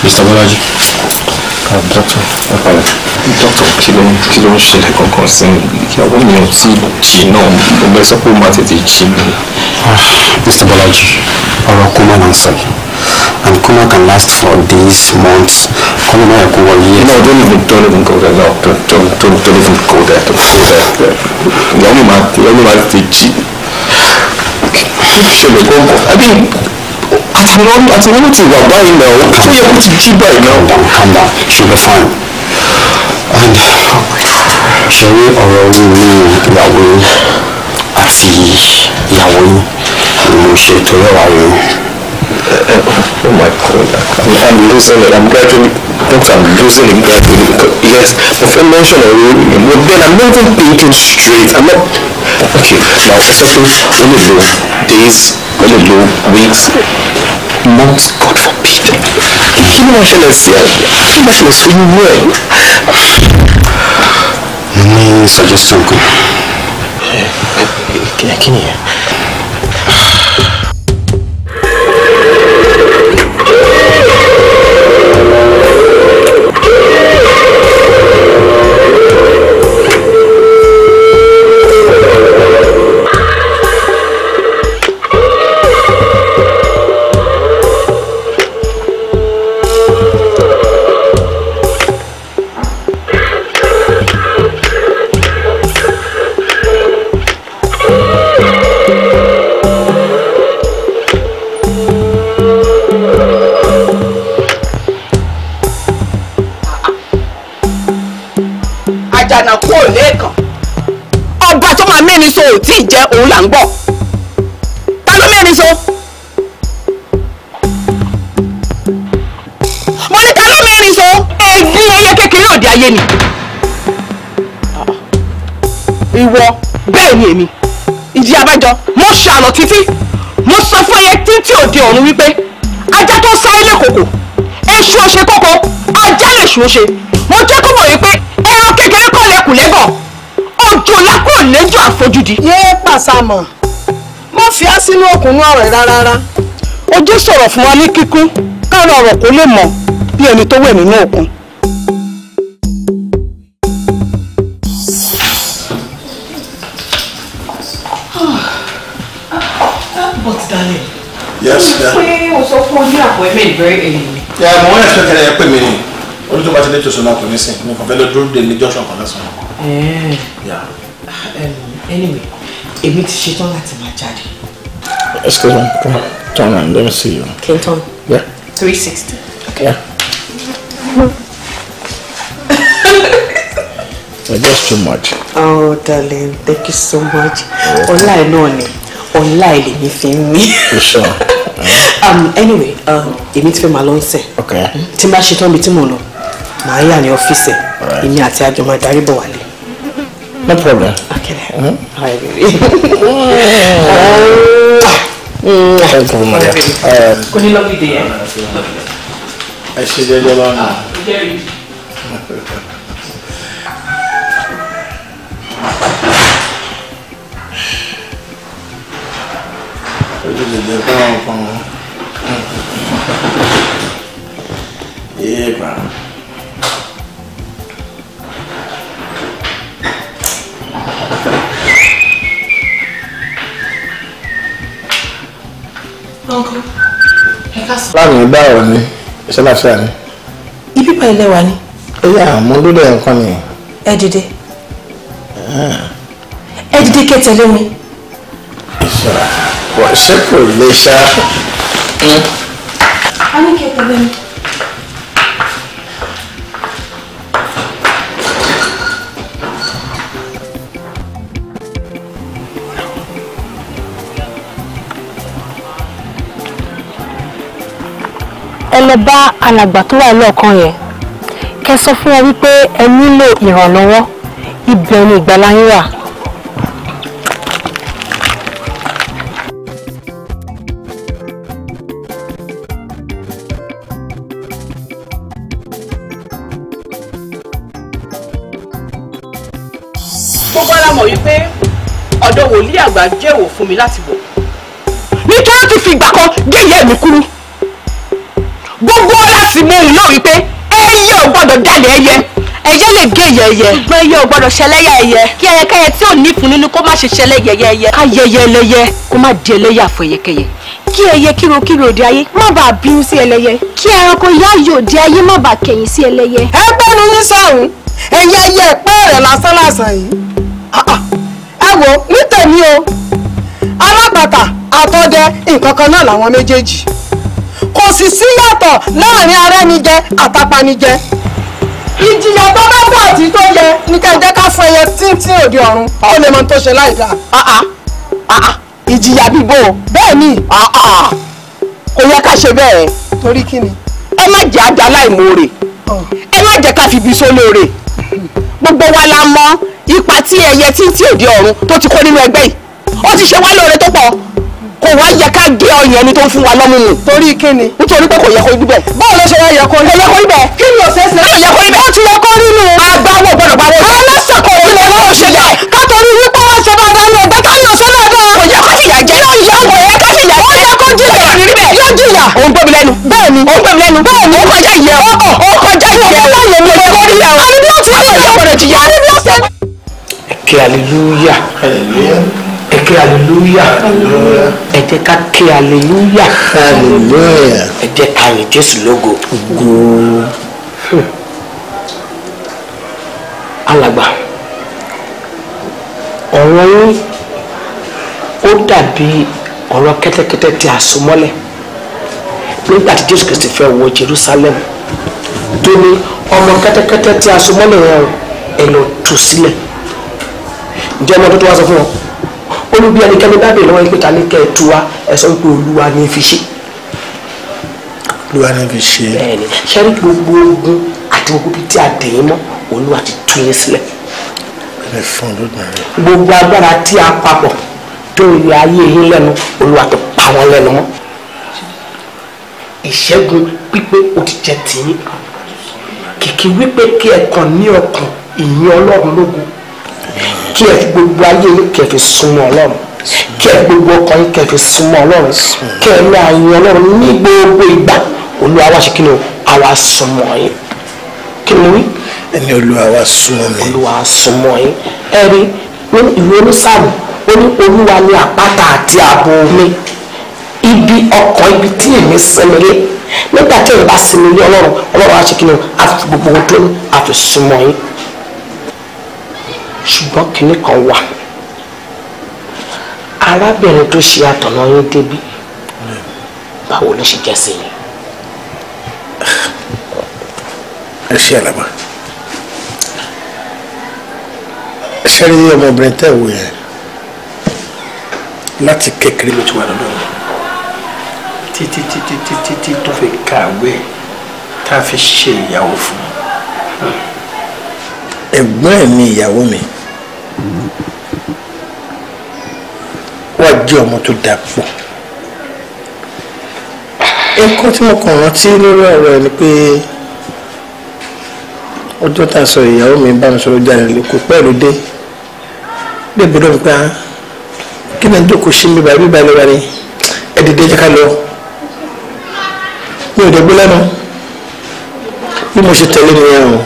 Speaker 5: Mr. Bolaji. Uh, doctor, ẹ pẹ̀lẹ́. Doctor, kí ló ń kí ló ń ṣẹlẹ̀ kankan sí mi? Ìyàwó mi ò tí jí náà, mo bẹ sọ pé ó máa tètè jí mi. Ah, Mr. Bolaji, ọ̀rọ̀ kó má náà sọ yìí and coma can last for days, months. Coma can go years. No, don't even don't even go there. No, don't don't don't, don't even go there. Don't go there. The only man, the only man is the
Speaker 4: Okay. Ṣé lè gbọ́ngàn? I mean, àtìwọ́n àtìwọ́n ti wà báyìí náà, ó tó yẹ kó ti jí báyìí náà. Calm down, calm down, She be fine.
Speaker 3: And ṣe ní ọ̀rọ̀ orí mi ìyàwó yín àti ìyàwó yín ni mo ṣe torí ọ̀rọ̀ oh
Speaker 5: my god, I'm, I'm, losing it. I'm gradually, things I'm losing it gradually. Yes, my friend mentioned already, but then I'm not even thinking straight. I'm not, okay, now, something, let me know, days, let me know, weeks, months, God forbid. Human nationalist, yeah, human nationalist, you know. Me suggestion, good. Can can you?
Speaker 4: tí ì jẹ́ òun là ń gbọ́ ta ló mẹ́rin so mo ní ta ló mẹ́rin so ẹ̀gbin ẹyẹ kékeré òde ayé ni ìwọ bẹ́ẹ̀ ni èmi ìdí abájọ mo ṣàlọ títí mo sọ fún ẹyẹ títí òde ọ̀run wípé ajá tó sáré lẹ́kọ̀ọ̀kọ̀ èṣù ọ̀ṣẹ́ kọ́kọ́ ajá lè ọ̀ṣẹ́ mo jẹ́ kó mọ̀ wípé àlejò àfojúdi. yéé pàṣàmọ̀ mo fi á sínú òkùnrin ọ̀rọ̀ rárá. ojú sọ̀rọ̀ fún wa ní kíkún káàrọ̀ ọ̀rọ̀ kò lè mọ̀ bí ẹni tó wẹ̀ nínú òkun. darling. yes darling. pé o sọ fún ọ ní àpò ẹ̀mẹ́ ìbẹ̀rẹ̀ ẹ̀yìn. ẹ mọ wọn ẹsẹ
Speaker 2: kẹlẹ ẹ pè mí ni olùtọ́ bá ti lè tòṣó náà kò ní sìn ní kò dúró dé ní junction kan
Speaker 4: lọ́sàn anyway èmi ti ṣetán láti máa jáde.
Speaker 2: excuse me come on turn around let me see you. kí n tán. yeah.
Speaker 4: three sixty. okay. yeah.
Speaker 2: You're just too much.
Speaker 4: Oh, darling, thank you so much. Online, no, online, lèmi fi ń mí. You sure? um, anyway, um, èmi ti fẹ́ máa lọ ń sẹ̀. Okay. Hmm? Tí n bá ṣetán bíi tí mo lọ, màá yà ní ọ́fíìsì. Èmi àti àjọ máa darí bọ̀ wálé. No problem.
Speaker 3: Okay Hi. All right, baby. Thank you, my
Speaker 4: dear. Good lovely day.
Speaker 2: I see the yellow. Yeah, bro. láàmì ìgbà ọ̀rọ̀ ni iṣẹ́ láfíà ni. ibi pa ilé wa ni. ẹyà mo ló lẹ nǹkan ni.
Speaker 4: ẹ dìde ẹ dìde kẹtẹlé mi.
Speaker 2: ìṣòro ṣé kò lè ṣá.
Speaker 4: a ní kẹtẹlé mi. lọ bá alàgbà tó wà lọ́ọ̀kan yẹn kẹ́ sọ fún wọn wípé ẹ nílò ìrànlọ́wọ́ ibẹ̀ ni ìgbàlá yín wà. gbogbo ara mọ̀ wípé ọ̀dọ̀ wòlíì àgbà jẹ́wò fún mi láti bọ̀. nítorí ti fi ìgbà kan jẹ́ ìyá mi kúrú gbogbo láti mú un lórí pé ẹyẹ ò gbọ́dọ̀ dálé ẹyẹ ẹyẹ lè gé ẹyẹ ẹyẹ ṣùgbọ́n ẹyẹ ò gbọ́dọ̀ ṣẹlẹ́yà ẹyẹ kí ẹyẹkẹ́yẹ tí ò nífun nínú kó má ṣe ṣẹlẹ́yà ẹyẹ ẹyẹ ká yẹyẹ ẹlẹ́yẹ kó má di ẹlẹ́yà fún ẹyẹkẹ́yẹ kí ẹyẹ kírókírò di ayé má bàa bínú sí ẹlẹ́yẹ kí ẹranko yáyò di ayé má bàa kẹ̀yìn sí ẹlẹ́yẹ. ẹ gbẹ́nu yín sọ̀hún ẹ̀yẹ ẹyẹ ẹ̀pẹ́ rẹ̀ lásán lásán yìí ah, ah. ẹ wò ní tèmi o alágbàtà àtọdẹ nǹkan kan náà làwọn méjèèjì kò sì síyàtọ̀ láàrin arẹ́nijẹ àtapanijẹ ìjìyà tó bá bọ̀ àti tó yẹ ní kẹ́ńjẹ́ ká fún ẹyẹ tíntín òde ọ̀run ó lè mọ tó ṣe láìka. ìjìyà bíbò bẹ́ẹ̀ ni kò yẹ ká ṣe bẹ́ẹ̀. torí kí ni. ẹ má jẹ́ ajá láìmoore ẹ má jẹ́ ká fi ibi sólóore gbogbo wa la mọ ipa tí ẹyẹ tíntín òde ọ̀run tó ti kó nínú ẹgbẹ́ yìí ó ti ṣe wá lóore tó pọ̀ kò wá yẹ ká gé ọyàn ẹni tó ń fún wa lọ́mú mu. torí kíni. nítorí pé kò yẹ kó rí bẹ́ẹ̀. báwo ló ṣe wá yẹ kó rí. kò yẹ kó rí bẹ́ẹ̀. kí ni òṣèṣe. báwo yẹ kó rí bẹ́ẹ̀. ó ti yẹ kó rí nu. agbáwo gbọ́dọ̀ gbáwo. alásàkò òfin lè lọ́wọ́ ṣe bẹ́ẹ̀. kátorí wípé wọ́n ṣe bá dáná ọgbẹ́ ká yàn sọ́nà ọdún. kò yẹ kó jìyà jẹ́. yóò yẹ kó jìyà
Speaker 2: jẹ́. yẹ kó jìyà ké Hallelujah. ẹ jẹ́ ká ké Hallelujah. ẹ jẹ́ ká
Speaker 4: yìn Jésù lógo. alàgbà ọ̀rọ̀ yín ó dàbí ọ̀rọ̀ kẹ́tẹ́kẹ́tẹ́ tí a so mọ́lẹ̀ nígbà tí Jésù Kristi fẹ́ wọ Jerusalem tó ní ọmọ kẹ́tẹ́kẹ́tẹ́ tí a so mọ́lẹ̀ yẹn ẹ lọ tú sílẹ̀ ǹjẹ́ ọmọ tó tó wá sọ fún ọ olùbí ẹnikẹ́ni bá bèèrè lọ́wọ́ pé ta ní kẹ́ ẹ tu wa ẹ sọ pé olúwa ní fi ṣe. olúwa ní fi ṣe. bẹ́ẹ̀ni sẹrí gbogbo ogun àti gbogbo bíi tí a dè é mọ olúwa ti tú yín sílẹ̀. gbogbo agbára tí a papọ̀ tó yẹ ayé yín lẹ́nu olúwa ti pa wọ́n lẹ́nu mọ́. ìṣẹ́gun pípé ó ti jẹ́ tìyín kìkì wípé kí ẹ kàn ní ọkàn ìyìn ọlọ́run lógun kí ẹ fi gbogbo ayé yín kẹ́ fi súnmọ́ Ọlọ́run kí ẹ gbogbo ọkàn yín kẹ́ fi súnmọ́ Ọlọ́run kí ẹ lọ àyìn Ọlọ́run ní gbogbo ìgbà
Speaker 2: Olúwa wá ṣe kí ni àwa súnmọ́ yín kí ni wí. ẹni Olúwa wá
Speaker 4: súnmọ́ mi. Olúwa súnmọ́ yín ẹ rí ìwé onísàmù ó ní Olúwa ní àpáta àti ààbò mi ibi ọkàn ibi tí èmi sinmi lé nígbà tí èmi bá sinmi lé Ọlọ́run Ọlọ́run wá ṣe kí ni àfi gbogbo ohun tó ní àfi súnmọ́ yín ṣùgbọ́n kinní kan wà arábìnrin tó ṣe àtọ̀nà yín débi báwo ló ṣe jẹ́ sí yín.
Speaker 2: ẹ ṣe àlàbà ṣe rí ọmọbìnrin tẹ́ ìwò yẹn láti kékeré ló ti wà lọ́dọ̀ rẹ̀ títí títí títí tí tó fi kàwé tá a fi ṣe ìyàwó fún un. ẹ̀gbọ́n ẹ̀ ni ìyàwó mi wà jẹ́ ọmọ tó dà pọ̀ nǹkan tí mo kàn rántí lórí ọ̀rọ̀ ẹ̀ ni pé ọjọ́ tá a sọ ìyàwó mi bá mi sọ̀rọ̀ jáde lè kó pẹ́ ló dé débi ló ń pa ah, kí ni jókòó sí mi bàbí balẹ̀ wa ni ẹ dìde jẹ́ ká lọ mi ò dẹ́gbẹ́ lẹ́nu bí mo ṣe tẹ̀lé nìyẹn o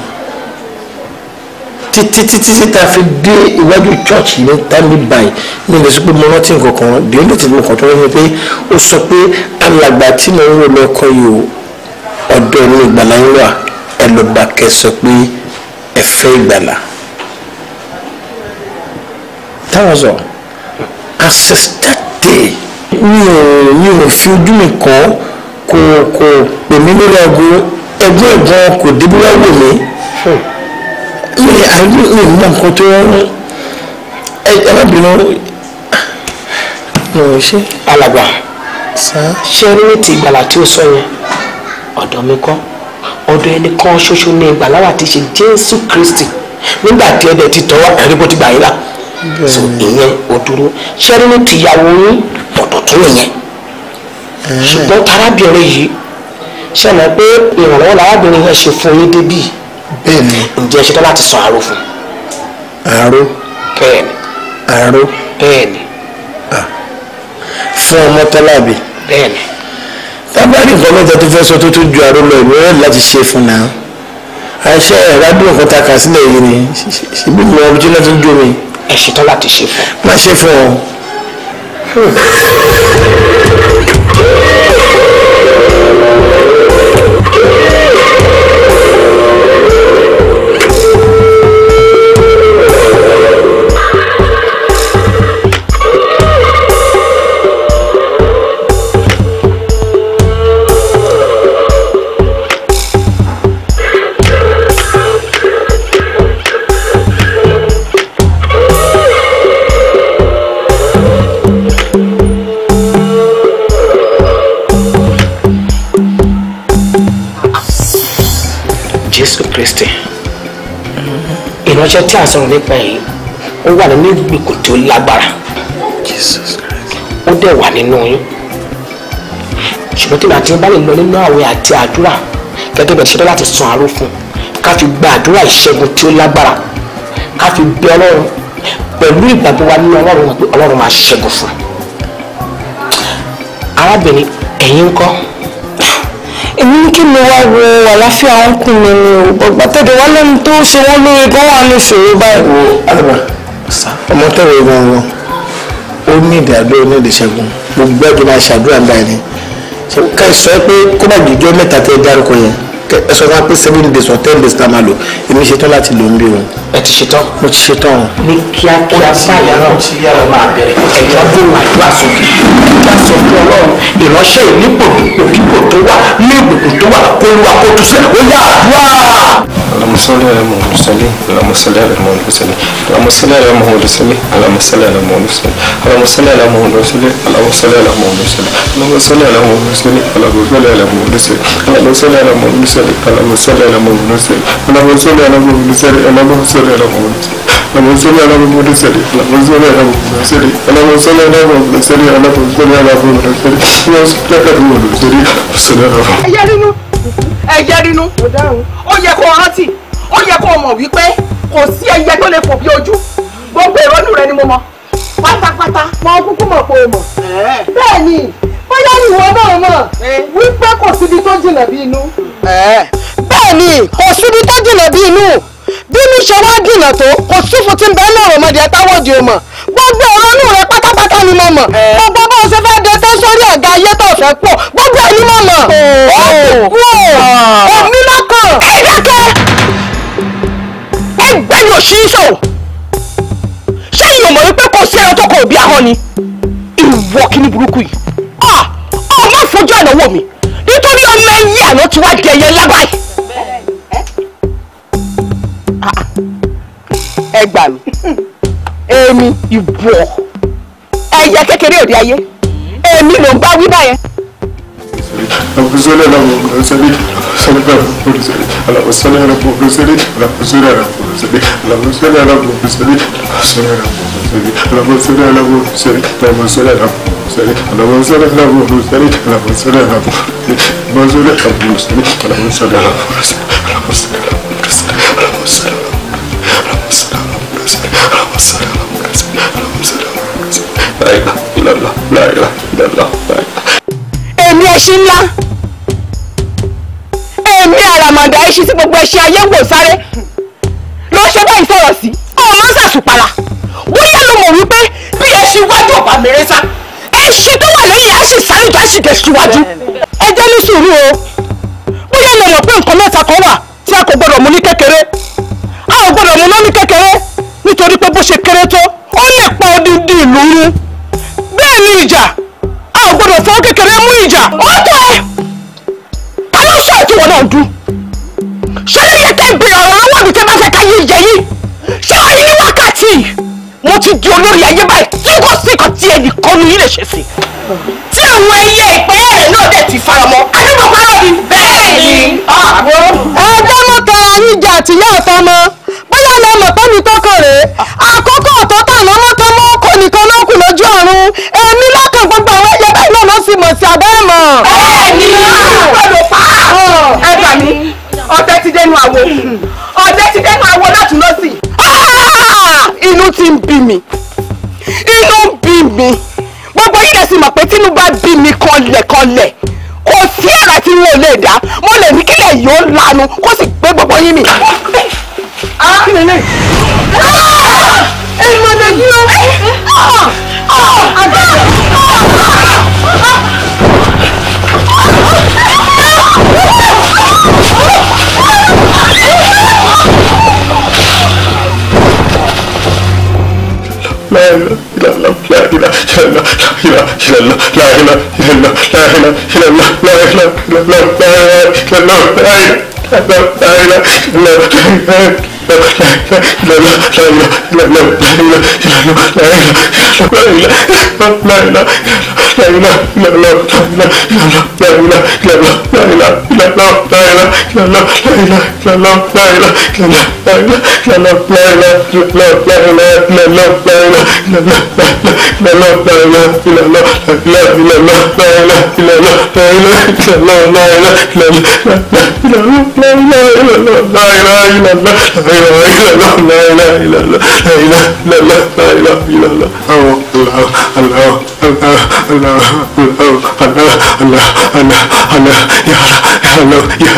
Speaker 2: títí títí tí ta fi dé iwájú church ní tàbí báyìí ní ìgbésí pé mo rántí nǹkan kan the only thing mo kàn tó rẹ́ mi pé ó sọ pé alàgbà tí mo ń wò lọ́kọ yìí o ọ̀dọ̀ ní ìgbàlá ń wà ẹ lọ bá kẹ sọ pé ẹ fẹ́ ìgbàlá. táwọn sọ access that day mi ò mi ò fi ojú mi kàn kò kò pè lórí aago ẹgbẹ́ ìgbọ́n kò débi wá wò mí mi
Speaker 4: àìrí mi nígbà nǹkan tó rọrùn ẹ arábìnrin ọ̀hún ṣe. alàgbà ṣé ní ti ìgbàlà tí ó sọ yẹn ọ̀dọ̀ mi kọ́ ọ̀dọ̀ ẹni kan ṣoṣo ní ìgbàlà wà tí ṣe Jésù Kristi nígbà tí ẹ̀dẹ̀ ti tọwọ́ ẹ̀rí bó ti gbà yín là so ìyẹn ò dúró ṣé ní ti ìyàwó yín ọ̀dọ̀ tó yẹn ṣùgbọ́n tarábìnrin yìí ṣẹlẹ̀ pé ìrànlọ́wọ́ làrábìnrin yẹn ṣe fún yín débìí bẹ́ẹ̀ni. ǹjẹ́ ṣetán láti san
Speaker 2: àárò fún un. àárò. bẹ́ẹ̀ni. àárò. bẹ́ẹ̀ni. fún ọmọ tọ́lábì. bẹ́ẹ̀ni. tábàárì nǹkan mẹ́ta tó fẹ́ sọ tó tún ju àárò lọ ìmọ̀ràn láti ṣe fún náà àṣẹ ìrádùn nǹkan ta kà sílẹ̀ yìí ni ṣíbí mi wọn ojú náà tó ń jó mi. ẹ ṣetán láti ṣe fún. má ṣe fún ọ.
Speaker 4: ìránṣẹ́ tí à ń sọ̀rọ̀ nípa yìí ó wà nínú ìgbèkùn tó lágbára ó dẹ̀ wà nínú yín ṣùgbọ́n tí màtí bá lè lọ nínú àwẹ̀ àti àdúrà gẹ́gẹ́ bẹ̀ ṣe láti san àrò fún ká fi gba àdúrà ìṣẹ́gun tí ó lágbára ká fi bẹ ọlọ́run pẹ̀lú ìgbàgbọ́ wa nínú ọlọ́run pé ọlọ́run máa ṣẹ́gun fún arábìnrin ẹ̀yin ńkọ́ èmi ní kí mi wá wo àlàáfíà ọkùnrin mi o ọgbà tẹ̀dẹ̀ wá lẹ́nu tó ṣe wọ́n lóore gan wà ní ìṣòro báyìí. wo alaba ọmọ tẹ̀wé gangan ó ní
Speaker 2: ìdádúró ní ìdíṣẹ́gun gbogbo ẹgbẹ́ máa ṣàdúrà báyìí ni ká ìsọ pé kó bá jùjọ mẹ́ta tẹ́ dárúkọ yẹn ẹ sọ fún wa pé seven days or ten days la máa lò èmi ṣetán láti lò ń bí o. ẹ ti ṣetán. mo ti ṣetán. ní kíákíá báyìí náà ti yára máa bẹ̀rẹ̀ ẹ̀yọ́ bó
Speaker 4: máa yọ àsòkè yọ àsòkè ọlọ́run ìránṣẹ́ ìnípò ìpò tó wà ní ìgbòkùn tó wà kó lu àkótó sẹ́ẹ̀ ó yà wá. اللهم صل على محمد وسلم اللهم
Speaker 5: صل على محمد وسلم اللهم صل على محمد وسلم اللهم صل على محمد وسلم اللهم صل على محمد وسلم اللهم صل على محمد وسلم اللهم صل على محمد وسلم اللهم صل على محمد وسلم اللهم صل على محمد وسلم اللهم
Speaker 3: صل على محمد وسلم اللهم صل على محمد وسلم اللهم صل على محمد وسلم اللهم صل على محمد وسلم اللهم صل على محمد وسلم اللهم صل على محمد وسلم اللهم صل على محمد وسلم اللهم صل على محمد وسلم اللهم صل على
Speaker 4: محمد وسلم ẹyẹ rínú ó yẹ kó rántí ó yẹ kó mọ̀ wípé kò sí ẹyẹ tó lè bí ojú gbogbo ìrònú rẹ ni mo mọ̀ pátápátá mọ kúkú mọ pé o mọ bẹ́ẹ̀ ni bóyá ìwọ náà kò síbi tó jìnà inú. ni kò síbi tó jìnà bí inú bínú ṣe wá jìnà tó kò sífù tí ń bẹ́ẹ̀ náà ọmọdé táwọ́dì o gbogbo ìrònú rẹ pátápátá ni mo mọ̀ gbogbo bó o ṣe fẹ́ de tẹ́ sórí ọ̀gá ayé tó fẹ́ pọ̀ gbogbo ẹ̀ ni mo mọ̀ ó ti kú o ah. èmi lọ́kàn. ẹ dákẹ́ ẹgbẹ́ yóò ṣí iṣẹ́ o ṣé ìyẹn mọ̀ wípé kò sí ẹran tó kọ òbí ahọ́n ni ìwọ kíní burúkú yìí ọmọ ah, ah, fojú ẹ̀ lọ́wọ́ mi nítorí ọmọ ẹyẹ àná ti wá di ẹyẹ lábàá yìí. ẹ gbà mí èmi ìwọ ẹyẹ kékeré òde ayé èmi ló ń bá wí báyẹn.
Speaker 3: اللهم صل على محمد
Speaker 5: وسلم صلى الله عليه وسلم اللهم صل على محمد وسلم اللهم صل على محمد وسلم
Speaker 3: اللهم صل على محمد وسلم اللهم صل على محمد وسلم اللهم صل على محمد وسلم اللهم صل على محمد وسلم اللهم صل على محمد وسلم اللهم صل على محمد وسلم اللهم صل على محمد وسلم اللهم صل على محمد وسلم اللهم صل على محمد وسلم èmi
Speaker 4: ẹṣin ńlá èmi àràmàdà ẹṣin tí gbogbo ẹṣin ayé wò sáré ló ṣe báyìí sọ̀rọ̀ sí ọmọ sàṣùpàlà bóyá ló mọ̀ wípé bí ẹṣin wájú ọ̀bà mẹ́rẹ́ sá ẹṣin tó wà lórí àṣì sáré tó àṣì tẹ̀síwájú ẹ jẹ́ ní sùúrù o bóyá lè mọ̀ pé nǹkan mẹ́ta kan wà tí a kò gbọ́dọ̀ mú ní kékeré a ò gbọ́dọ̀ mú náà ní kékeré nítorí pé bó ṣe kéré tó ó lè pa odindi ìlú run bẹ́ẹ̀ ni ìjà a ò gbọ́dọ̀ fọ́ kékeré mú ìjà ó tọ́ ta ló sọ ètò wọn náà dùn ṣé nílé tẹ́ ìbéèrè ọ̀rọ̀ àwọn àbí tẹ́ bá fẹ́ ká yé ìjẹ yìí ṣé wọ́n yí ní wákàtí mo ti di olórí ayé báyìí tí kò sí kan tí ẹnìkan ní ilé ṣe sí tí àwọn ẹyẹ ìpínlẹ̀ rẹ̀ náà dẹ̀ ti faramọ́ adúgbò pàrọ̀ ni bẹ́ẹ̀ ni ọ̀gbọ́n. ẹgbẹ́ mọ́tò ayíjà àtìyá ọ̀tọ́ mọ́ mọ̀ pé mi tọ́kàn rèé àkókò tó tà lọ́wọ́ tó mú kò nìkan ló kù lójú ọ̀run èmi lọ́kàn gbogbo àwọn ẹyẹ bẹ́ẹ̀ náà ló fi mọ̀ sí abẹ́rẹ́ mọ̀. bẹ́ẹ̀ni gbọ́dọ̀ fà á ẹ gbà mí ọdẹ ti dẹnu àwo ọdẹ ti dẹnu àwo látùn lọ sí. Ah! inú ti ń bí mi inú ń bí mi gbogbo yìí lẹ́sìn mọ̀ pé tínú bá bí mi kanlẹ̀kanlẹ̀ kò sí ẹ̀rà tí wọn ò lè dá mo lè ní kílẹ̀ yìí ó lanu kó sì gbé gbogbo yín mi. ah nenek
Speaker 3: ah elma da diyor ah ah La ilahe illallah la ilahe illallah لا لا لا لا لا لا لا لا لا لا لا لا لا لا لا لا لا Hello, hello, hello. يا هلا يا هلا يا هلا يا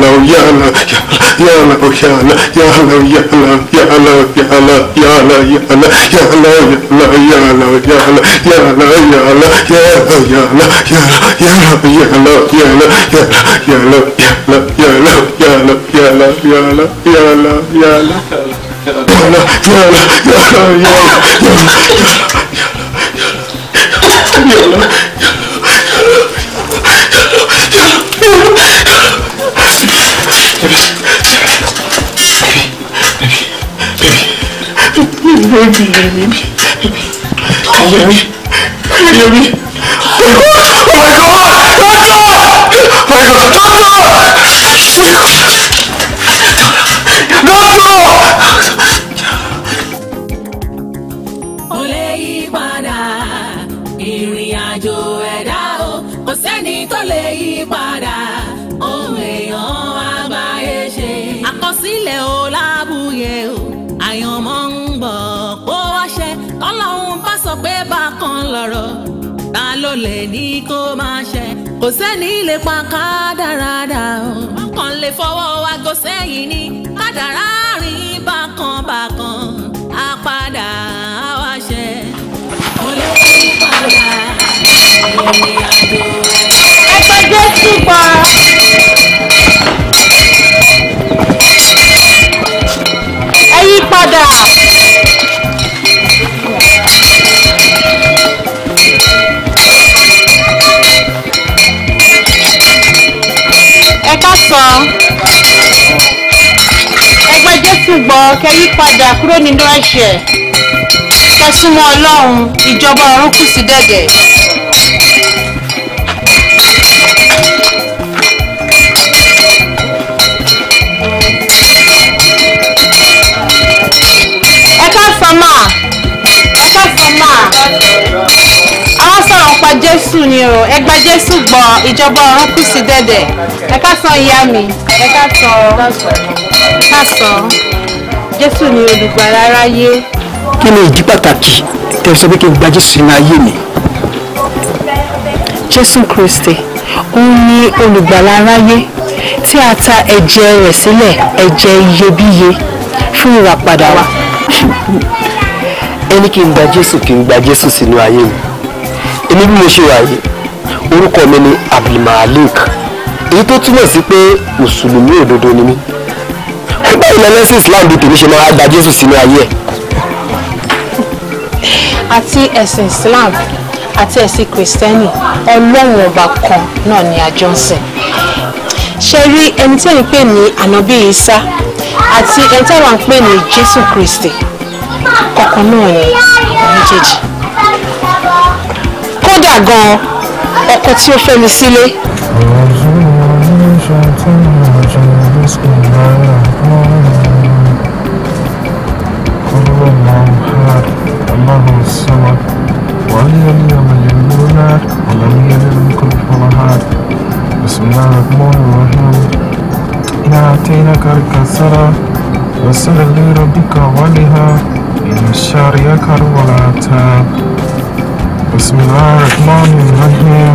Speaker 3: هلا يا هلا يا هلا Oh my god! That's all! Oh
Speaker 4: my god! That's
Speaker 1: all! lọ́jọ́. kò àkọsílẹ̀ o lábúyẹ o àyànmọ́ ń bọ̀ kó wáṣẹ ọlọ́run bá sọ pé bákan lọ̀rọ̀ ta ló lè ní kó máa ṣe kò sẹ́ni lè pa kádàrádà o. wọ́n kàn lè fọwọ́ wa gò sẹ́yìn ni kádàrá rìn bákan bákan á padà wá ṣẹ. olórí padà ẹ̀rọ ìyàtọ̀
Speaker 4: ẹgbẹ́ jésù pa. ẹ padà. sọ ẹgbẹ́ Jésù gbọ́ kẹ́ yí padà kúrò nínú ẹ̀ṣẹ̀ kẹ́ súnmọ́ Ọlọ́run ìjọba ọ̀run kù sí dẹ̀dẹ̀. ẹ ká sọ máa. orúkọ jésù ni o ẹ gba jésù gbọ́ ìjọba ọ̀run kù sí dẹ̀dẹ̀ ẹ ká sọ ìyá mi ẹ ká sọ ká sọ jésù ni olùgbàlà aráyé. kí ni ìdí pàtàkì tẹ́ sọ pé kí n gba jésù sínú ayé mi. jésù kristi òun ni olùgbàlà aráyé tí a ta ẹ̀jẹ̀ rẹ̀ sílẹ̀ ẹ̀jẹ̀ iyebíye fún ìràpadà wa. ẹni kí n gba jésù kí n gba jésù sínú ayé mi èmi bí mo ṣe wà
Speaker 5: yìí orúkọ mi ni abdulmalik èyí tó túmọ̀ sí pé mùsùlùmí òdodo ni mí báyìí lẹ́lẹ́sìn islam bíi tèmi ṣe máa gba jésù sínú ayé ẹ̀.
Speaker 4: àti ẹ̀sìn islam àti ẹ̀sìn kìrìsìtẹ́nì ọlọ́run ọba kan náà ni àjọ ṣe rí ẹni tí ẹni pè ní ànábì isa àti ẹni tí àwọn ń pè ní jésù kristi kọ̀ọ̀kan náà ni méjèèjì. kódà gan ọkọ tí ó fẹ́ mi sílé.
Speaker 3: ولي اليوم اليمنات
Speaker 2: ولم يلد من كل فرحات بسم الله الرحمن الرحيم
Speaker 5: إنا أعطيناك الكسرى وسل لربك ولها إن الشر يكر ولا تاب بسم الله الرحمن الرحيم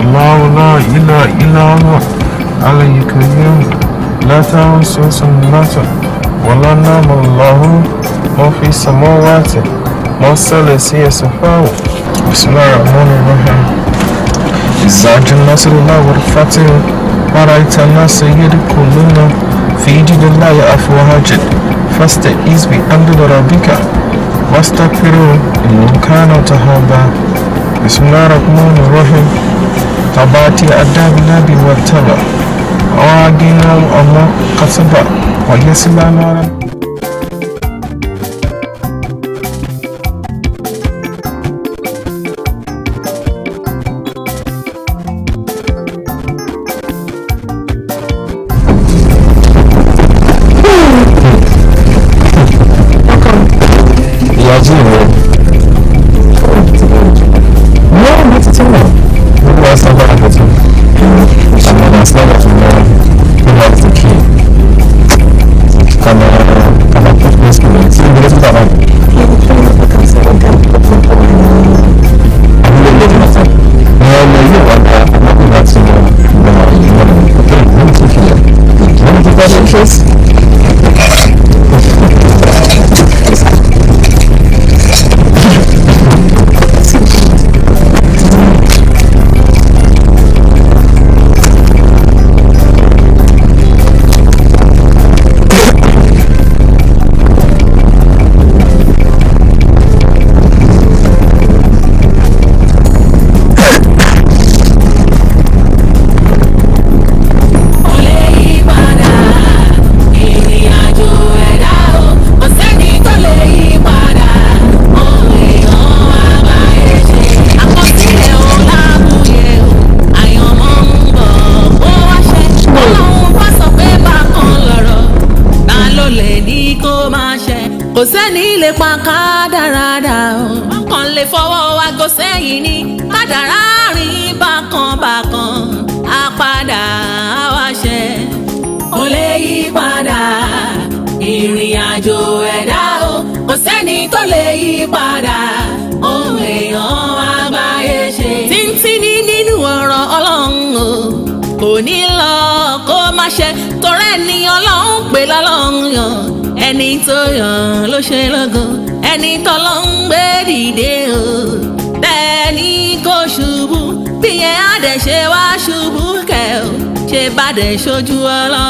Speaker 5: الله لا إله إلا هو علي كريم لا تنسوا سنته ولا نام الله ما في السماوات ما الثلاثية صفاء بسم الله الرحمن الرحيم إزاج النصر الله والفتح ورأيت الناس يدخلون في جد الله أفواجا فاستئذ بأمر ربك واستغفروه إنه كان توابا بسم الله الرحمن الرحيم تباتي أداب النبي واتبع أواجينا
Speaker 2: أمو كسبا ويسلم نارا
Speaker 1: dẹ̀ ṣojú ọlọ́run.